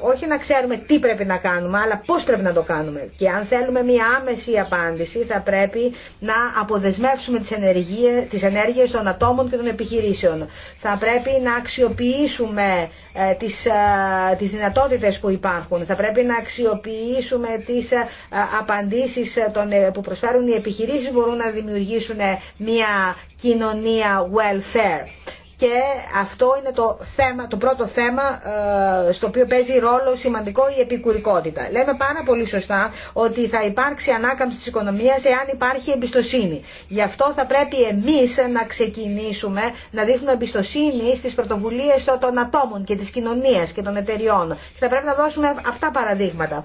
όχι να ξέρουμε τι πρέπει να κάνουμε, αλλά πώς πρέπει να το κάνουμε. Και αν θέλουμε μια άμεση απάντηση, θα πρέπει να αποδεσμεύσουμε τις, ενεργείες, τις των ατόμων και των επιχειρήσεων. Θα πρέπει να αξιοποιήσουμε ε, τις, ε, τις δυνατότητες που υπάρχουν. Θα πρέπει να αξιοποιήσουμε τις ε, απαντήσεις ε, ε, που προσφέρουν οι επιχειρήσεις που μπορούν να δημιουργήσουν μια κοινωνία welfare και αυτό είναι το, θέμα, το πρώτο θέμα ε, στο οποίο παίζει ρόλο σημαντικό η επικουρικότητα. Λέμε πάρα πολύ σωστά ότι θα υπάρξει ανάκαμψη της οικονομίας εάν υπάρχει εμπιστοσύνη. Γι' αυτό θα πρέπει εμείς να ξεκινήσουμε να δείχνουμε εμπιστοσύνη στις πρωτοβουλίες των ατόμων και της κοινωνίας και των εταιριών. Θα πρέπει να δώσουμε αυτά παραδείγματα.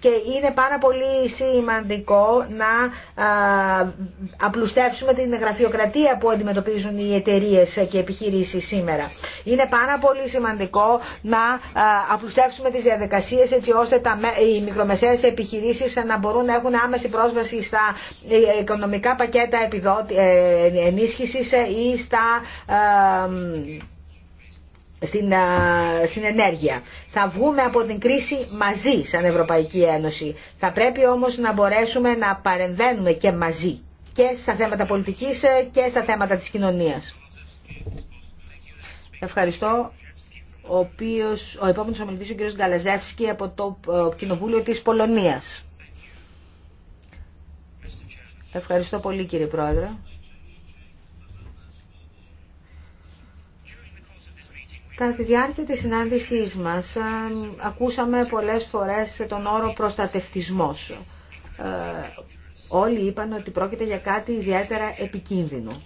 Και είναι πάρα πολύ σημαντικό να ε, απλουστεύσουμε την γραφειοκρατία που αντιμετωπίζουν οι εταιρείε και οι σήμερα. Είναι πάρα πολύ σημαντικό να ε, απλουστεύσουμε τι διαδικασίε έτσι ώστε τα, οι μικρομεσαίες επιχειρήσει να μπορούν να έχουν άμεση πρόσβαση στα ε, οικονομικά πακέτα ε, ενίσχυσης ή στα στην, ενέργεια. Θα βγούμε από την κρίση μαζί σαν Ευρωπαϊκή Ένωση. Θα πρέπει όμως να μπορέσουμε να παρεμβαίνουμε και μαζί και στα θέματα πολιτικής και στα θέματα της κοινωνίας. Ευχαριστώ. Ο, οποίος, ο επόμενος ομιλητής ο κ. Γκαλαζεύσκη από το ε, Κοινοβούλιο της Πολωνίας. Ευχαριστώ πολύ κύριε Πρόεδρε. Κατά τη διάρκεια της συνάντησής μας ε, ακούσαμε πολλές φορές τον όρο προστατευτισμός. Ε, όλοι είπαν ότι πρόκειται για κάτι ιδιαίτερα επικίνδυνο.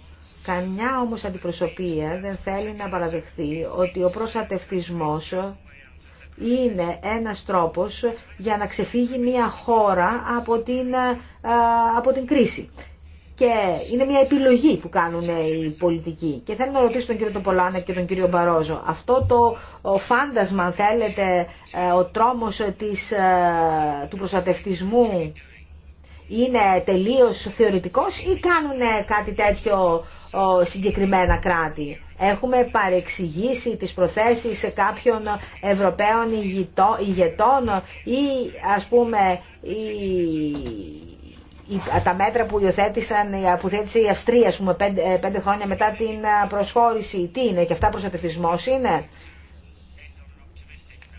Κανιά όμως αντιπροσωπεία δεν θέλει να παραδεχθεί ότι ο προστατευτισμός είναι ένας τρόπος για να ξεφύγει μια χώρα από την, από την κρίση. Και είναι μια επιλογή που κάνουν οι πολιτικοί. Και θέλω να ρωτήσω τον κύριο Τοπολάνα και τον κύριο Μπαρόζο. Αυτό το φάντασμα, αν θέλετε, ε, ο τρόμος της, ε, του προστατευτισμού είναι τελείως θεωρητικός ή κάνουν κάτι τέτοιο συγκεκριμένα κράτη. Έχουμε παρεξηγήσει τις προθέσεις κάποιων Ευρωπαίων σε ηγετών ή ας πούμε τα μέτρα που υιοθέτησαν, που θέτησε η Αυστρία, ας πούμε, πέντε, η αυστρια ας πεντε χρονια μετα την προσχώρηση. Τι είναι και αυτά προστατευτισμός είναι.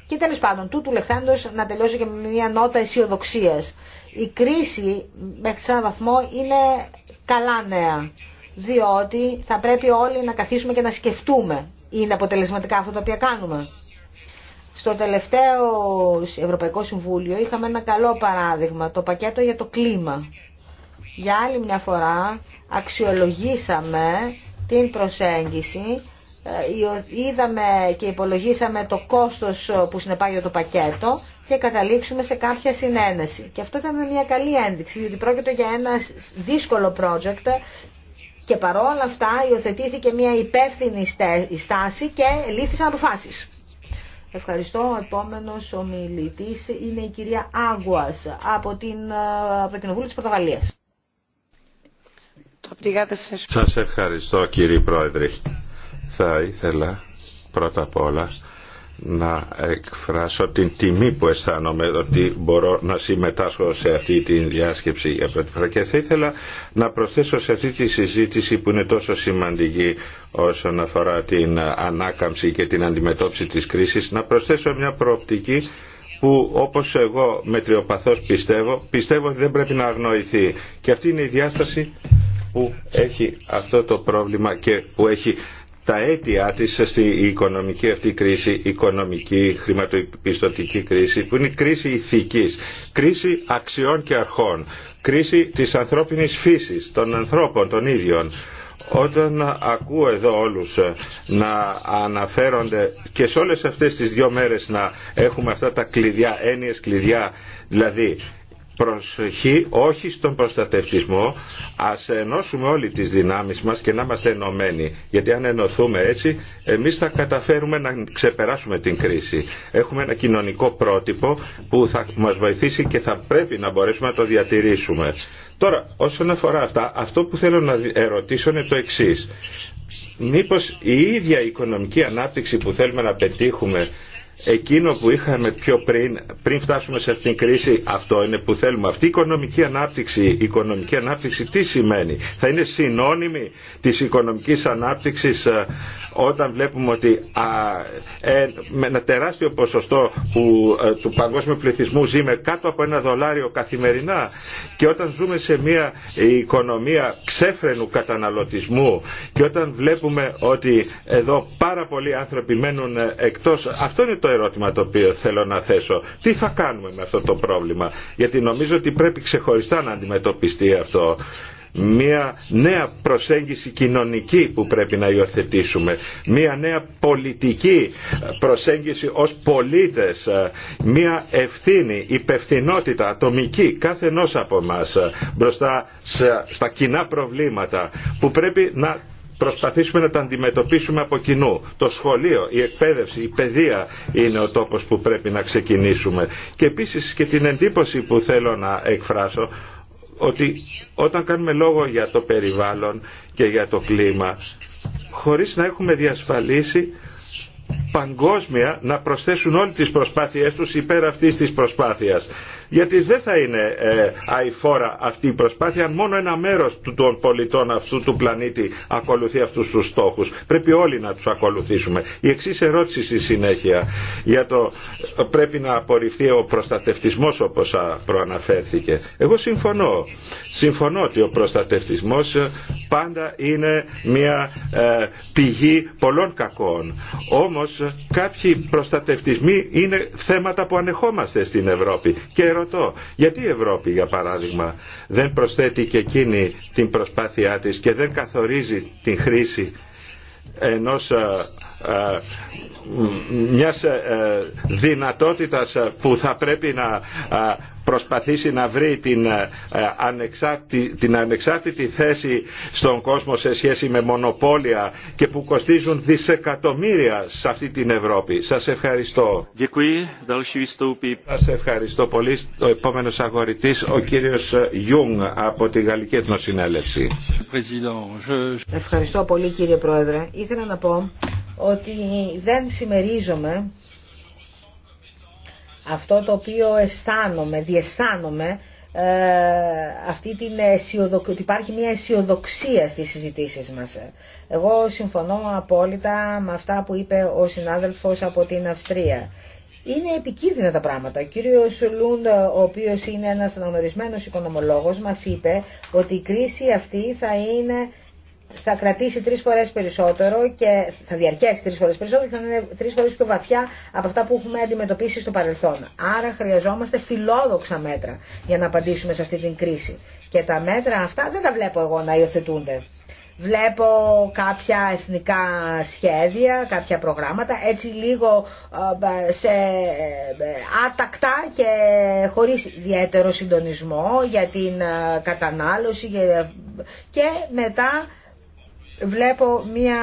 Και τέλο πάντων, τούτου λεχθέντο να τελειώσει και με μια νότα αισιοδοξία. Η κρίση μέχρι σε έναν βαθμό είναι καλά νέα διότι θα πρέπει όλοι να καθίσουμε και να σκεφτούμε είναι αποτελεσματικά αυτό τα οποία κάνουμε. Στο τελευταίο Ευρωπαϊκό Συμβούλιο είχαμε ένα καλό παράδειγμα, το πακέτο για το κλίμα. Για άλλη μια φορά αξιολογήσαμε την προσέγγιση, ε, είδαμε και υπολογίσαμε το κόστος που συνεπάγει το πακέτο και καταλήξουμε σε κάποια συνένεση. Και αυτό ήταν μια καλή ένδειξη, διότι πρόκειται για ένα δύσκολο project και παρόλα αυτά υιοθετήθηκε μια υπεύθυνη στάση και λήφθησαν αποφάσεις. Ευχαριστώ. Ο επόμενος ομιλητής είναι η κυρία Άγκουας από, την, ε, από το Κοινοβούλιο της Πορτογαλίας. Σας ευχαριστώ κύριε Πρόεδρε. Θα ήθελα πρώτα απ' όλα να εκφράσω την τιμή που αισθάνομαι ότι μπορώ να συμμετάσχω σε αυτή τη διάσκεψη για πρώτη φορά και θα ήθελα να προσθέσω σε αυτή τη συζήτηση που είναι τόσο σημαντική όσον αφορά την ανάκαμψη και την αντιμετώπιση της κρίσης να προσθέσω μια προοπτική που όπως εγώ μετριοπαθώς πιστεύω, πιστεύω ότι δεν πρέπει να αγνοηθεί. Και αυτή είναι η διάσταση που έχει αυτό το πρόβλημα και που έχει τα αίτια της στη οικονομική αυτή κρίση, οικονομική χρηματοπιστωτική κρίση, που είναι κρίση ηθικής, κρίση αξιών και αρχών, κρίση της ανθρώπινης φύσης, των ανθρώπων των ίδιων. Όταν ακούω εδώ όλους να αναφέρονται και σε όλες αυτές τις δύο μέρες να έχουμε αυτά τα κλειδιά, έννοιες κλειδιά, δηλαδή προσοχή όχι στον προστατευτισμό ας ενώσουμε όλοι τις δυνάμεις μας και να είμαστε ενωμένοι γιατί αν ενωθούμε έτσι εμείς θα καταφέρουμε να ξεπεράσουμε την κρίση έχουμε ένα κοινωνικό πρότυπο που θα μας βοηθήσει και θα πρέπει να μπορέσουμε να το διατηρήσουμε Τώρα, όσον αφορά αυτά, αυτό που θέλω να ερωτήσω είναι το εξή. Μήπως η ίδια οικονομική ανάπτυξη που θέλουμε να πετύχουμε Εκείνο που είχαμε πιο πριν, πριν φτάσουμε σε αυτήν την κρίση, αυτό είναι που θέλουμε. Αυτή η οικονομική ανάπτυξη, η οικονομική ανάπτυξη τι σημαίνει. Θα είναι συνώνυμη της οικονομικής ανάπτυξης ε, όταν βλέπουμε ότι ε, με ένα τεράστιο ποσοστό που, ε, του παγκόσμιου πληθυσμού ζούμε κάτω από ένα δολάριο καθημερινά και όταν ζούμε σε μια οικονομία ξέφρενου καταναλωτισμού και όταν βλέπουμε ότι εδώ πάρα πολλοί άνθρωποι μένουν εκτός, αυτό είναι το ερώτημα το οποίο θέλω να θέσω. Τι θα κάνουμε με αυτό το πρόβλημα. Γιατί νομίζω ότι πρέπει ξεχωριστά να αντιμετωπιστεί αυτό μια νέα προσέγγιση κοινωνική που πρέπει να υιοθετήσουμε, μια νέα πολιτική προσέγγιση ως πολίτες, μια ευθύνη, υπευθυνότητα ατομική κάθε ενός από μας μπροστά στα κοινά προβλήματα που πρέπει να προσπαθήσουμε να τα αντιμετωπίσουμε από κοινού. Το σχολείο, η εκπαίδευση, η παιδεία είναι ο τόπος που πρέπει να ξεκινήσουμε. Και επίσης και την εντύπωση που θέλω να εκφράσω ότι όταν κάνουμε λόγο για το περιβάλλον και για το κλίμα χωρίς να έχουμε διασφαλίσει παγκόσμια να προσθέσουν όλες τις προσπάθειές τους υπέρ αυτής της προσπάθειας γιατί δεν θα είναι ε, αηφόρα αυτή η προσπάθεια αν μόνο ένα μέρος των πολιτών αυτού του πλανήτη ακολουθεί αυτούς τους στόχους. Πρέπει όλοι να τους ακολουθήσουμε. Η εξή ερώτηση στη συνέχεια για το ε, πρέπει να απορριφθεί ο προστατευτισμός όπως προαναφέρθηκε. Εγώ συμφωνώ. Συμφωνώ ότι ο προστατευτισμός ε, πάντα είναι μια πηγή πολλών κακών. Όμως κάποιοι προστατευτισμοί είναι θέματα που ανεχόμαστε στην Ευρώπη. Και ρωτώ, γιατί η Ευρώπη για παράδειγμα δεν προσθέτει και εκείνη την προσπάθειά της και δεν καθορίζει την χρήση ενός ε, ε, μιας ε, δυνατότητας που θα πρέπει να προσπαθήσει να βρει ε, την, ανεξάρτητη, θέση στον κόσμο σε σχέση με μονοπόλια και που κοστίζουν δισεκατομμύρια σε αυτή την Ευρώπη. Σας ευχαριστώ. Σας ευχαριστώ πολύ. Ο επόμενος αγορητής, ο κύριος Γιούγκ από τη Γαλλική Εθνοσυνέλευση. Ευχαριστώ πολύ κύριε Πρόεδρε. Ήθελα να πω ότι δεν συμμερίζομαι αυτό το οποίο αισθάνομαι, διαισθάνομαι, ε, αυτή την ότι υπάρχει μια αισιοδοξία στις συζητήσεις μας. Εγώ συμφωνώ απόλυτα με αυτά που είπε ο συνάδελφος από την Αυστρία. Είναι επικίνδυνα τα πράγματα. Ο κύριος Λούντ, ο οποίος είναι ένας αναγνωρισμένος οικονομολόγος, μας είπε ότι η κρίση αυτή θα είναι θα κρατήσει τρει φορέ περισσότερο και θα διαρκέσει τρεις φορές περισσότερο και θα είναι τρεις φορές πιο βαθιά από αυτά που έχουμε αντιμετωπίσει στο παρελθόν. Άρα χρειαζόμαστε φιλόδοξα μέτρα για να απαντήσουμε σε αυτή την κρίση. Και τα μέτρα αυτά δεν τα βλέπω εγώ να υιοθετούνται. Βλέπω κάποια εθνικά σχέδια, κάποια προγράμματα, έτσι λίγο ε, σε ε, άτακτα και χωρίς ιδιαίτερο συντονισμό για την ε, κατανάλωση και μετά βλέπω μια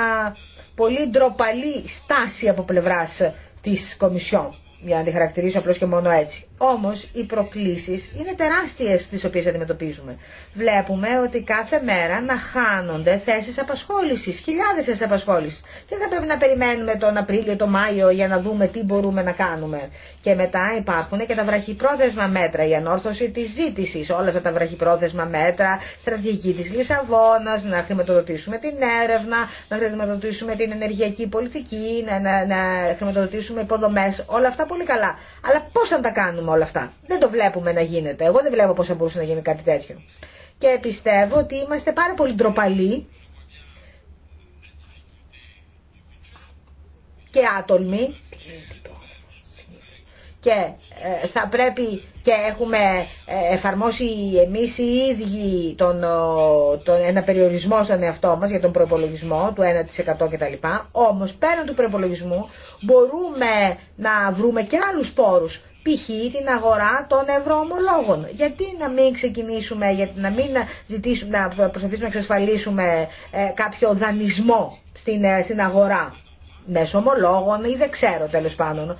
πολύ ντροπαλή στάση από πλευράς της Κομισιόν, για να τη χαρακτηρίσω απλώς και μόνο έτσι. Όμω οι προκλήσει είναι τεράστιε τι οποίε αντιμετωπίζουμε. Βλέπουμε ότι κάθε μέρα να χάνονται θέσει απασχόληση, χιλιάδε θέσει απασχόληση. Και θα πρέπει να περιμένουμε τον Απρίλιο, τον Μάιο για να δούμε τι μπορούμε να κάνουμε. Και μετά υπάρχουν και τα βραχυπρόθεσμα μέτρα, η ανόρθωση τη ζήτηση, όλα αυτά τα βραχυπρόθεσμα μέτρα, στρατηγική τη Λισαβόνα, να χρηματοδοτήσουμε την έρευνα, να χρηματοδοτήσουμε την ενεργειακή πολιτική, να, να, χρηματοδοτήσουμε υποδομέ, όλα αυτά πολύ καλά. Αλλά πώ θα τα κάνουμε όλα αυτά. Δεν το βλέπουμε να γίνεται. Εγώ δεν βλέπω πώς θα μπορούσε να γίνει κάτι τέτοιο. Και πιστεύω ότι είμαστε πάρα πολύ ντροπαλοί και άτολμοι και ε, θα πρέπει και έχουμε ε, εφαρμόσει εμείς οι ίδιοι τον, τον, ένα περιορισμό στον εαυτό μας για τον προπολογισμό του 1% κτλ. Όμως πέραν του προπολογισμού μπορούμε να βρούμε και άλλους πόρους π.χ. την αγορά των ευρωομολόγων. Γιατί να μην ξεκινήσουμε, γιατί να μην ζητήσουμε, να προσπαθήσουμε να εξασφαλίσουμε ε, κάποιο δανεισμό ε, στην, αγορά μέσω ομολόγων ή δεν ξέρω τέλος πάντων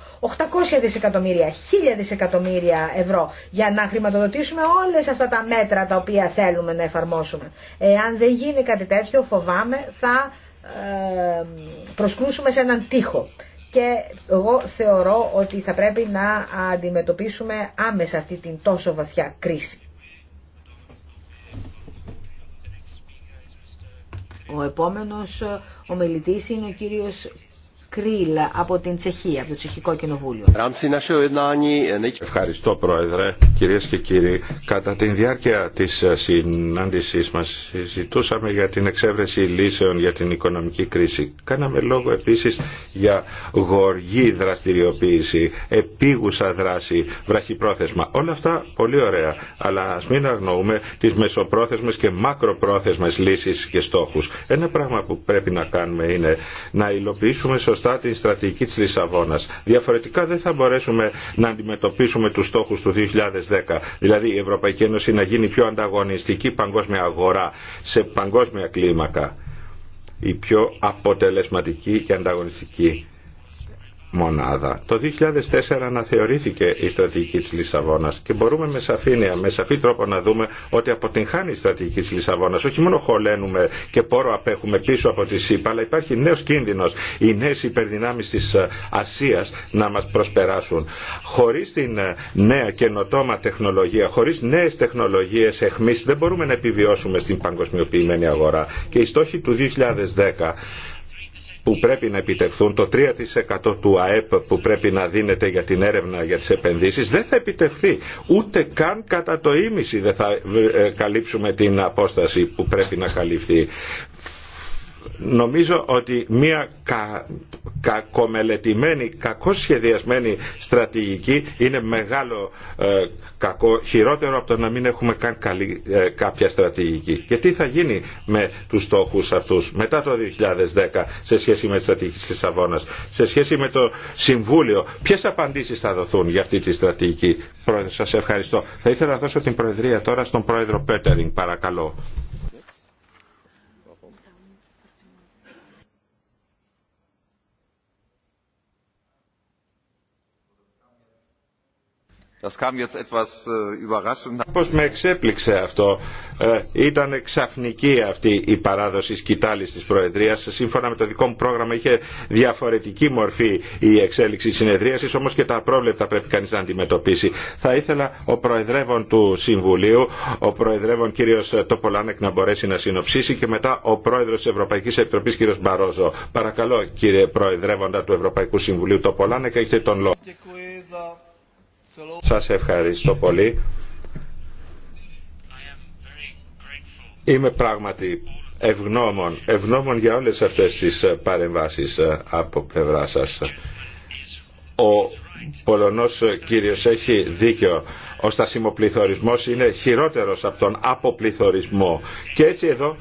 800 δισεκατομμύρια, 1000 δισεκατομμύρια ευρώ για να χρηματοδοτήσουμε όλες αυτά τα μέτρα τα οποία θέλουμε να εφαρμόσουμε. Αν δεν γίνει κάτι τέτοιο φοβάμαι θα ε, προσκρούσουμε σε έναν τείχο και εγώ θεωρώ ότι θα πρέπει να αντιμετωπίσουμε άμεσα αυτή την τόσο βαθιά κρίση. Ο επόμενος ομιλητής είναι ο κύριος Κρίλ από την Τσεχία, από το Τσεχικό Κοινοβούλιο. Eh, Ευχαριστώ Πρόεδρε, Κυρίε και κύριοι. Κατά τη διάρκεια τη ε, συνάντησή μα, συζητούσαμε για την εξέβρεση λύσεων για την οικονομική κρίση. Κάναμε λόγο επίση για γοργή δραστηριοποίηση, επίγουσα δράση, βραχυπρόθεσμα. Όλα αυτά πολύ ωραία, αλλά α μην αγνοούμε τι μεσοπρόθεσμε και μακροπρόθεσμε λύσει και στόχου, Ένα πράγμα που πρέπει να κάνουμε είναι να υλοποιήσουμε σωστά σωστά την στρατηγική της Λισαβόνας. Διαφορετικά δεν θα μπορέσουμε να αντιμετωπίσουμε τους στόχους του 2010, δηλαδή η Ευρωπαϊκή Ένωση να γίνει πιο ανταγωνιστική παγκόσμια αγορά σε παγκόσμια κλίμακα η πιο αποτελεσματική και ανταγωνιστική μονάδα. Το 2004 αναθεωρήθηκε η στρατηγική της Λισαβόνας και μπορούμε με σαφήνεια, με σαφή τρόπο να δούμε ότι αποτυγχάνει η στρατηγική της Λισαβόνας. Όχι μόνο χωλένουμε και πόρο απέχουμε πίσω από τη ΣΥΠΑ, αλλά υπάρχει νέος κίνδυνος οι νέες υπερδυνάμεις της ε, Ασίας να μας προσπεράσουν. Χωρίς την ε, νέα καινοτόμα τεχνολογία, χωρίς νέες τεχνολογίες εχμής δεν μπορούμε να επιβιώσουμε στην παγκοσμιοποιημένη αγορά. Και οι στόχοι του 2010 που πρέπει να επιτευχθούν, το 3% του ΑΕΠ που πρέπει να δίνεται για την έρευνα για τις επενδύσεις δεν θα επιτευχθεί. Ούτε καν κατά το ίμιση δεν θα ε, καλύψουμε την απόσταση που πρέπει να καλυφθεί νομίζω ότι μια κα, κακομελετημένη, κακώς σχεδιασμένη στρατηγική είναι μεγάλο ε, κακό, χειρότερο από το να μην έχουμε καν καλή, ε, κάποια στρατηγική. Και τι θα γίνει με τους στόχους αυτούς μετά το 2010 σε σχέση με τη στρατηγική της Σαββόνας, σε σχέση με το Συμβούλιο, ποιε απαντήσεις θα δοθούν για αυτή τη στρατηγική. Πρόεδρε, σας ευχαριστώ. Θα ήθελα να δώσω την Προεδρία τώρα στον Πρόεδρο Πέτερινγκ, παρακαλώ. Äh, Πώς με εξέπληξε αυτό. Ε, ήταν ξαφνική αυτή η παράδοση σκητάλης της Προεδρίας. Σύμφωνα με το δικό μου πρόγραμμα είχε διαφορετική μορφή η εξέλιξη της συνεδρίασης, όμως και τα πρόβλεπτα πρέπει κανείς να αντιμετωπίσει. Θα ήθελα ο Προεδρεύων του Συμβουλίου, ο Προεδρεύων κύριος Τοπολάνεκ να μπορέσει να συνοψίσει και μετά ο Πρόεδρος της Ευρωπαϊκής Επιτροπής κύριος Μπαρόζο. Παρακαλώ κύριε Προεδρεύοντα του Ευρωπαϊκού Συμβουλίου Τοπολάνεκ, έχετε τον λόγο. Σας ευχαριστώ πολύ. Είμαι πράγματι ευγνώμων, ευγνώμων για όλες αυτές τις ε, παρεμβάσεις ε, από πλευρά σας. Ο Πολωνός κύριος έχει δίκιο. Ο στασιμοπληθωρισμός είναι χειρότερος από τον αποπληθωρισμό. Και έτσι εδώ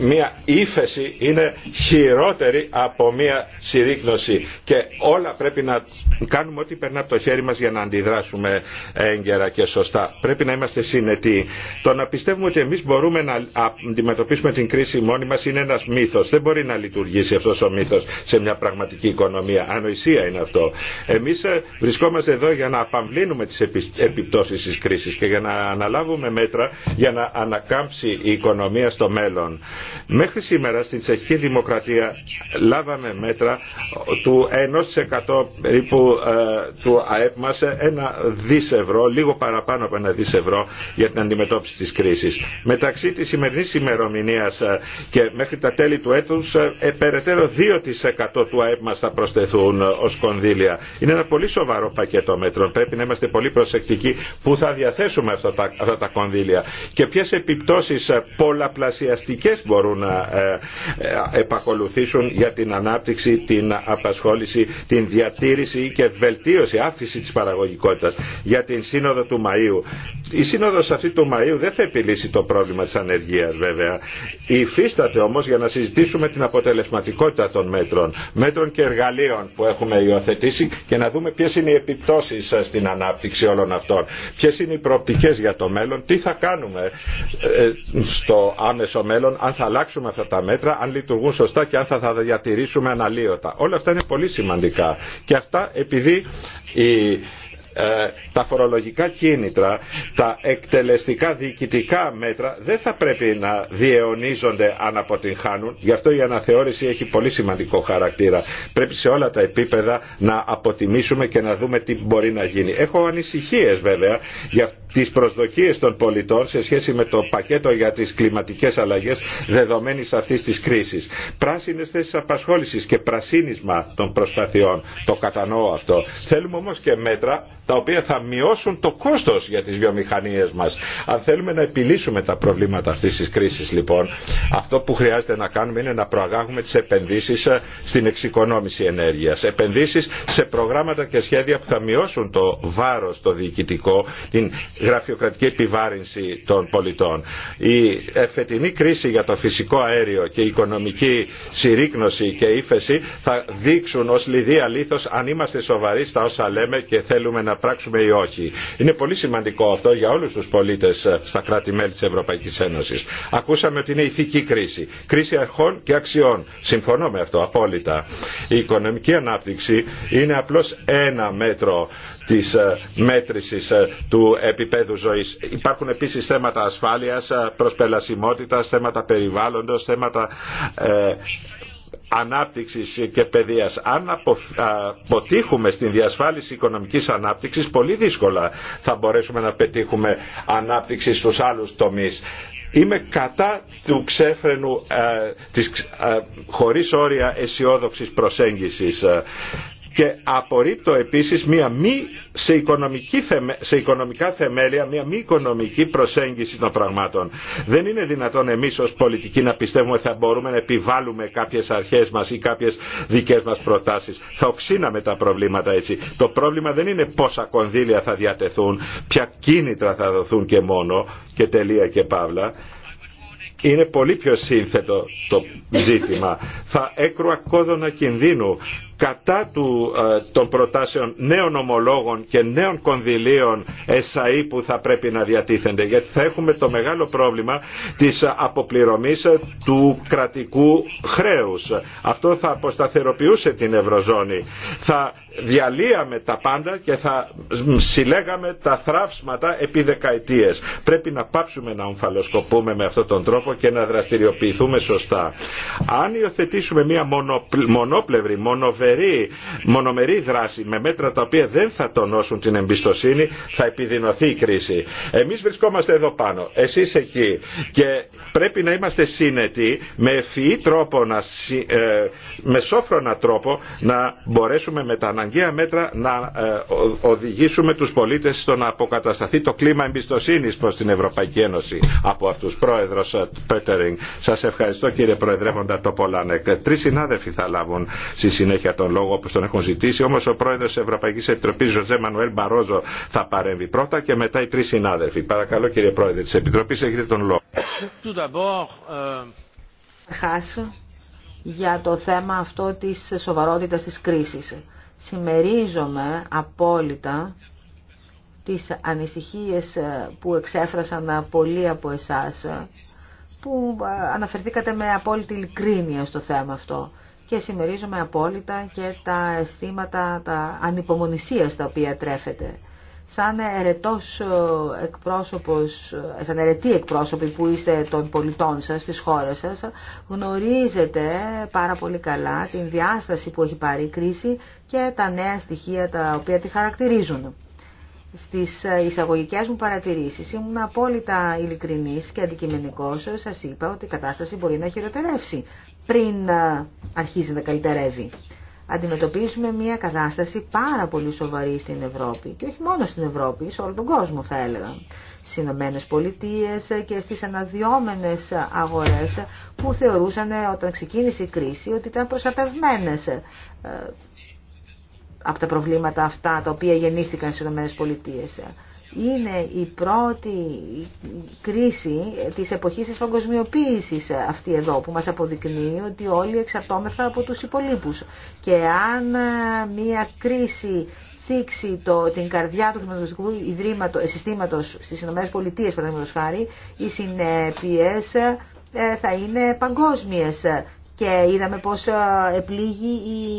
μια ύφεση είναι χειρότερη από μια συρρήκνωση και όλα πρέπει να κάνουμε ό,τι περνά από το χέρι μας για να αντιδράσουμε έγκαιρα και σωστά. Πρέπει να είμαστε συνετοί. Το να πιστεύουμε ότι εμείς μπορούμε να αντιμετωπίσουμε την κρίση μόνοι μας είναι ένας μύθος. Δεν μπορεί να λειτουργήσει αυτός ο μύθος σε μια πραγματική οικονομία. Ανοησία είναι αυτό. Εμείς ε, βρισκόμαστε εδώ για να απαμβλύνουμε τις επιπτώσεις της κρίσης και για να αναλάβουμε μέτρα για να ανακάμψει η οικονομία στο μέλλον. Μέχρι σήμερα στην Τσεχική Δημοκρατία λάβαμε μέτρα του 1% περίπου ε, του ΑΕΠ μας ένα δις ευρώ, λίγο παραπάνω από ένα δις ευρώ για την αντιμετώπιση της κρίσης. Μεταξύ της σημερινής ημερομηνία ε, και μέχρι τα τέλη του έτους ε, περαιτέρω 2% του ΑΕΠ μας θα προσθεθούν ως κονδύλια. Είναι ένα πολύ σοβαρό πακέτο μέτρων. Πρέπει να είμαστε πολύ προσεκτικοί που θα διαθέσουμε αυτά τα, κονδύλια και ποιες επιπτώσεις πολλαπλασιαστικές μπορούν να ε, ε, επακολουθήσουν για την ανάπτυξη, την απασχόληση, την διατήρηση και βελτίωση, αύξηση της παραγωγικότητας για την Σύνοδο του Μαΐου. Η Σύνοδος αυτή του Μαΐου δεν θα επιλύσει το πρόβλημα της ανεργίας βέβαια. Υφίσταται όμως για να συζητήσουμε την αποτελεσματικότητα των μέτρων, μέτρων και εργαλείων που έχουμε υιοθετήσει και να δούμε ποιες είναι οι επιπτώσεις ε, στην ανάπτυξη όλων αυτών. Ποιες είναι οι προοπτικές για το μέλλον, τι θα κάνουμε στο άμεσο μέλλον αν θα θα αλλάξουμε αυτά τα μέτρα, αν λειτουργούν σωστά και αν θα τα διατηρήσουμε αναλύωτα. Όλα αυτά είναι πολύ σημαντικά. Και αυτά επειδή η ε, τα φορολογικά κίνητρα, τα εκτελεστικά διοικητικά μέτρα δεν θα πρέπει να διαιωνίζονται αν αποτυγχάνουν. Γι' αυτό η αναθεώρηση έχει πολύ σημαντικό χαρακτήρα. Πρέπει σε όλα τα επίπεδα να αποτιμήσουμε και να δούμε τι μπορεί να γίνει. Έχω ανησυχίες βέβαια για τις προσδοκίες των πολιτών σε σχέση με το πακέτο για τις κλιματικές αλλαγές δεδομένης αυτής της κρίσης. Πράσινες θέσεις απασχόλησης και πρασίνισμα των προσπαθειών. Το κατανοώ αυτό. Θέλουμε όμως και μέτρα τα οποία θα μειώσουν το κόστος για τις βιομηχανίες μας. Αν θέλουμε να επιλύσουμε τα προβλήματα αυτής της κρίσης λοιπόν, αυτό που χρειάζεται να κάνουμε είναι να προαγάγουμε τις επενδύσεις ε, στην εξοικονόμηση ενέργειας. Επενδύσεις σε προγράμματα και σχέδια που θα μειώσουν το βάρος το διοικητικό, την γραφειοκρατική επιβάρυνση των πολιτών. Η εφετινή κρίση για το φυσικό αέριο και η οικονομική συρρήκνωση και ύφεση θα δείξουν ως λιδία λίθος αν είμαστε σοβαροί στα όσα λέμε και θέλουμε να να πράξουμε ή όχι. Είναι πολύ σημαντικό αυτό για όλου του πολίτε ε, στα κράτη-μέλη τη Ευρωπαϊκή Ένωση. Ακούσαμε ότι είναι ηθική κρίση. Κρίση αρχών και αξιών. Συμφωνώ με αυτό απόλυτα. Η οικονομική ανάπτυξη είναι απλώ ένα μέτρο της ε, μέτρησης ε, του επίπεδου ζωής. Υπάρχουν επίσης θέματα ασφάλειας, προσπελασιμότητας, θέματα περιβάλλοντος, θέματα ανάπτυξης και παιδείας. Αν αποτύχουμε στην διασφάλιση οικονομικής ανάπτυξης, πολύ δύσκολα θα μπορέσουμε να πετύχουμε ανάπτυξη στους άλλους τομείς. Είμαι κατά του ξέφρενου, της χωρίς όρια αισιόδοξη προσέγγισης και απορρίπτω επίσης μια μη σε, οικονομική, σε οικονομικά θεμέλια, μια μη οικονομική προσέγγιση των πραγμάτων. Δεν είναι δυνατόν εμείς ως πολιτικοί να πιστεύουμε ότι θα μπορούμε να επιβάλλουμε κάποιες αρχές μας ή κάποιες δικές μας προτάσεις. Θα οξύναμε τα προβλήματα έτσι. Το πρόβλημα δεν είναι πόσα κονδύλια θα διατεθούν, ποια κίνητρα θα δοθούν και μόνο και τελεία και παύλα. Είναι πολύ πιο σύνθετο το ζήτημα. Θα έκρουα κόδωνα κινδύνου κατά του, ε, των προτάσεων νέων ομολόγων και νέων κονδυλίων ΕΣΑΗ e που θα πρέπει να διατίθενται γιατί θα έχουμε το μεγάλο πρόβλημα της αποπληρωμής του κρατικού χρέους. Αυτό θα αποσταθεροποιούσε την Ευρωζώνη. Θα διαλύαμε τα πάντα και θα συλλέγαμε τα θράψματα επί δεκαετίες. Πρέπει να πάψουμε να ομφαλοσκοπούμε με αυτόν τον τρόπο και να δραστηριοποιηθούμε σωστά. Αν υιοθετήσουμε μια μονοπλευρη, μόνοβε, μονομερή, δράση με μέτρα τα οποία δεν θα τονώσουν την εμπιστοσύνη θα επιδεινωθεί η κρίση. Εμείς βρισκόμαστε εδώ πάνω, εσείς εκεί και πρέπει να είμαστε σύνετοι με ευφυή τρόπο, να, ε, με σόφρονα τρόπο να μπορέσουμε με τα αναγκαία μέτρα να ε, οδηγήσουμε τους πολίτες στο να αποκατασταθεί το κλίμα εμπιστοσύνης προς την Ευρωπαϊκή Ένωση από αυτούς. Πρόεδρος ε, Πέτερινγκ, σας ευχαριστώ κύριε Προεδρεύοντα το Πολάνεκ. Τρεις συνάδελφοι θα λάβουν στη συνέχεια για τον λόγο όπως τον έχουν ζητήσει, Όμω ο πρόεδρο τη Ευρωπαϊκή Επιτροπή Ζωζέ Μανουέλ Μπαρόζο θα παρέμβει πρώτα και μετά οι τρει συνάδελφοι. Παρακαλώ κύριε πρόεδρε τη Επιτροπή έχετε τον λόγο. Ε, Χάσω για το θέμα αυτό τη σοβαρότητα τη κρίση. Σημερίζομαι απόλυτα τις ανησυχίες που εξέφρασαν πολλοί από εσάς που αναφερθήκατε με απόλυτη ειλικρίνεια στο θέμα αυτό και συμμερίζομαι απόλυτα και τα αισθήματα, τα ανυπομονησία τα οποία τρέφεται. Σαν ερετός ε, εκπρόσωπος, ε, σαν ερετή εκπρόσωποι που είστε των πολιτών σας, της χώρας σας, γνωρίζετε πάρα πολύ καλά την διάσταση που έχει πάρει η κρίση και τα νέα στοιχεία τα οποία τη χαρακτηρίζουν στις ε, εισαγωγικέ μου παρατηρήσεις ήμουν απόλυτα ειλικρινής και αντικειμενικός σας είπα ότι η κατάσταση μπορεί να χειροτερεύσει πριν ε, αρχίζει να καλυτερεύει. Αντιμετωπίζουμε μια κατάσταση πάρα πολύ σοβαρή στην Ευρώπη και όχι μόνο στην Ευρώπη, σε όλο τον κόσμο θα έλεγα. Στι Ηνωμένε Πολιτείε και στι αναδυόμενε αγορέ που θεωρούσαν ε, όταν ξεκίνησε η κρίση ότι ήταν προστατευμένε ε, από τα προβλήματα αυτά τα οποία γεννήθηκαν στι Ηνωμένε Πολιτείε είναι η πρώτη κρίση της εποχής της παγκοσμιοποίησης αυτή εδώ που μας αποδεικνύει ότι όλοι εξαρτώμεθα από τους υπολείπους και αν ε, μια κρίση θίξει το, την καρδιά του χρηματοδοτικού συστήματο ε, συστήματος στις ΗΠΑ παραδείγματος χάρη οι συνέπειες ε, θα είναι παγκόσμιες και είδαμε πώς επλήγει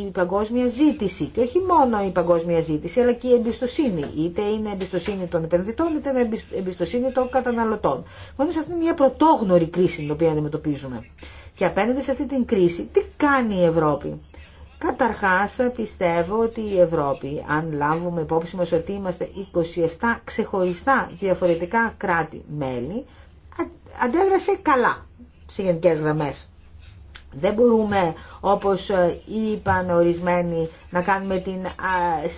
η παγκόσμια ζήτηση. Και όχι μόνο η παγκόσμια ζήτηση, αλλά και η εμπιστοσύνη. Είτε είναι εμπιστοσύνη των επενδυτών, είτε είναι εμπιστοσύνη των καταναλωτών. Μόνο αυτή είναι μια πρωτόγνωρη κρίση την οποία αντιμετωπίζουμε. Και απέναντι σε αυτή την κρίση, τι κάνει η Ευρώπη. Καταρχάς πιστεύω ότι η Ευρώπη, αν λάβουμε υπόψη μας ότι είμαστε 27 ξεχωριστά διαφορετικά κράτη-μέλη, αντέδρασε καλά σε γενικές γραμμές. Δεν μπορούμε όπως ε, είπαν ορισμένοι, να κάνουμε την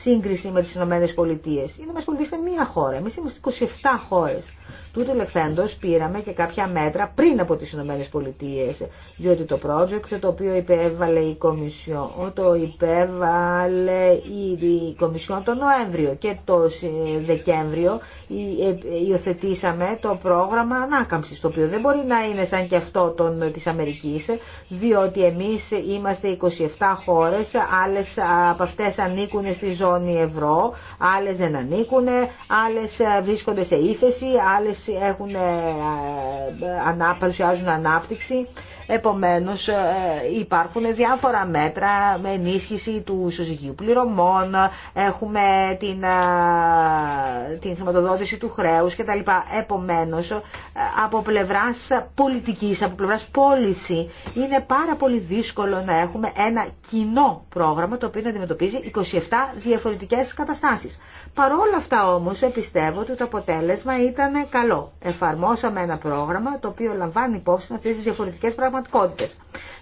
σύγκριση με τις Ηνωμένες Πολιτείες. Οι Ηνωμένες Πολιτείες είναι μία χώρα, εμείς είμαστε 27 χώρες. Τούτο ελευθέντος πήραμε και κάποια μέτρα πριν από τις Ηνωμένες Πολιτείες, διότι το project το οποίο υπέβαλε η Κομισιόν, το υπέβαλε η Κομισιόν τον Νοέμβριο και το Δεκέμβριο ε, υιοθετήσαμε το πρόγραμμα ανάκαμψης, το οποίο δεν μπορεί να είναι σαν και αυτό των, ε, της διότι εμείς είμαστε 27 χώρες, άλλες από αυτές ανήκουν στη ζώνη ευρώ, άλλες δεν ανήκουν, άλλες ε, βρίσκονται σε ύφεση, άλλες έχουν, ε, ε, παρουσιάζουν ανάπτυξη. Επομένως ε, υπάρχουν διάφορα μέτρα με ενίσχυση του ισοζυγίου πληρωμών, έχουμε την, ε, την χρηματοδότηση του χρέους κτλ. Επομένως ε, από πλευράς πολιτικής, από πλευράς πώληση είναι πάρα πολύ δύσκολο να έχουμε ένα κοινό πρόγραμμα το οποίο να αντιμετωπίζει 27 διαφορετικές καταστάσεις. Παρόλα αυτά όμως πιστεύω ότι το αποτέλεσμα ήταν καλό. Εφαρμόσαμε ένα πρόγραμμα το οποίο λαμβάνει υπόψη αυτές τις διαφορετικές πραγματικές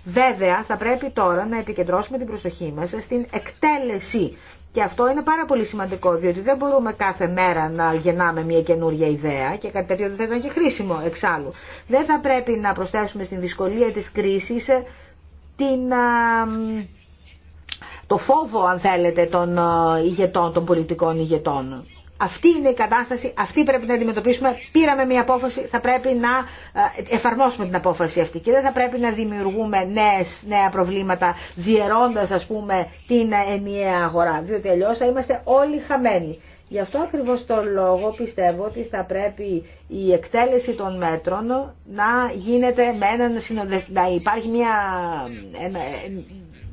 Βέβαια, θα πρέπει τώρα να επικεντρώσουμε την προσοχή μας στην εκτέλεση. Και αυτό είναι πάρα πολύ σημαντικό, διότι δεν μπορούμε κάθε μέρα να γεννάμε μια καινούργια ιδέα και κάτι τέτοιο δεν θα ήταν και χρήσιμο εξάλλου. Δεν θα πρέπει να προσθέσουμε στην δυσκολία της κρίσης ε, την, ε, το φόβο, αν θέλετε, των ε, ηγετών, των πολιτικών ηγετών. Αυτή είναι η κατάσταση, αυτή πρέπει να αντιμετωπίσουμε. Πήραμε μια απόφαση, θα πρέπει να ε, εφαρμόσουμε την απόφαση αυτή και δεν θα πρέπει να δημιουργούμε νέες, νέα προβλήματα διαιρώντα, ας πούμε την ενιαία αγορά, διότι αλλιώ θα είμαστε όλοι χαμένοι. Γι' αυτό ακριβώς το λόγο πιστεύω ότι θα πρέπει η εκτέλεση των μέτρων να γίνεται με έναν να υπάρχει μια,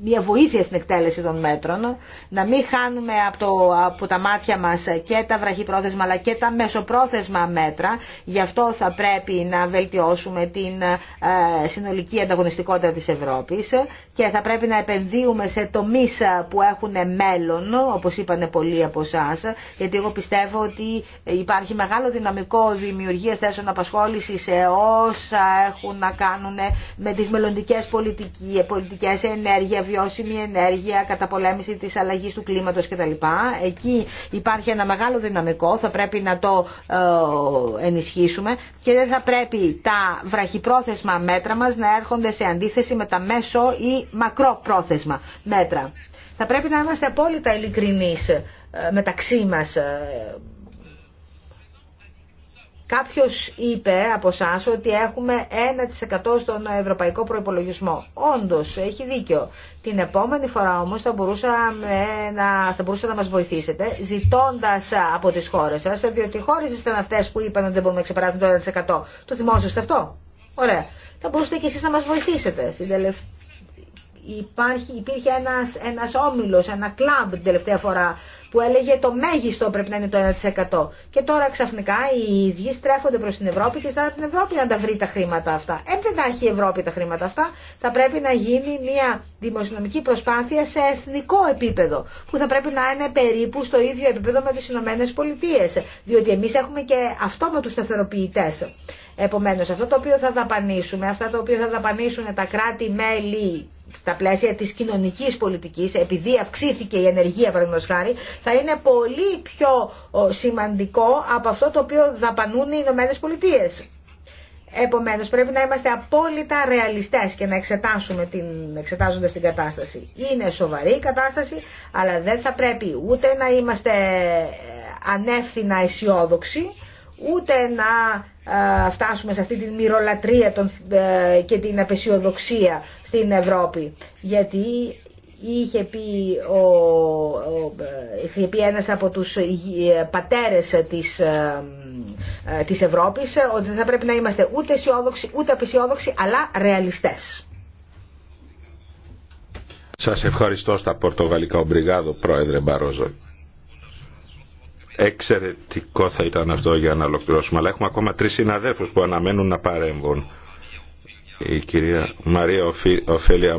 μια βοήθεια στην εκτέλεση των μέτρων, να μην χάνουμε από, από τα μάτια μας και τα βραχυπρόθεσμα αλλά και τα μεσοπρόθεσμα μέτρα. Γι' αυτό θα πρέπει να βελτιώσουμε την ε, συνολική ανταγωνιστικότητα της Ευρώπης και θα πρέπει να επενδύουμε σε τομείς που έχουν μέλλον, όπως είπανε πολλοί από εσά, γιατί εγώ πιστεύω ότι υπάρχει μεγάλο δυναμικό δημιουργία θέσεων απασχόληση σε όσα έχουν να κάνουν με τις μελλοντικές πολιτικές, πολιτικές ενέργεια, βιώσιμη ενέργεια, καταπολέμηση της αλλαγής του κλίματος κτλ. Εκεί υπάρχει ένα μεγάλο δυναμικό, θα πρέπει να το ε, ενισχύσουμε και δεν θα πρέπει τα βραχυπρόθεσμα μέτρα μας να έρχονται σε αντίθεση με τα μέσο ή μακρόπρόθεσμα μέτρα. Θα πρέπει να είμαστε απόλυτα ειλικρινείς ε, μεταξύ μας ε, Κάποιος είπε από εσά ότι έχουμε 1% στον ευρωπαϊκό προϋπολογισμό. Όντως, έχει δίκιο. Την επόμενη φορά όμως θα, μπορούσαμε να, θα μπορούσατε να μας βοηθήσετε ζητώντας από τις χώρες σας, διότι οι χώρες ήταν αυτές που είπαν ότι δεν μπορούμε να ξεπεράσουμε το 1%. Το θυμόσαστε αυτό. Ωραία. Θα μπορούσατε κι εσείς να μας βοηθήσετε. Στην Υπάρχει, υπήρχε ένας, ένας όμιλος, ένα κλαμπ την τελευταία φορά που έλεγε το μέγιστο πρέπει να είναι το 1%. Και τώρα ξαφνικά οι ίδιοι στρέφονται προ την Ευρώπη και ζητάνε την Ευρώπη να τα βρει τα χρήματα αυτά. Ε, δεν τα έχει η Ευρώπη τα χρήματα αυτά. Θα πρέπει να γίνει μια δημοσιονομική προσπάθεια σε εθνικό επίπεδο, που θα πρέπει να είναι περίπου στο ίδιο επίπεδο με τι ΗΠΑ. διότι εμεί έχουμε και αυτό με τους Επομένως, αυτό το οποίο θα δαπανίσουμε, αυτά τα οποία θα δαπανίσουν τα κράτη-μέλη στα πλαίσια της κοινωνικής πολιτικής, επειδή αυξήθηκε η ενεργεία παραδείγματος χάρη, θα είναι πολύ πιο σημαντικό από αυτό το οποίο δαπανούν οι Ηνωμένε Πολιτείε. Επομένως πρέπει να είμαστε απόλυτα ρεαλιστές και να εξετάσουμε την, εξετάζοντας την κατάσταση. Είναι σοβαρή η κατάσταση, αλλά δεν θα πρέπει ούτε να είμαστε ε, ανεύθυνα αισιόδοξοι, ούτε να φτάσουμε σε αυτή τη μυρολατρεία ε, και την απεσιοδοξία στην Ευρώπη. Γιατί είχε πει, ο, πει ένας από τους ε, πατέρες της, ε, της Ευρώπης ότι δεν θα πρέπει να είμαστε ούτε αισιόδοξοι ούτε απεσιόδοξοι αλλά ρεαλιστές. Σας ευχαριστώ στα Πορτογαλικά Ομπριγάδο Πρόεδρε Μπαρόζο. Εξαιρετικό θα ήταν αυτό για να ολοκληρώσουμε, αλλά έχουμε ακόμα τρεις συναδέλφους που αναμένουν να παρέμβουν η κυρία Μαρία Οφέλια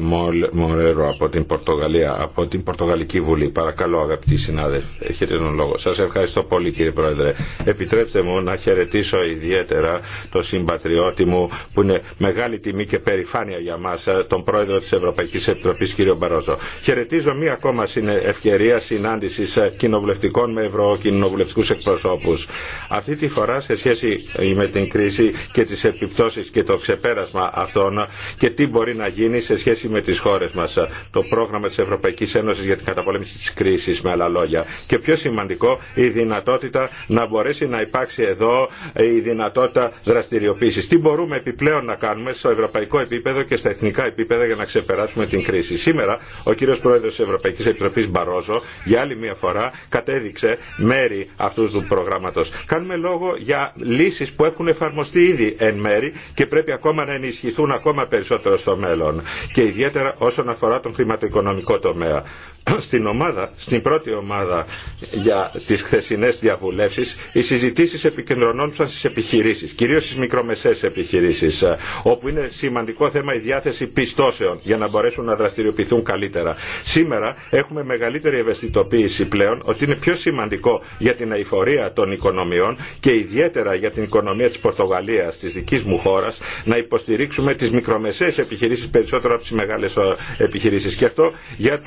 Μορέρο από την Πορτογαλία, από την Πορτογαλική Βουλή. Παρακαλώ αγαπητοί συνάδελφοι, έχετε τον λόγο. Σας ευχαριστώ πολύ κύριε Πρόεδρε. Επιτρέψτε μου να χαιρετήσω ιδιαίτερα το συμπατριώτη μου που είναι μεγάλη τιμή και περηφάνεια για μας, τον Πρόεδρο της Ευρωπαϊκής Επιτροπής κύριο Μπαρόζο. Χαιρετίζω μία ακόμα ευκαιρία συνάντηση κοινοβουλευτικών με ευρωκοινοβουλευτικούς εκπροσώπους. Αυτή τη φορά σε σχέση με την κρίση και τις επιπτώσεις και το ξεπέρασμα αυτών και τι μπορεί να γίνει σε σχέση με τις χώρες μας. Το πρόγραμμα της Ευρωπαϊκής Ένωσης για την καταπολέμηση της κρίσης με άλλα λόγια. Και πιο σημαντικό η δυνατότητα να μπορέσει να υπάρξει εδώ η δυνατότητα δραστηριοποίησης. Τι μπορούμε επιπλέον να κάνουμε στο ευρωπαϊκό επίπεδο και στα εθνικά επίπεδα για να ξεπεράσουμε την κρίση. Σήμερα ο κύριος Πρόεδρος της Ευρωπαϊκής Επιτροπής Μπαρόζο για άλλη μια φορά κατέδειξε μέρη αυτού του προγράμματο. Κάνουμε λόγο για λύσεις που έχουν εφαρμοστεί ήδη εν μέρη και πρέπει ακόμα να ενισχυθούν ακόμα περισσότερο στο μέλλον και ιδιαίτερα όσον αφορά τον χρηματοοικονομικό τομέα. στην ομάδα, στην πρώτη ομάδα για τις χθεσινές διαβουλεύσεις, οι συζητήσεις επικεντρωνόντουσαν στις επιχειρήσεις, κυρίως στις μικρομεσαίες επιχειρήσεις, ε, όπου είναι σημαντικό θέμα η διάθεση πιστώσεων για να μπορέσουν να δραστηριοποιηθούν καλύτερα. Σήμερα έχουμε μεγαλύτερη ευαισθητοποίηση πλέον ότι είναι πιο σημαντικό για την αηφορία των οικονομιών και ιδιαίτερα για την οικονομία της Πορτογαλίας, της δικής μου χώρας, να υποστηρίξουμε τις μικρομεσαίες επιχειρήσεις περισσότερο από τις μεγάλες ε, επιχειρήσεις. Και αυτό για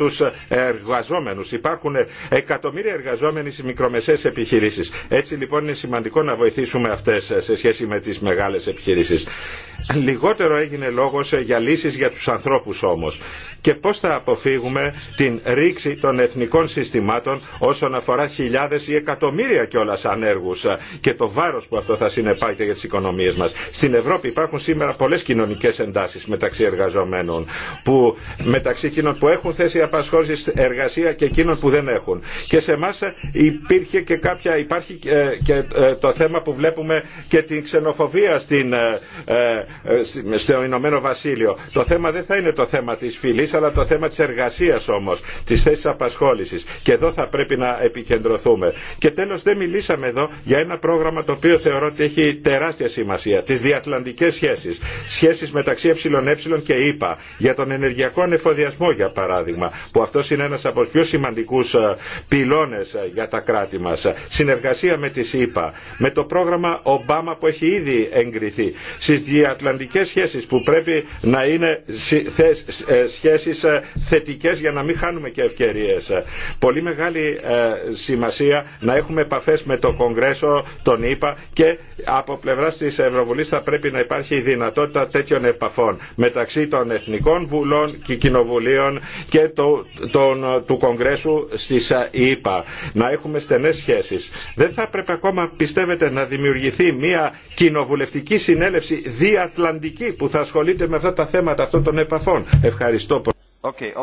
ε, εργαζόμενους. Υπάρχουν εκατομμύρια εργαζόμενοι στις μικρομεσαίες επιχειρήσεις. Έτσι λοιπόν είναι σημαντικό να βοηθήσουμε αυτές σε σχέση με τις μεγάλες επιχειρήσεις. Λιγότερο έγινε λόγος για λύσεις για τους ανθρώπους όμως και πώς θα αποφύγουμε την ρήξη των εθνικών συστημάτων όσον αφορά χιλιάδες ή εκατομμύρια κιόλας ανέργους και το βάρος που αυτό θα συνεπάγεται για τις οικονομίες μας. Στην Ευρώπη υπάρχουν σήμερα πολλές κοινωνικές εντάσεις μεταξύ εργαζομένων που, μεταξύ εκείνων που έχουν θέση απασχόλησης εργασία και εκείνων που δεν έχουν. Και σε εμά υπήρχε και κάποια, υπάρχει και ε, το θέμα που βλέπουμε και την ξενοφοβία στην, ε, ε, στο Ηνωμένο Βασίλειο. Το θέμα δεν θα είναι το θέμα της φυλής αλλά το θέμα της εργασίας όμως, της θέσης απασχόλησης και εδώ θα πρέπει να επικεντρωθούμε. Και τέλος δεν μιλήσαμε εδώ για ένα πρόγραμμα το οποίο θεωρώ ότι έχει τεράστια σημασία, τις διατλαντικές σχέσεις, σχέσεις μεταξύ ΕΕ και ΕΠΑ, ΕΕ, για τον ενεργειακό ανεφοδιασμό για παράδειγμα, που αυτό είναι ένας από τους πιο σημαντικούς ε, πυλώνες ε, για τα κράτη μας. Συνεργασία με τις ΕΠΑ, ΕΕ, με το πρόγραμμα Ομπάμα που έχει ήδη εγκριθεί, στις διατλαντικές σχέσεις που πρέπει να είναι ε, σχέσεις θέσεις ε, θετικές για να μην χάνουμε και ευκαιρίες. Ε, πολύ μεγάλη ε, σημασία να έχουμε επαφές με το Κογκρέσο, τον ΗΠΑ και από πλευρά της Ευρωβουλής θα πρέπει να υπάρχει η δυνατότητα τέτοιων επαφών μεταξύ των Εθνικών Βουλών και Κοινοβουλίων και του Κογκρέσου στις ΗΠΑ. Να έχουμε στενές σχέσεις. Δεν θα πρέπει ακόμα πιστεύετε να δημιουργηθεί μια κοινοβουλευτική συνέλευση διατλαντική που θα ασχολείται με αυτά τα θέματα αυτών των επαφών. Ευχαριστώ ε,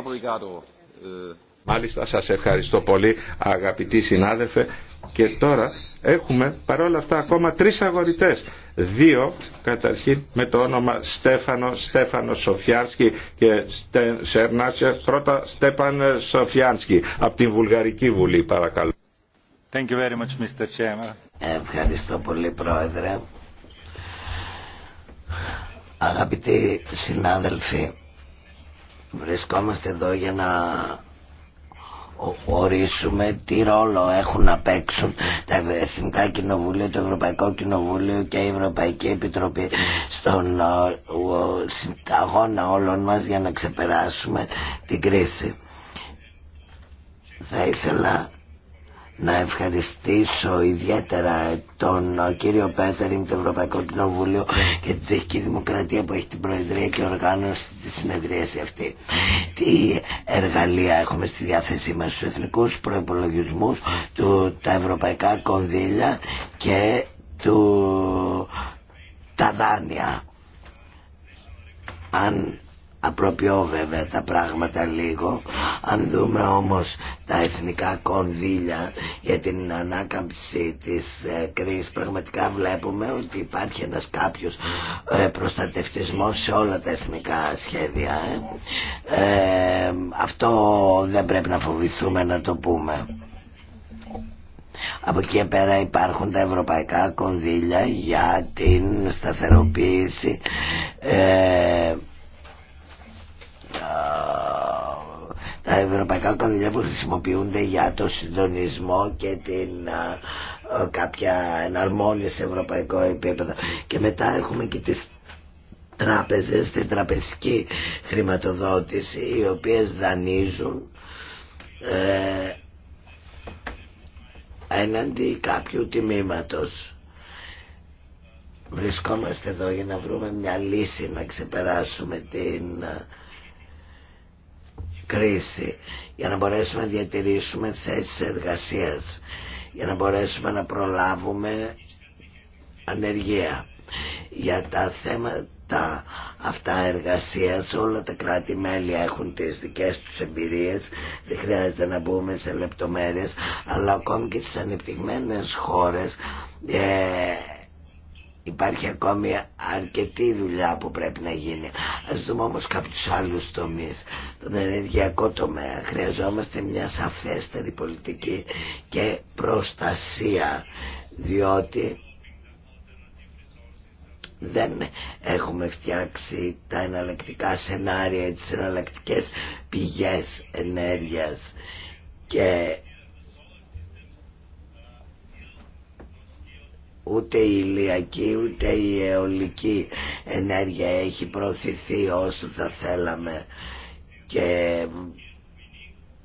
Μάλιστα σας ευχαριστώ πολύ αγαπητοί συνάδελφε και τώρα έχουμε παρόλα αυτά ακόμα τρεις αγορητές. Δύο καταρχήν με το όνομα Στέφανο, Στέφανο Σοφιάνσκι και Στε, πρώτα Στέπαν Σοφιάνσκι από την Βουλγαρική Βουλή παρακαλώ. Thank you very much, Mr. Ευχαριστώ πολύ Πρόεδρε. Αγαπητοί συνάδελφοι, Βρισκόμαστε εδώ για να ορίσουμε τι ρόλο έχουν να παίξουν τα Εθνικά Κοινοβουλία, το Ευρωπαϊκό Κοινοβούλιο και η Ευρωπαϊκή Επιτροπή στον αγώνα όλων μας για να ξεπεράσουμε την κρίση. Θα ήθελα να ευχαριστήσω ιδιαίτερα τον ε, κύριο Πέτερινγκ, το Ευρωπαϊκό Κοινοβούλιο και την Τσεχική Δημοκρατία που έχει την Προεδρία και οργάνωση τη συνεδρίαση αυτή. Τι εργαλεία έχουμε στη διάθεσή μας στους εθνικούς προπολογισμού, του, τα ευρωπαϊκά κονδύλια και του, τα δάνεια. Αν Απροπιώ βέβαια τα πράγματα λίγο. Αν δούμε όμως τα εθνικά κονδύλια για την ανάκαμψη της ε, κρίσης πραγματικά βλέπουμε ότι υπάρχει ένας κάποιος ε, προστατευτισμός σε όλα τα εθνικά σχέδια. Ε. Ε, αυτό δεν πρέπει να φοβηθούμε να το πούμε. Από εκεί πέρα υπάρχουν τα ευρωπαϊκά κονδύλια για την σταθεροποίηση ε, τα ευρωπαϊκά κονδυλιά που χρησιμοποιούνται για το συντονισμό και την κάποια εναρμόνιση σε ευρωπαϊκό επίπεδο και μετά έχουμε και τις τράπεζες, την τραπεζική χρηματοδότηση οι οποίες δανείζουν ε, έναντι κάποιου τιμήματος βρισκόμαστε εδώ για να βρούμε μια λύση να ξεπεράσουμε την κρίση για να μπορέσουμε να διατηρήσουμε θέσεις εργασίας για να μπορέσουμε να προλάβουμε ανεργία για τα θέματα αυτά εργασίας όλα τα κράτη-μέλη έχουν τις δικές τους εμπειρίες δεν χρειάζεται να μπούμε σε λεπτομέρειες αλλά ακόμη και στις ανεπτυγμένες χώρες ε, Υπάρχει ακόμη αρκετή δουλειά που πρέπει να γίνει. Α δούμε όμω κάποιους άλλου τομεί, Τον ενεργειακό τομέα χρειαζόμαστε μια σαφέστερη πολιτική και προστασία διότι δεν έχουμε φτιάξει τα εναλλακτικά σενάρια, τις εναλλακτικές πηγές ενέργειας και ούτε η ηλιακή ούτε η αιωλική ενέργεια έχει προωθηθεί όσο θα θέλαμε και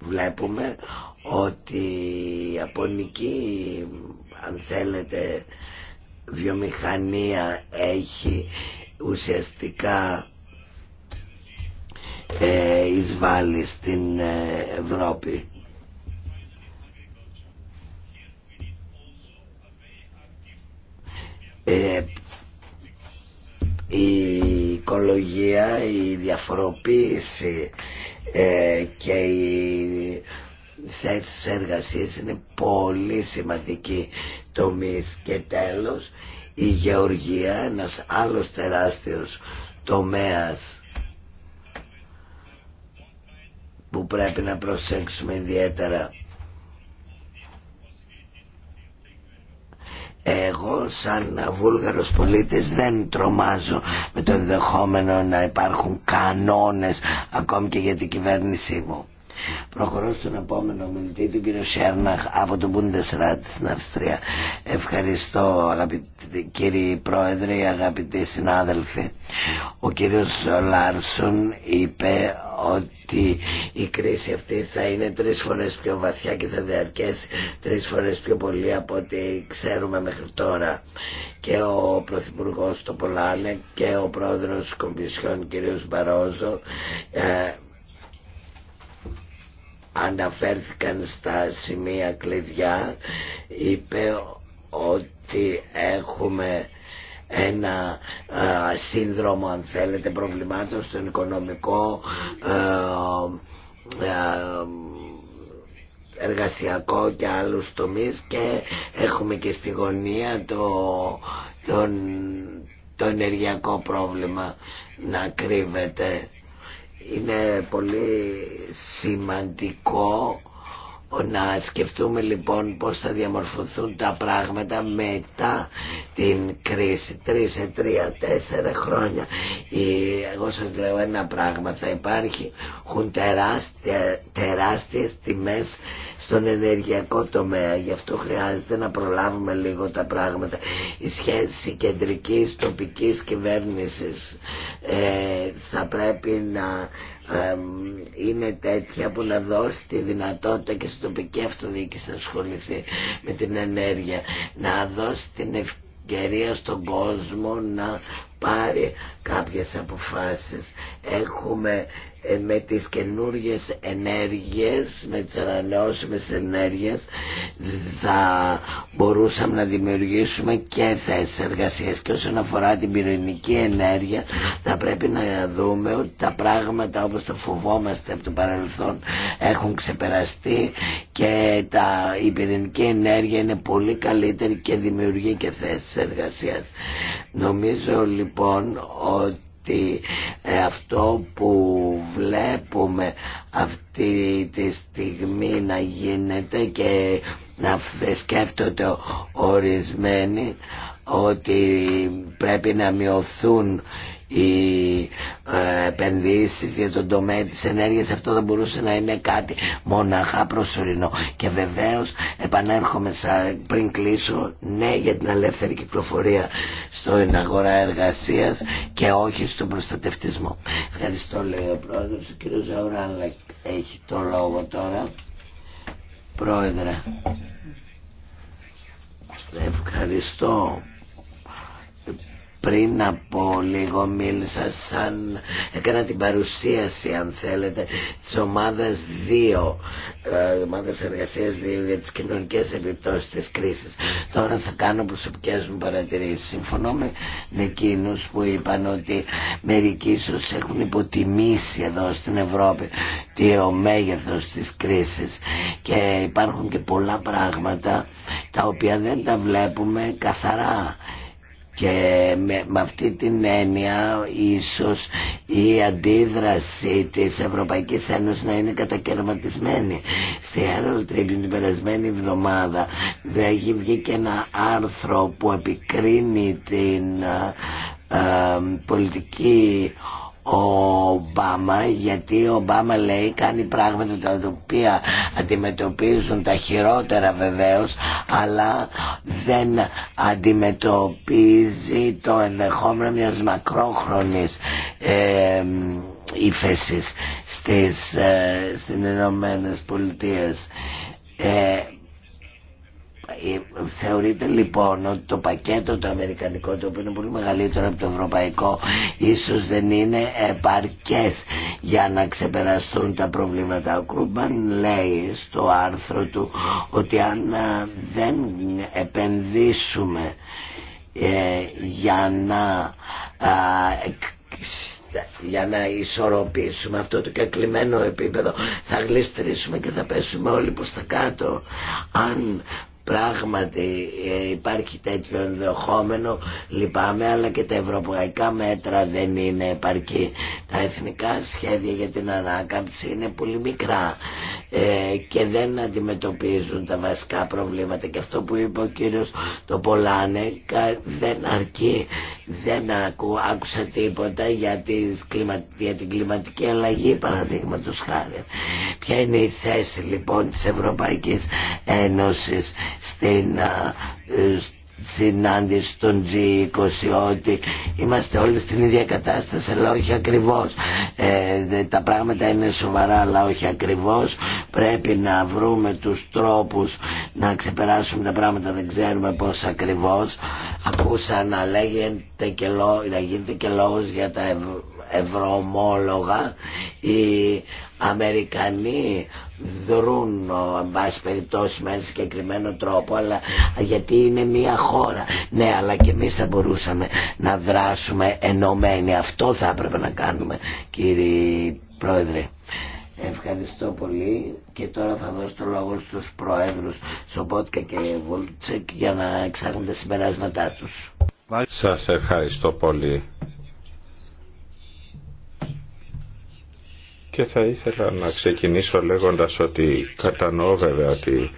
βλέπουμε ότι η Ιαπωνική αν θέλετε βιομηχανία έχει ουσιαστικά ε, εισβάλλει στην ε, Ευρώπη Ε, η οικολογία, η διαφοροποίηση ε, και η θέση εργασίας είναι πολύ σημαντική τομής και τέλος η γεωργία, ένας άλλος τεράστιος τομέας που πρέπει να προσέξουμε ιδιαίτερα Εγώ σαν βούλγαρος πολίτης δεν τρομάζω με το ενδεχόμενο να υπάρχουν κανόνες ακόμη και για την κυβέρνησή μου. Προχωρώ στον επόμενο μιλητή, του κύριο Σέρναχ από το Bundesrat στην Αυστρία. Ευχαριστώ αγαπητοί κύριοι πρόεδρε, αγαπητοί συνάδελφοι. Ο κύριος Λάρσον είπε ότι η κρίση αυτή θα είναι τρεις φορές πιο βαθιά και θα διαρκέσει τρεις φορές πιο πολύ από ό,τι ξέρουμε μέχρι τώρα. Και ο Πρωθυπουργός Τοπολάνε και ο Πρόεδρος Κομπισιών κ. Μπαρόζο ε, αναφέρθηκαν στα σημεία κλειδιά είπε ότι έχουμε ένα σύνδρομο αν θέλετε προβλημάτων στον οικονομικό ε, ε, εργασιακό και άλλους τομείς και έχουμε και στη γωνία το, το ενεργειακό πρόβλημα να κρύβεται είναι πολύ σημαντικό να σκεφτούμε λοιπόν πώς θα διαμορφωθούν τα πράγματα μετά την κρίση. Τρεις σε τρία, τέσσερα χρόνια. Εγώ σας λέω ένα πράγμα, θα υπάρχουν τεράστια, τεράστιες τιμές στον ενεργειακό τομέα. Γι' αυτό χρειάζεται να προλάβουμε λίγο τα πράγματα. Η σχέση κεντρικής τοπικής κυβέρνησης ε, θα πρέπει να είναι τέτοια που να δώσει τη δυνατότητα και στην τοπική αυτοδιοίκηση να ασχοληθεί με την ενέργεια. Να δώσει την ευκαιρία στον κόσμο να πάρει κάποιες αποφάσεις. Έχουμε ε, με τις καινούργιες ενέργειες, με τις ανανεώσιμες ενέργειες θα μπορούσαμε να δημιουργήσουμε και θέσεις εργασίας και όσον αφορά την πυρηνική ενέργεια θα πρέπει να δούμε ότι τα πράγματα όπως τα φοβόμαστε από το παρελθόν έχουν ξεπεραστεί και τα, η πυρηνική ενέργεια είναι πολύ καλύτερη και δημιουργεί και θέσεις εργασίας. Νομίζω λοιπόν ότι ε, αυτό που βλέπουμε αυτή τη στιγμή να γίνεται και να σκέφτονται ορισμένοι ότι πρέπει να μειωθούν οι ε, επενδύσεις για τον τομέα της ενέργειας αυτό δεν μπορούσε να είναι κάτι μοναχά προσωρινό και βεβαίως επανέρχομαι σα πριν κλείσω ναι για την ελεύθερη κυκλοφορία στην αγορά εργασίας και όχι στον προστατευτισμό ευχαριστώ λέει ο πρόεδρος ο κύριος Ζαουρά έχει το λόγο τώρα πρόεδρε ευχαριστώ πριν από λίγο μίλησα σαν έκανα την παρουσίαση αν θέλετε της ομάδα 2 ε, ομάδας εργασίας 2 για τις κοινωνικές επιπτώσεις της κρίσης τώρα θα κάνω προσωπικές μου παρατηρήσεις συμφωνώ με, εκείνου που είπαν ότι μερικοί ίσω έχουν υποτιμήσει εδώ στην Ευρώπη το μέγεθο της κρίση και υπάρχουν και πολλά πράγματα τα οποία δεν τα βλέπουμε καθαρά και με, αυτή την έννοια ίσως η αντίδραση της Ευρωπαϊκής Ένωσης να είναι κατακαιρματισμένη. Στη Herald Tribune την περασμένη εβδομάδα έχει βγει και ένα άρθρο που επικρίνει την ε, ε, πολιτική ο Ομπάμα γιατί ο Ομπάμα λέει κάνει πράγματα τα οποία αντιμετωπίζουν τα χειρότερα βεβαίως αλλά δεν αντιμετωπίζει το ενδεχόμενο μιας μακρόχρονης ε, ύφεσης στις, ε, ε, θεωρείτε λοιπόν ότι το πακέτο το αμερικανικό το οποίο είναι πολύ μεγαλύτερο από το ευρωπαϊκό ίσως δεν είναι επαρκές για να ξεπεραστούν τα προβλήματα. Ο Κρούμπαν λέει στο άρθρο του ότι αν ε, δεν επενδύσουμε ε, για να για να ισορροπήσουμε αυτό το κακλημένο επίπεδο θα γλιστρήσουμε και θα πέσουμε όλοι προς τα κάτω αν πράγματι ε, υπάρχει τέτοιο ενδεχόμενο λυπάμαι αλλά και τα ευρωπαϊκά μέτρα δεν είναι επαρκή τα εθνικά σχέδια για την ανάκαμψη είναι πολύ μικρά ε, και δεν αντιμετωπίζουν τα βασικά προβλήματα και αυτό που είπε ο κύριος το Πολάνε δεν αρκεί δεν άκου, άκουσα τίποτα για, τις, για την κλιματική αλλαγή παραδείγματος χάρη ποια είναι η θέση λοιπόν της Ευρωπαϊκής Ένωσης στην ε, συνάντηση των G20 ότι είμαστε όλοι στην ίδια κατάσταση αλλά όχι ακριβώς ε, τα πράγματα είναι σοβαρά αλλά όχι ακριβώς πρέπει να βρούμε τους τρόπους να ξεπεράσουμε τα πράγματα δεν ξέρουμε πως ακριβώς ακούσα να λέγεται και γίνεται και λόγος για τα ευρώ ευρωομόλογα οι Αμερικανοί δρούν εν πάση περιπτώσει με ένα συγκεκριμένο τρόπο αλλά γιατί είναι μια χώρα ναι αλλά και εμείς θα μπορούσαμε να δράσουμε ενωμένοι αυτό θα έπρεπε να κάνουμε κύριε Πρόεδρε Ευχαριστώ πολύ και τώρα θα δώσω το λόγο στους Προέδρους Σομπότκα και Βολτσέκ για να εξάγουν τα συμπεράσματά τους. Σας ευχαριστώ πολύ. Και θα ήθελα να ξεκινήσω λέγοντας ότι κατανοώ βέβαια ότι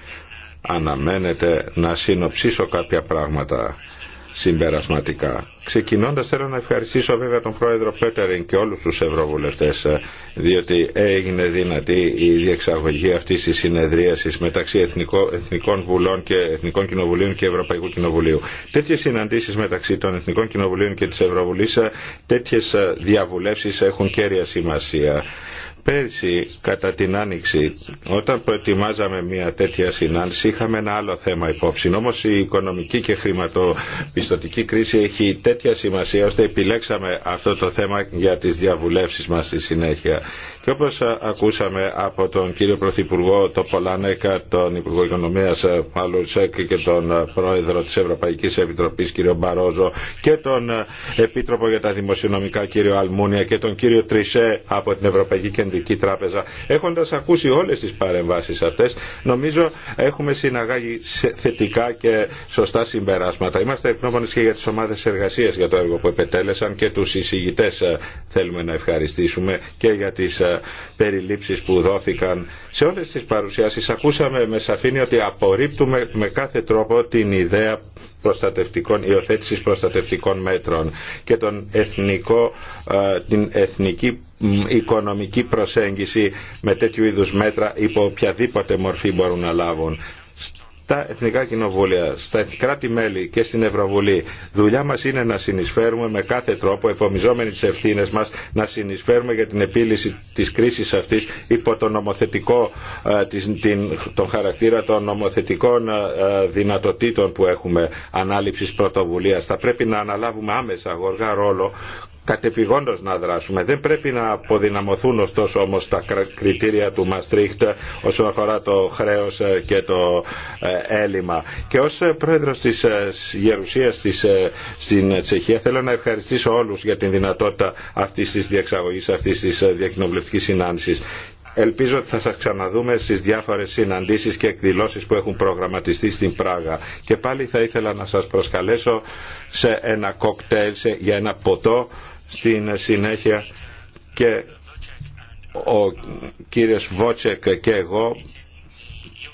αναμένεται να συνοψίσω κάποια πράγματα συμπερασματικά. Ξεκινώντας θέλω να ευχαριστήσω βέβαια τον πρόεδρο Πέτεριν και όλους τους ευρωβουλευτές ε, διότι έγινε δυνατή η διεξαγωγή αυτής της συνεδρίασης μεταξύ Εθνικών Βουλών και Εθνικών Κοινοβουλίων και Ευρωπαϊκού Κοινοβουλίου. Τέτοιες συναντήσεις μεταξύ των Εθνικών Κοινοβουλίων και της Ευρωβουλής, ε, τέτοιες ε, διαβουλεύσεις έχουν κέρια σημασία Πέρσι, κατά την Άνοιξη, όταν προετοιμάζαμε μια τέτοια συνάντηση, είχαμε ένα άλλο θέμα υπόψη. Όμω η οικονομική και χρηματοπιστωτική κρίση έχει τέτοια σημασία, ώστε επιλέξαμε αυτό το θέμα για τις διαβουλεύσεις μας στη συνέχεια. Και όπω ακούσαμε από τον κύριο Πρωθυπουργό, τον Πολανέκα, τον Υπουργό Οικονομία ε, Παύλο Σέκ και τον ε, Πρόεδρο τη Ευρωπαϊκή Επιτροπή, κύριο Μπαρόζο και τον ε, Επίτροπο για τα Δημοσιονομικά κύριο Αλμούνια και τον κύριο Τρισέ από την Ευρωπαϊκή Κεντρική Τράπεζα. έχοντα ακούσει όλε τι παρεμβάσει αυτέ, νομίζω έχουμε συναγάγει θετικά και σωστά συμπεράσματα. Είμαστε ευγνώμονε και για τι ομάδε εργασία για το έργο που επετέλεσαν και του θέλουμε να ευχαριστήσουμε και για τις περιλήψεις που δόθηκαν. Σε όλες τις παρουσιάσεις ακούσαμε με σαφήνεια ότι απορρίπτουμε με κάθε τρόπο την ιδέα προστατευτικών, υιοθέτηση προστατευτικών μέτρων και τον εθνικό, την εθνική οικονομική προσέγγιση με τέτοιου είδους μέτρα υπό οποιαδήποτε μορφή μπορούν να λάβουν τα εθνικά κοινοβούλια, στα κράτη-μέλη και στην Ευρωβουλή. Δουλειά μας είναι να συνεισφέρουμε με κάθε τρόπο, επομιζόμενοι τις ευθύνε μας, να συνεισφέρουμε για την επίλυση της κρίσης αυτής υπό το νομοθετικό, ε, τον χαρακτήρα των νομοθετικών ε, ε, δυνατοτήτων που έχουμε ανάληψης πρωτοβουλίας. Θα πρέπει να αναλάβουμε άμεσα γοργά ρόλο κατεπηγόντως να δράσουμε. Δεν πρέπει να αποδυναμωθούν ωστόσο όμως τα κριτήρια του Μαστρίχτ όσον αφορά το χρέος ε, και το ε, έλλειμμα. Και ως ε, πρόεδρος της Γερουσίας στην Τσεχία θέλω να ευχαριστήσω όλους για την δυνατότητα αυτής της διεξαγωγής, αυτής της διακοινοβουλευτικής συνάντησης. Ελπίζω ότι θα σας ξαναδούμε στις διάφορες συναντήσεις και εκδηλώσεις που έχουν προγραμματιστεί στην Πράγα. Και πάλι θα ήθελα να σας προσκαλέσω σε ένα κοκτέιλ, για ένα ποτό στην συνέχεια και ο κύριος Βότσεκ και εγώ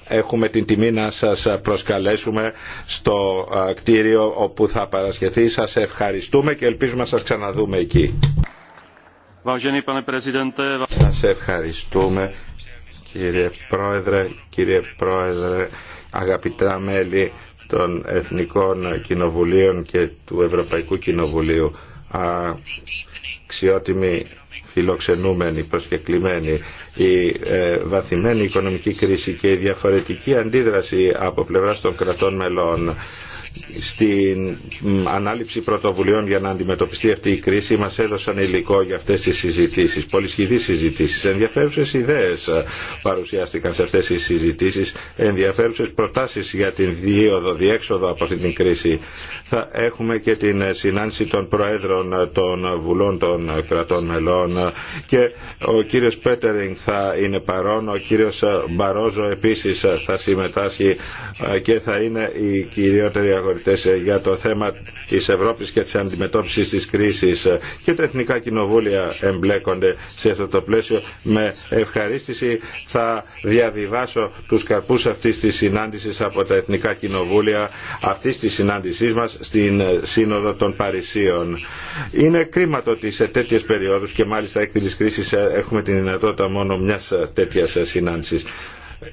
έχουμε την τιμή να σας προσκαλέσουμε στο κτίριο όπου θα παρασχεθεί. Σας ευχαριστούμε και ελπίζουμε να σας ξαναδούμε εκεί. Σας ευχαριστούμε κύριε Πρόεδρε, κύριε Πρόεδρε, αγαπητά μέλη των Εθνικών Κοινοβουλίων και του Ευρωπαϊκού Κοινοβουλίου αξιότιμοι φιλοξενούμενοι, προσκεκλημένοι, η ε, βαθυμένη οικονομική κρίση και η διαφορετική αντίδραση από πλευράς των κρατών μελών στην ανάληψη πρωτοβουλειών για να αντιμετωπιστεί αυτή η κρίση μας έδωσαν υλικό για αυτές τις συζητήσεις, πολυσχηδείς συζητήσεις. Ενδιαφέρουσες ιδέες παρουσιάστηκαν σε αυτές τις συζητήσεις, ενδιαφέρουσες προτάσεις για την διέοδο, διέξοδο από αυτή την κρίση. Θα έχουμε και την συνάντηση των Προέδρων των Βουλών των Κρατών Μελών και ο κύριος Πέτερινγκ θα είναι παρόν, ο κύριος Μπαρόζο επίσης θα συμμετάσχει και θα είναι η κυριότερη ε, για το θέμα της Ευρώπης και της αντιμετώπισης της κρίσης ε, και τα εθνικά κοινοβούλια εμπλέκονται σε αυτό το πλαίσιο. Με ευχαρίστηση θα διαβιβάσω τους καρπούς αυτής της συνάντησης από τα εθνικά κοινοβούλια αυτής της συνάντησής μας στην ε, Σύνοδο των Παρισίων. Είναι κρίμα το ότι σε τέτοιες περιόδους και μάλιστα έκτη της κρίσης έχουμε τη δυνατότητα μόνο μιας τέτοιας συνάντησης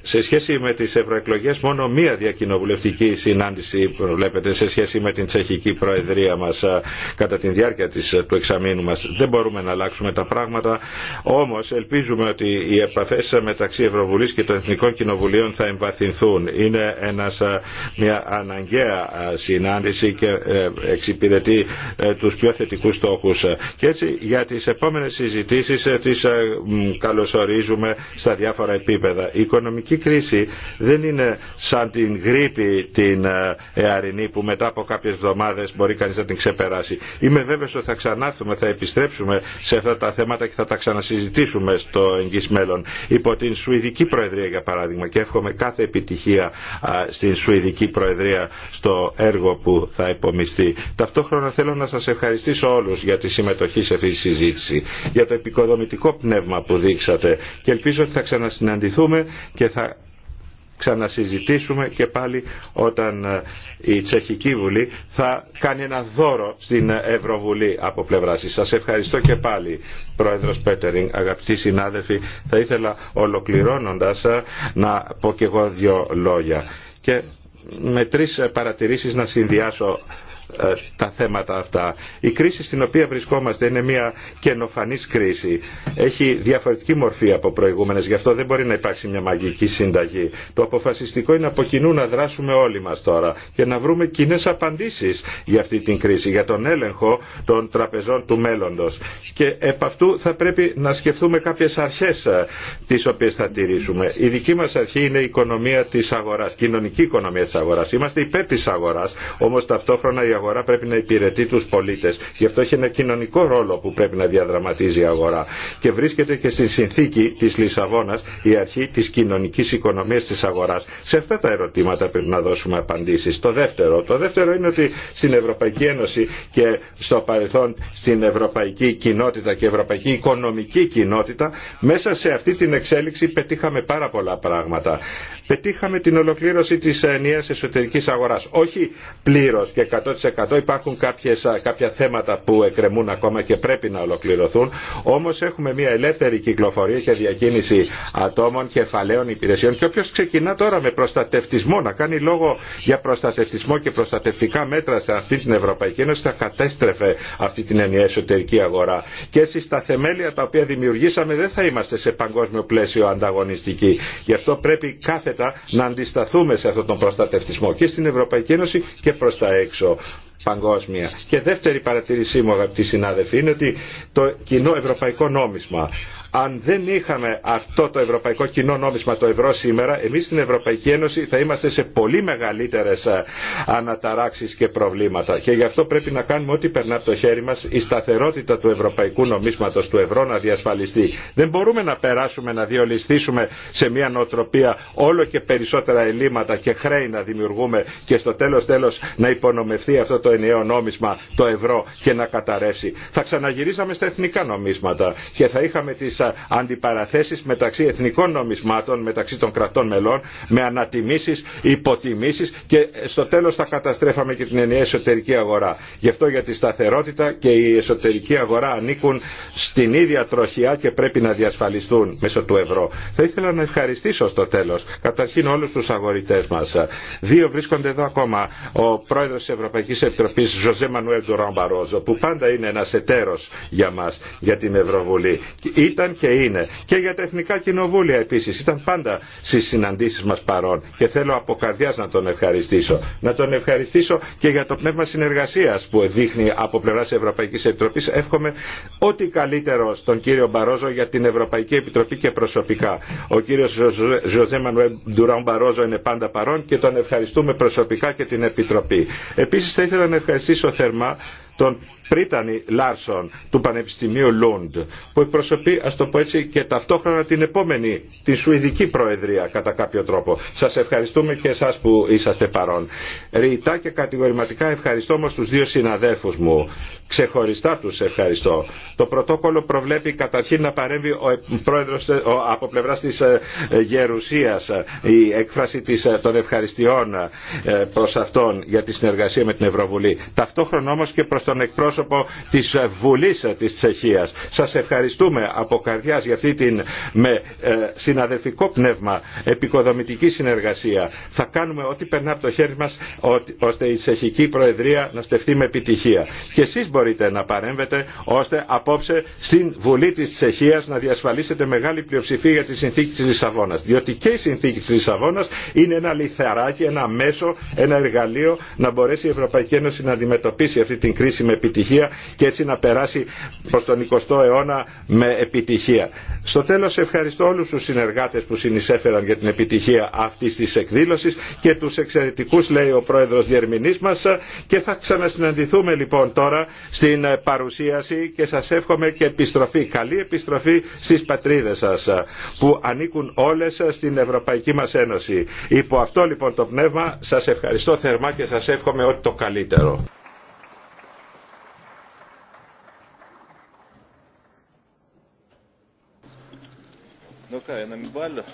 σε σχέση με τις ευρωεκλογές μόνο μία διακοινοβουλευτική συνάντηση βλέπετε σε σχέση με την τσεχική προεδρία μας κατά τη διάρκεια της, του εξαμήνου μας. Δεν μπορούμε να αλλάξουμε τα πράγματα, όμως ελπίζουμε ότι οι επαφές μεταξύ Ευρωβουλής και των Εθνικών Κοινοβουλίων θα εμβαθυνθούν. Είναι ένας, μια αναγκαία συνάντηση και ε, εξυπηρετεί ε, τους πιο θετικούς στόχους. Και έτσι για τις επόμενες συζητήσεις ε, τις καλωσορίζουμε στα διάφορα επίπεδα οικονομική κρίση δεν είναι σαν την γρήπη την ε, εαρινή που μετά από κάποιες εβδομάδες μπορεί κανείς να την ξεπεράσει. Είμαι βέβαιος ότι θα ξανάρθουμε, θα επιστρέψουμε σε αυτά τα θέματα και θα τα ξανασυζητήσουμε στο εγγύς μέλλον. Υπό την Σουηδική Προεδρία για παράδειγμα και εύχομαι κάθε επιτυχία στην Σουηδική Προεδρία στο έργο που θα υπομειστεί. Ταυτόχρονα θέλω να σας ευχαριστήσω όλους για τη συμμετοχή σε αυτή τη συζήτηση, για το επικοδομητικό πνεύμα που δείξατε και ελπίζω ότι θα ξανασυναντηθούμε και θα ξανασυζητήσουμε και πάλι όταν ε, η Τσεχική Βουλή θα κάνει ένα δώρο στην Ευρωβουλή από πλευρά σας. Σας ευχαριστώ και πάλι Πρόεδρος Πέτερινγκ, αγαπητοί συνάδελφοι. Θα ήθελα ολοκληρώνοντας ε, να πω και εγώ δύο λόγια. Και με τρεις παρατηρήσεις να συνδυάσω ε, τα θέματα αυτά. Η κρίση στην οποία βρισκόμαστε είναι μια καινοφανής κρίση. Έχει διαφορετική μορφή από προηγούμενες, γι' αυτό δεν μπορεί να υπάρξει μια μαγική συνταγή. Το αποφασιστικό είναι από κοινού να δράσουμε όλοι μας τώρα και να βρούμε κοινέ απαντήσεις για αυτή την κρίση, για τον έλεγχο των τραπεζών του μέλλοντος. Και επ' αυτού θα πρέπει να σκεφτούμε κάποιες αρχές ε, τις οποίες θα τηρήσουμε. Η δική μας αρχή είναι η οικονομία της αγοράς, κοινωνική οικονομία της αγοράς. Είμαστε υπέρ της αγοράς, ταυτόχρονα αγορά αγορά πρέπει να υπηρετεί τους πολίτες. Γι' αυτό έχει ένα κοινωνικό ρόλο που πρέπει να διαδραματίζει η αγορά. Και βρίσκεται και στη συνθήκη της Λισαβόνας η αρχή της κοινωνικής οικονομίας της αγοράς. Σε αυτά τα ερωτήματα πρέπει να δώσουμε απαντήσεις. Το δεύτερο, το δεύτερο είναι ότι στην Ευρωπαϊκή Ένωση και στο παρελθόν στην Ευρωπαϊκή Κοινότητα και Ευρωπαϊκή Οικονομική Κοινότητα μέσα σε αυτή την εξέλιξη πετύχαμε πάρα πολλά πράγματα. Πετύχαμε την ολοκλήρωση της ενιαίας εσωτερικής αγοράς. Όχι πλήρως και υπάρχουν κάποια θέματα που εκκρεμούν ακόμα και πρέπει να ολοκληρωθούν. Όμως έχουμε μια ελεύθερη κυκλοφορία και διακίνηση ατόμων, κεφαλαίων, υπηρεσιών και όποιος ξεκινά τώρα με προστατευτισμό, να κάνει λόγο για προστατευτισμό και προστατευτικά μέτρα σε αυτή την Ευρωπαϊκή Ένωση θα κατέστρεφε αυτή την ενιαία εσωτερική αγορά. Και έτσι στα θεμέλια τα οποία δημιουργήσαμε δεν θα είμαστε σε παγκόσμιο πλαίσιο ανταγωνιστικοί. Γι' αυτό πρέπει κάθετα να αντισταθούμε σε αυτόν τον προστατευτισμό και στην Ευρωπαϊκή Ένωση και προς τα έξω παγκόσμια. Και δεύτερη παρατήρησή μου αγαπητοί συνάδελφοι είναι ότι το κοινό ευρωπαϊκό νόμισμα αν δεν είχαμε αυτό το ευρωπαϊκό κοινό νόμισμα το ευρώ σήμερα, εμείς στην Ευρωπαϊκή Ένωση θα είμαστε σε πολύ μεγαλύτερες ε, αναταράξεις και προβλήματα. Και γι' αυτό πρέπει να κάνουμε ό,τι περνά από το χέρι μας η σταθερότητα του ευρωπαϊκού νομίσματος του ευρώ να διασφαλιστεί. Δεν μπορούμε να περάσουμε να διολυστήσουμε σε μια νοοτροπία όλο και περισσότερα ελλείμματα και χρέη να δημιουργούμε και στο τέλος τέλος να υπονομευθεί αυτό το ενιαίο νόμισμα το ευρώ και να καταρρεύσει. Θα ξαναγυρίσαμε στα εθνικά νομίσματα και θα είχαμε τις Αντιπαραθέσει μεταξύ εθνικών νομισμάτων μεταξύ των κρατών μελών με ανατιμήσει, υποτιμήσει, και στο τέλο θα καταστρέφαμε και την ενιαία εσωτερική αγορά. Γι' αυτό για τη σταθερότητα και η εσωτερική αγορά ανήκουν στην ίδια τροχιά και πρέπει να διασφαλιστούν μέσω του ευρώ. Θα ήθελα να ευχαριστήσω στο τέλο, καταρχήν όλου του αγορητέ μα, Δύο βρίσκονται εδώ ακόμα. Ο πρόεδρο τη Ευρωπαϊκή Επιτροπής Ζωζέ Μανουέλ Ντουραν Μπαρόζο που πάντα είναι ένα εταίρο για μα, για την Ευρωβουλή. Ήταν και είναι. Και για τα εθνικά κοινοβούλια επίση. Ήταν πάντα στι συναντήσει μα παρόν και θέλω από καρδιά να τον ευχαριστήσω. Να τον ευχαριστήσω και για το πνεύμα συνεργασία που δείχνει από πλευρά Ευρωπαϊκή Επιτροπή. Εύχομαι ό,τι καλύτερο στον κύριο Μπαρόζο για την Ευρωπαϊκή Επιτροπή και προσωπικά. Ο κύριο Ζωζέ Μανουέμ Ντουράν Μπαρόζο είναι πάντα παρόν και τον ευχαριστούμε προσωπικά και την Επιτροπή. Επίση, θα ήθελα να ευχαριστήσω θερμά τον Πρίτανη Λάρσον του Πανεπιστημίου Λούντ που εκπροσωπεί α το πω έτσι και ταυτόχρονα την επόμενη, την Σουηδική Προεδρία κατά κάποιο τρόπο. Σας ευχαριστούμε και εσάς που είσαστε παρόν. Ρητά και κατηγορηματικά ευχαριστώ όμως τους δύο συναδέλφους μου. Ξεχωριστά τους ευχαριστώ. Το πρωτόκολλο προβλέπει καταρχήν να παρέμβει ο πρόεδρος από πλευράς της ε, Γερουσίας η έκφραση ε, των ευχαριστειών ε, προς αυτόν για τη συνεργασία με την Ευρωβουλή. Ταυτόχρονα όμως και προς τον εκπρόσωπο πρόσωπο της ε, Βουλής ε, της Τσεχίας. Σας ευχαριστούμε από καρδιάς για αυτή την με ε, συναδελφικό πνεύμα επικοδομητική συνεργασία. Θα κάνουμε ό,τι περνά από το χέρι μας ώστε η Τσεχική Προεδρία να στεφθεί με επιτυχία. Και εσείς μπορείτε να παρέμβετε ώστε απόψε στην Βουλή της Τσεχίας να διασφαλίσετε μεγάλη πλειοψηφία για τη συνθήκη της Λισαβόνας. Διότι και η συνθήκη της Λισαβόνας είναι ένα λιθαράκι, ένα μέσο, ένα εργαλείο να μπορέσει η Ευρωπαϊκή Ένωση να αντιμετωπίσει αυτή την κρίση με επιτυχία επιτυχία και έτσι να περάσει προς τον 20ο αιώνα με επιτυχία. Στο τέλος ευχαριστώ όλους τους συνεργάτες που συνεισέφεραν για την επιτυχία αυτής της εκδήλωσης και τους εξαιρετικούς λέει ο πρόεδρος διερμηνής μας και θα ξανασυναντηθούμε λοιπόν τώρα στην παρουσίαση και σας εύχομαι και επιστροφή, καλή επιστροφή στις πατρίδες σας που ανήκουν όλες στην Ευρωπαϊκή μας Ένωση. Υπό αυτό λοιπόν το πνεύμα σας ευχαριστώ θερμά και σας εύχομαι ό,τι το καλύτερο. какая, на мебалю?